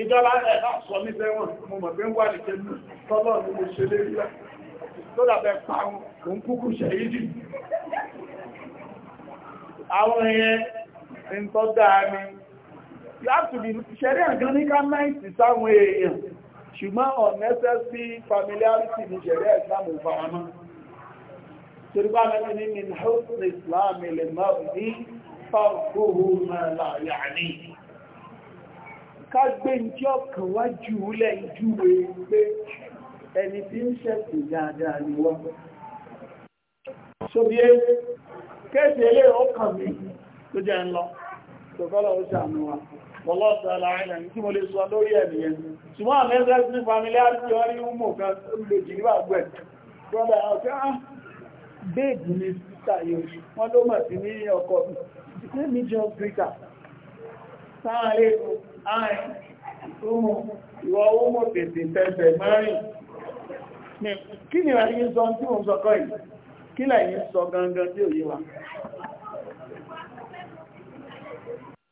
ìjọba ẹ̀dá sọ ní sẹ́wọ̀n mo mọ̀ pé ń wà ní kẹ́lú tọ́lọ̀ ni mo ṣe lé rílẹ̀ tó dàbẹ̀ pa wọn kò ń kúkú ṣẹ̀yídì àwọn èèyàn you have to be ṣùgbọ́n unnecessary familiarity ní ṣẹ̀rẹ́ ìsìlámù ìfaramọ́ torípá mẹ́rin ní min husn islam ilẹ̀ mọ́rí fàkóhù mẹ́lá yàní ká gbé ìjọ kan wá jù lẹ́ ìjúwe pé ẹni tí ń ṣẹ̀sìn dáadáa ni wọ́n sóbíé kéèsì ilé ọkàn mi tó jẹ́ ń lọ tòkọ́lọ̀ ó ṣàánú wa Ọlọ́sàlá àìyàn tí mo lè sọ lórí ẹ̀nìyàn. Ṣùgbọ́n àmẹ́sẹ̀ sí familiarity orí ọmọ kan lè jì níwà gbẹ̀. Brọ́dà ọ̀kẹ́ á bèèdì ní títà ah, ah, yóò, wọ́n ló mọ̀ sí ní ọkọ̀ mi jọ Gríkà. Sáàrẹ àìyàn tó mọ̀ ìwọ̀ owó mọ̀ tètè tẹ́tẹ̀ mẹ́rin. Kí ni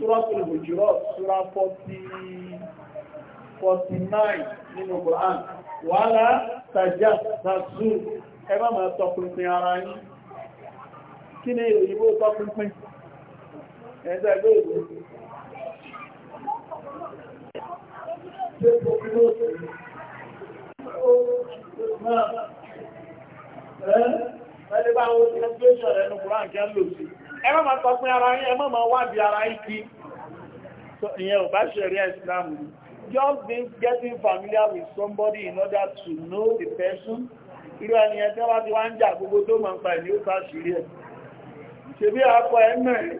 Suratul Hujurat súra 49 nínú Quran wala tajassasu ẹ má máa tọpinpin ara yín kí ni òyìnbó tọpinpin ẹ̀ẹ́dẹ́ ẹgbẹ́ ìlú Ẹni bá wo translation ẹnu Quran kí á lò sí. ẹ má tọpin ara yín ẹ ma máa ara yín ìyẹn ò bá just being getting familiar with somebody in order to know the person irú ẹni ẹjọ́ bá ti wá ń jà gbogbo tó máa ń pa akọ ẹ̀mẹ̀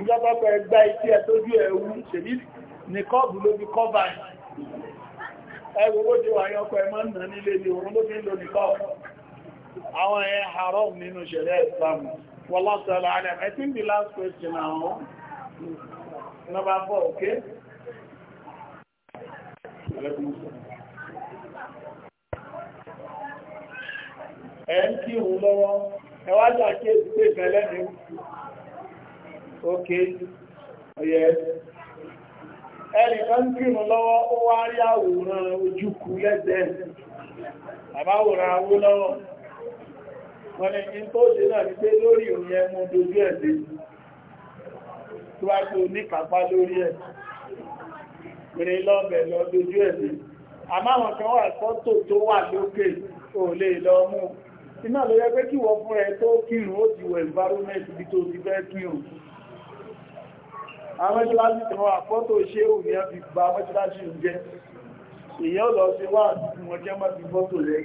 ìjọpọ̀pọ̀ ẹgbà ìtí tójú ṣèbí ní kọ́ọ̀bù ló fi kọ́bà ẹ̀ tí wà nà nílé òun ló fi ń lo nìkọ́ Wallahu ta'ala alam. I think the last question now. Number four, okay? Ẹ ń kí òun lọ́wọ́, ẹ wá jà kí èsì pé Okay, ọ̀yẹ́. Oh, Ẹnì kan kí òun lọ́wọ́, ó wá ojúkú wọ́n ní kí tó ṣe náà ní pé lórí òun ẹmú dojú ẹ̀dẹ́ tó wá tó ní kàpá lórí ẹ̀ rìn lọ́bẹ̀ lọ dojú ẹ̀dẹ́ àmáwọn kan wà fọ́tò tó wà lókè ò lè lọ mú iná ló yẹ pé kí wọ́n fún ẹ tó kírun ó ti wọ environment bí tó ti fẹ́ kírun àwọn ẹjọ́láṣì tí wọ́n àpọ́tò ṣe ò ní ẹbí bá mẹ́jọ́láṣì ń jẹ́ èyàn lọ sí wà ní wọ́n jẹ́ mọ́ rẹ̀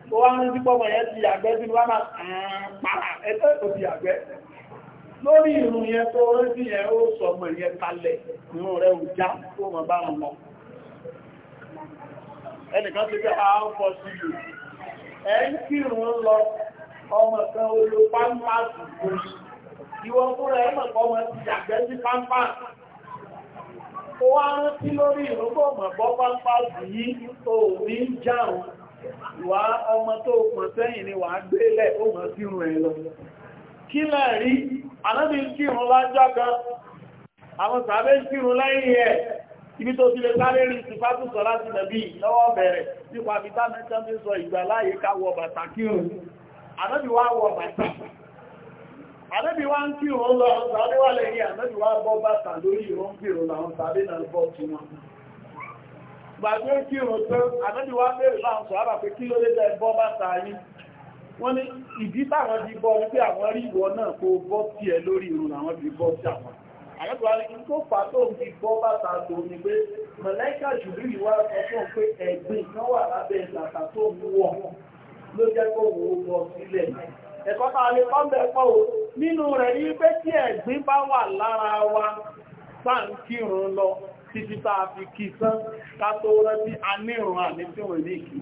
tó wá ní sípọ̀mọ̀ yẹn ti àgbẹ́ sínú wá máa pàà ẹgbẹ́ tó ti àgbẹ́ lórí ìrùn yẹn tó rẹ́ sí yẹn ó sọmọ̀ yẹn kalẹ̀ ìrùn rẹ̀ ò já tó mọ̀ bá wọn lọ ẹnìkan ti gbé àwọn fọ́ sí ìlú ẹ̀ ń kírun lọ ọmọ kan olùpámpásì gbòòsì ìwọ fúnra ẹ̀mọ̀ kọmọ ti jàgbẹ́ sí pámpásì ó wá rántí lórí ìrúgbọ́mọ̀ bọ́ pámpásì yìí tó ní jáun wà ọmọ tó pọ̀ sẹ́yìn ni wà á gbélẹ̀ ó sí rùn ẹ̀ lọ kí lẹ́rí anábì ń lájọ́ kan àwọn sàbẹ́ lẹ́yìn ẹ̀ ibi tó ti lè sáré rí sí fásitì láti nàbí lọ́wọ́ bẹ̀rẹ̀ nípa bíta ìgbà láyé bàtà kírun gbàgbé kí o tó ànábì wá bèèrè sọ àbà pé kí ló lé jẹ bọ́ bàtà yín wọ́n ní ìdí táwọn ti bọ́ wípé àwọn rí ìwọ náà kó bọ́ sí ẹ irun àwọn ti bọ́ sí àwọn ní kí tó fà tó ń fi bọ́ tó pé mọ̀lẹ́kà jùlọ ìwà sọ fún pé ẹ̀gbìn kan wà lábẹ́ tó ń wọ̀ ló jẹ́ kó o nínú rẹ̀ ní pé tí ẹ̀gbìn bá wà wa sáà ń títí tá a fi kí sán ká tó rántí a ní ìrùn àní tí wọ́n ní ìkí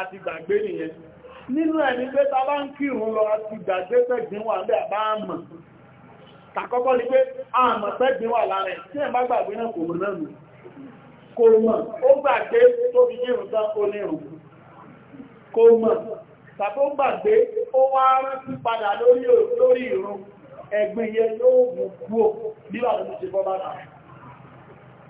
àti gbàgbé nìyẹn nínú ẹni pé ta bá ń kírun lọ àti gbàgbé fẹ́gbìn wà bẹ́ẹ̀ bá mọ̀ tàkọ́kọ́ ni pé àmọ̀ fẹ́gbìn wà lára ẹ̀ tí ẹ̀ bá gbàgbé náà kò mọ̀ náà nù kò mọ̀ ó gbàgbé tó fi kírun tán ó ní ìrùn kò mọ̀ tàbí ó gbàgbé ó wá rántí padà lórí ìrùn ẹgbẹ̀yẹ ló mú kú ò bí wà lóṣèbọ́ bá náà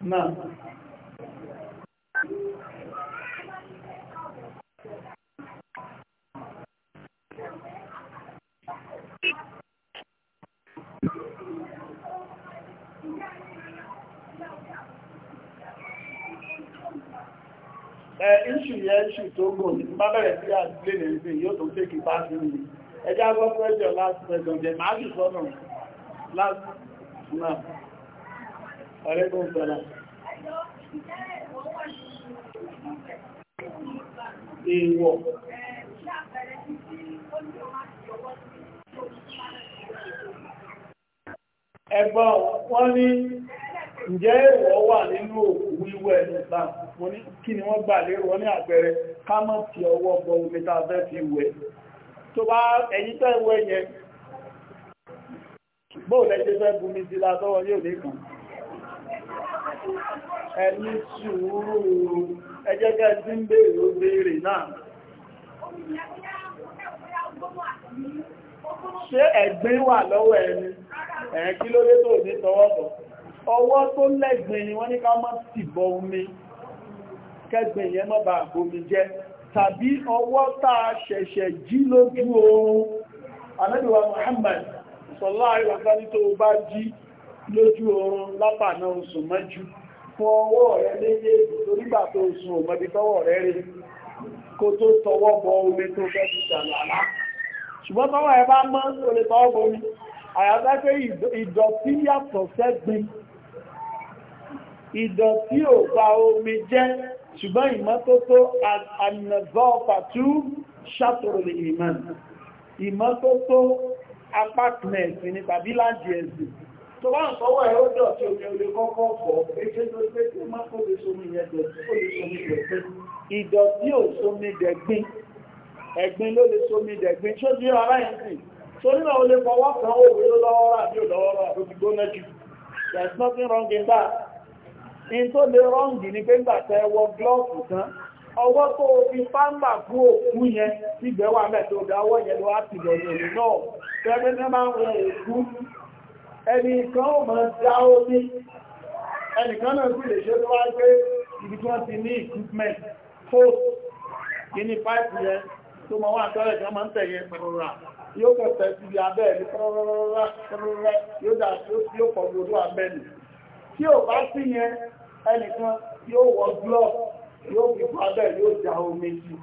náà yẹ ìṣù tó gùn ní bá bẹ̀rẹ̀ sí àdílé ní ìgbé yóò tó tẹ́kì bá sí ní ẹjá gbọ́ pẹ́jọ láti pẹ̀jọ jẹ máa sì sọ́nà láti náà Alaikum salam. Ìwọ̀. Ẹgbọ́n wọ́n ní ǹjẹ́ ìwọ̀ wà nínú òkú wíwẹ̀ nígbà wọ́n ní kí ni wọ́n gbà lérò wọ́n ní àpẹẹrẹ ká má ti ọwọ́ bọ omi tá fẹ́ fi wẹ̀. Tó bá ẹ̀yí tẹ́ wẹ̀ yẹn, bóòlẹ́ ṣe fẹ́ bumi sí látọ́wọ́ yóò ní kàn. ẹni sùúrù ẹjẹ́gẹ́ tí ń bèèrè ó bèèrè náà wà lọ́wọ́ ẹni kí ló dé tó ní tọwọ́bọ̀ ọwọ́ tó ni omi kẹ́gbin yẹn má bà bomi jẹ́ tàbí ọwọ́ ṣẹ̀ṣẹ̀ jí lójú anábìwà Muhammad sọ̀lá tó bá jí lójú oorun lápàná oṣù mọ́jú fún ọwọ́ rẹ méjèèjì torígbà tó oṣù òmọ́bí tọ́wọ́ rẹ rí kó tó tọwọ́ bọ omi tó fẹ́ ti ṣàlàlá ṣùgbọ́n tọwọ́ ẹ bá mọ́ o lè tọwọ́ bọ omi àyàfẹ́ pé ìdọ̀tí yàtọ̀ sẹ́gbin ìdọ̀tí ò bà omi jẹ́ ṣùgbọ́n ìmọ́tótó ànàzọ́ọ̀fàtú ṣàtòrò ìmọ̀ ìmọ́tótó apartment ni tàbí láti ẹ̀sìn tó wá ń sọ́wọ́ ẹ̀ omi olè kọ́kọ́ fọ̀ ètò tó tó má kó lè somi yẹn dọ̀tí ó lè somi ò somi dẹ̀gbin ẹ̀gbin ló lè somi di ara yẹn sì torí náà ó lè fọwọ́ kan òwe ló lọ́wọ́ rà bí ò gbóná nothing wrong in that in tó lè rọ́ǹgì ni pé tẹ wọ kan ọwọ́ tó fi òkú yẹn wà yẹn ẹni kan ó máa dá omi ẹnìkan náà sì lè ṣe tó wá pé ibi tí wọ́n ti ní equipment post kíní pipe yẹn tó mọ wá tọ́lẹ̀ kan máa ń tẹ̀yẹ pẹ̀lúra yóò kọ̀ tẹ̀ sí ibi abẹ́ ẹni pẹ̀lúra pẹ̀lúra yóò dà yóò pọ̀ gbogbo abẹ́ nì tí ò bá sí yẹn ẹnìkan yóò wọ glove yóò fi fún abẹ́ yóò já omi sí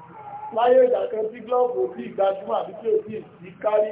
láyé ìdàkan tí glove ò sí ìgbàjúmọ̀ àbí tí ò sí ìkárí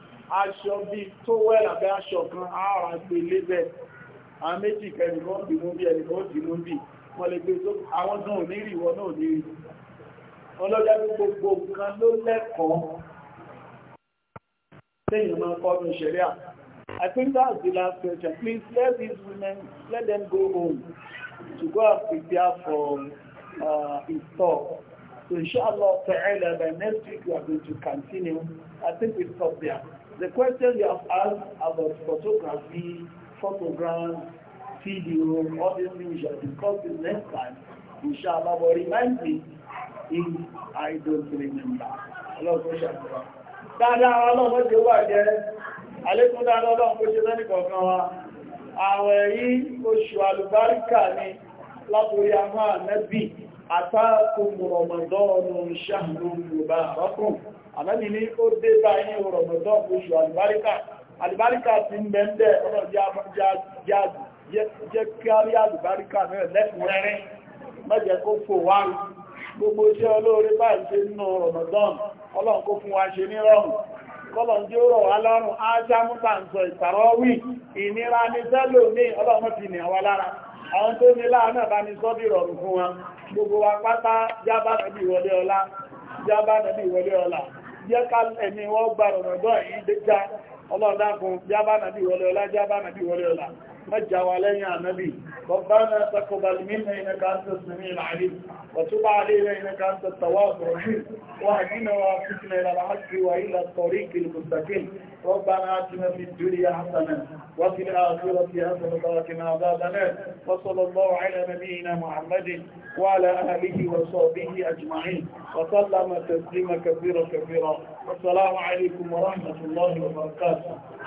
aṣọ bíi tó wẹ́rà bẹ́ aṣọ kan ara gbé lébẹ̀ àwọn méjì kẹrìnkan bí mú bí ẹnìkan bí mú bí wọ́n lè gbé tó àwọn gan ò ní rí wọn náà ní rí ọlọ́jà gbogbo nǹkan ló lẹ́kọ̀ọ́ téèyàn máa kọ́ ní ṣẹ̀ríà I think that's the last question. Please let these women, let them go home to go and prepare for uh, Iftar. So inshallah, ta'ala, by next week we are going to continue. I think we stop there. The question you have asked about photography, photographs, video, all these things we shall discuss this next time, inshallah, but remind me if I don't remember. Dáadáa ọlọ́run ti wà jẹ́, àlékún dáadáa ọlọ́run kó ṣe lẹ́nì kọ̀ọ̀kan wa. Àwẹ̀ yìí oṣù àlùbáríkà ni látòrí àwọn àmẹ́bì àtàkùn Ramadan ṣàrùn Yorùbá àrọ́kùn. ànábì ní ó dé bá yín rọ̀mọ̀tọ́ oṣù àlùbáríkà àlùbáríkà ti ń ń jẹ́ kí kó fò wá gbogbo iṣẹ́ olóore ṣe nínú ọlọ́run kó fún wa ṣe ní rọrùn kọlọ̀n jí ó rọ̀ wá lọ́rùn ń sọ ti ní àwa lára àwọn tó ní ní rọrùn fún jẹ́ ká ẹni wọ́n gbà rọ̀rọ̀dọ́ yìí dá ọlọ́ọ̀dákun jábánàbí wọlé ọlá jábánàbí wọlé ọlá مجا يا نبي ربنا تقبل منا إنك أنت السميع العليم وتب علينا إنك أنت التواب الرحيم واهدنا وافقنا إلى الحق وإلى الطريق المستقيم ربنا آتنا في الدنيا حسنة وفي الآخرة حسنة وقنا عذاب النار وصلى الله على نبينا محمد وعلى آله وصحبه أجمعين وسلم تسليما كثيرا كثيرا والسلام عليكم ورحمة الله وبركاته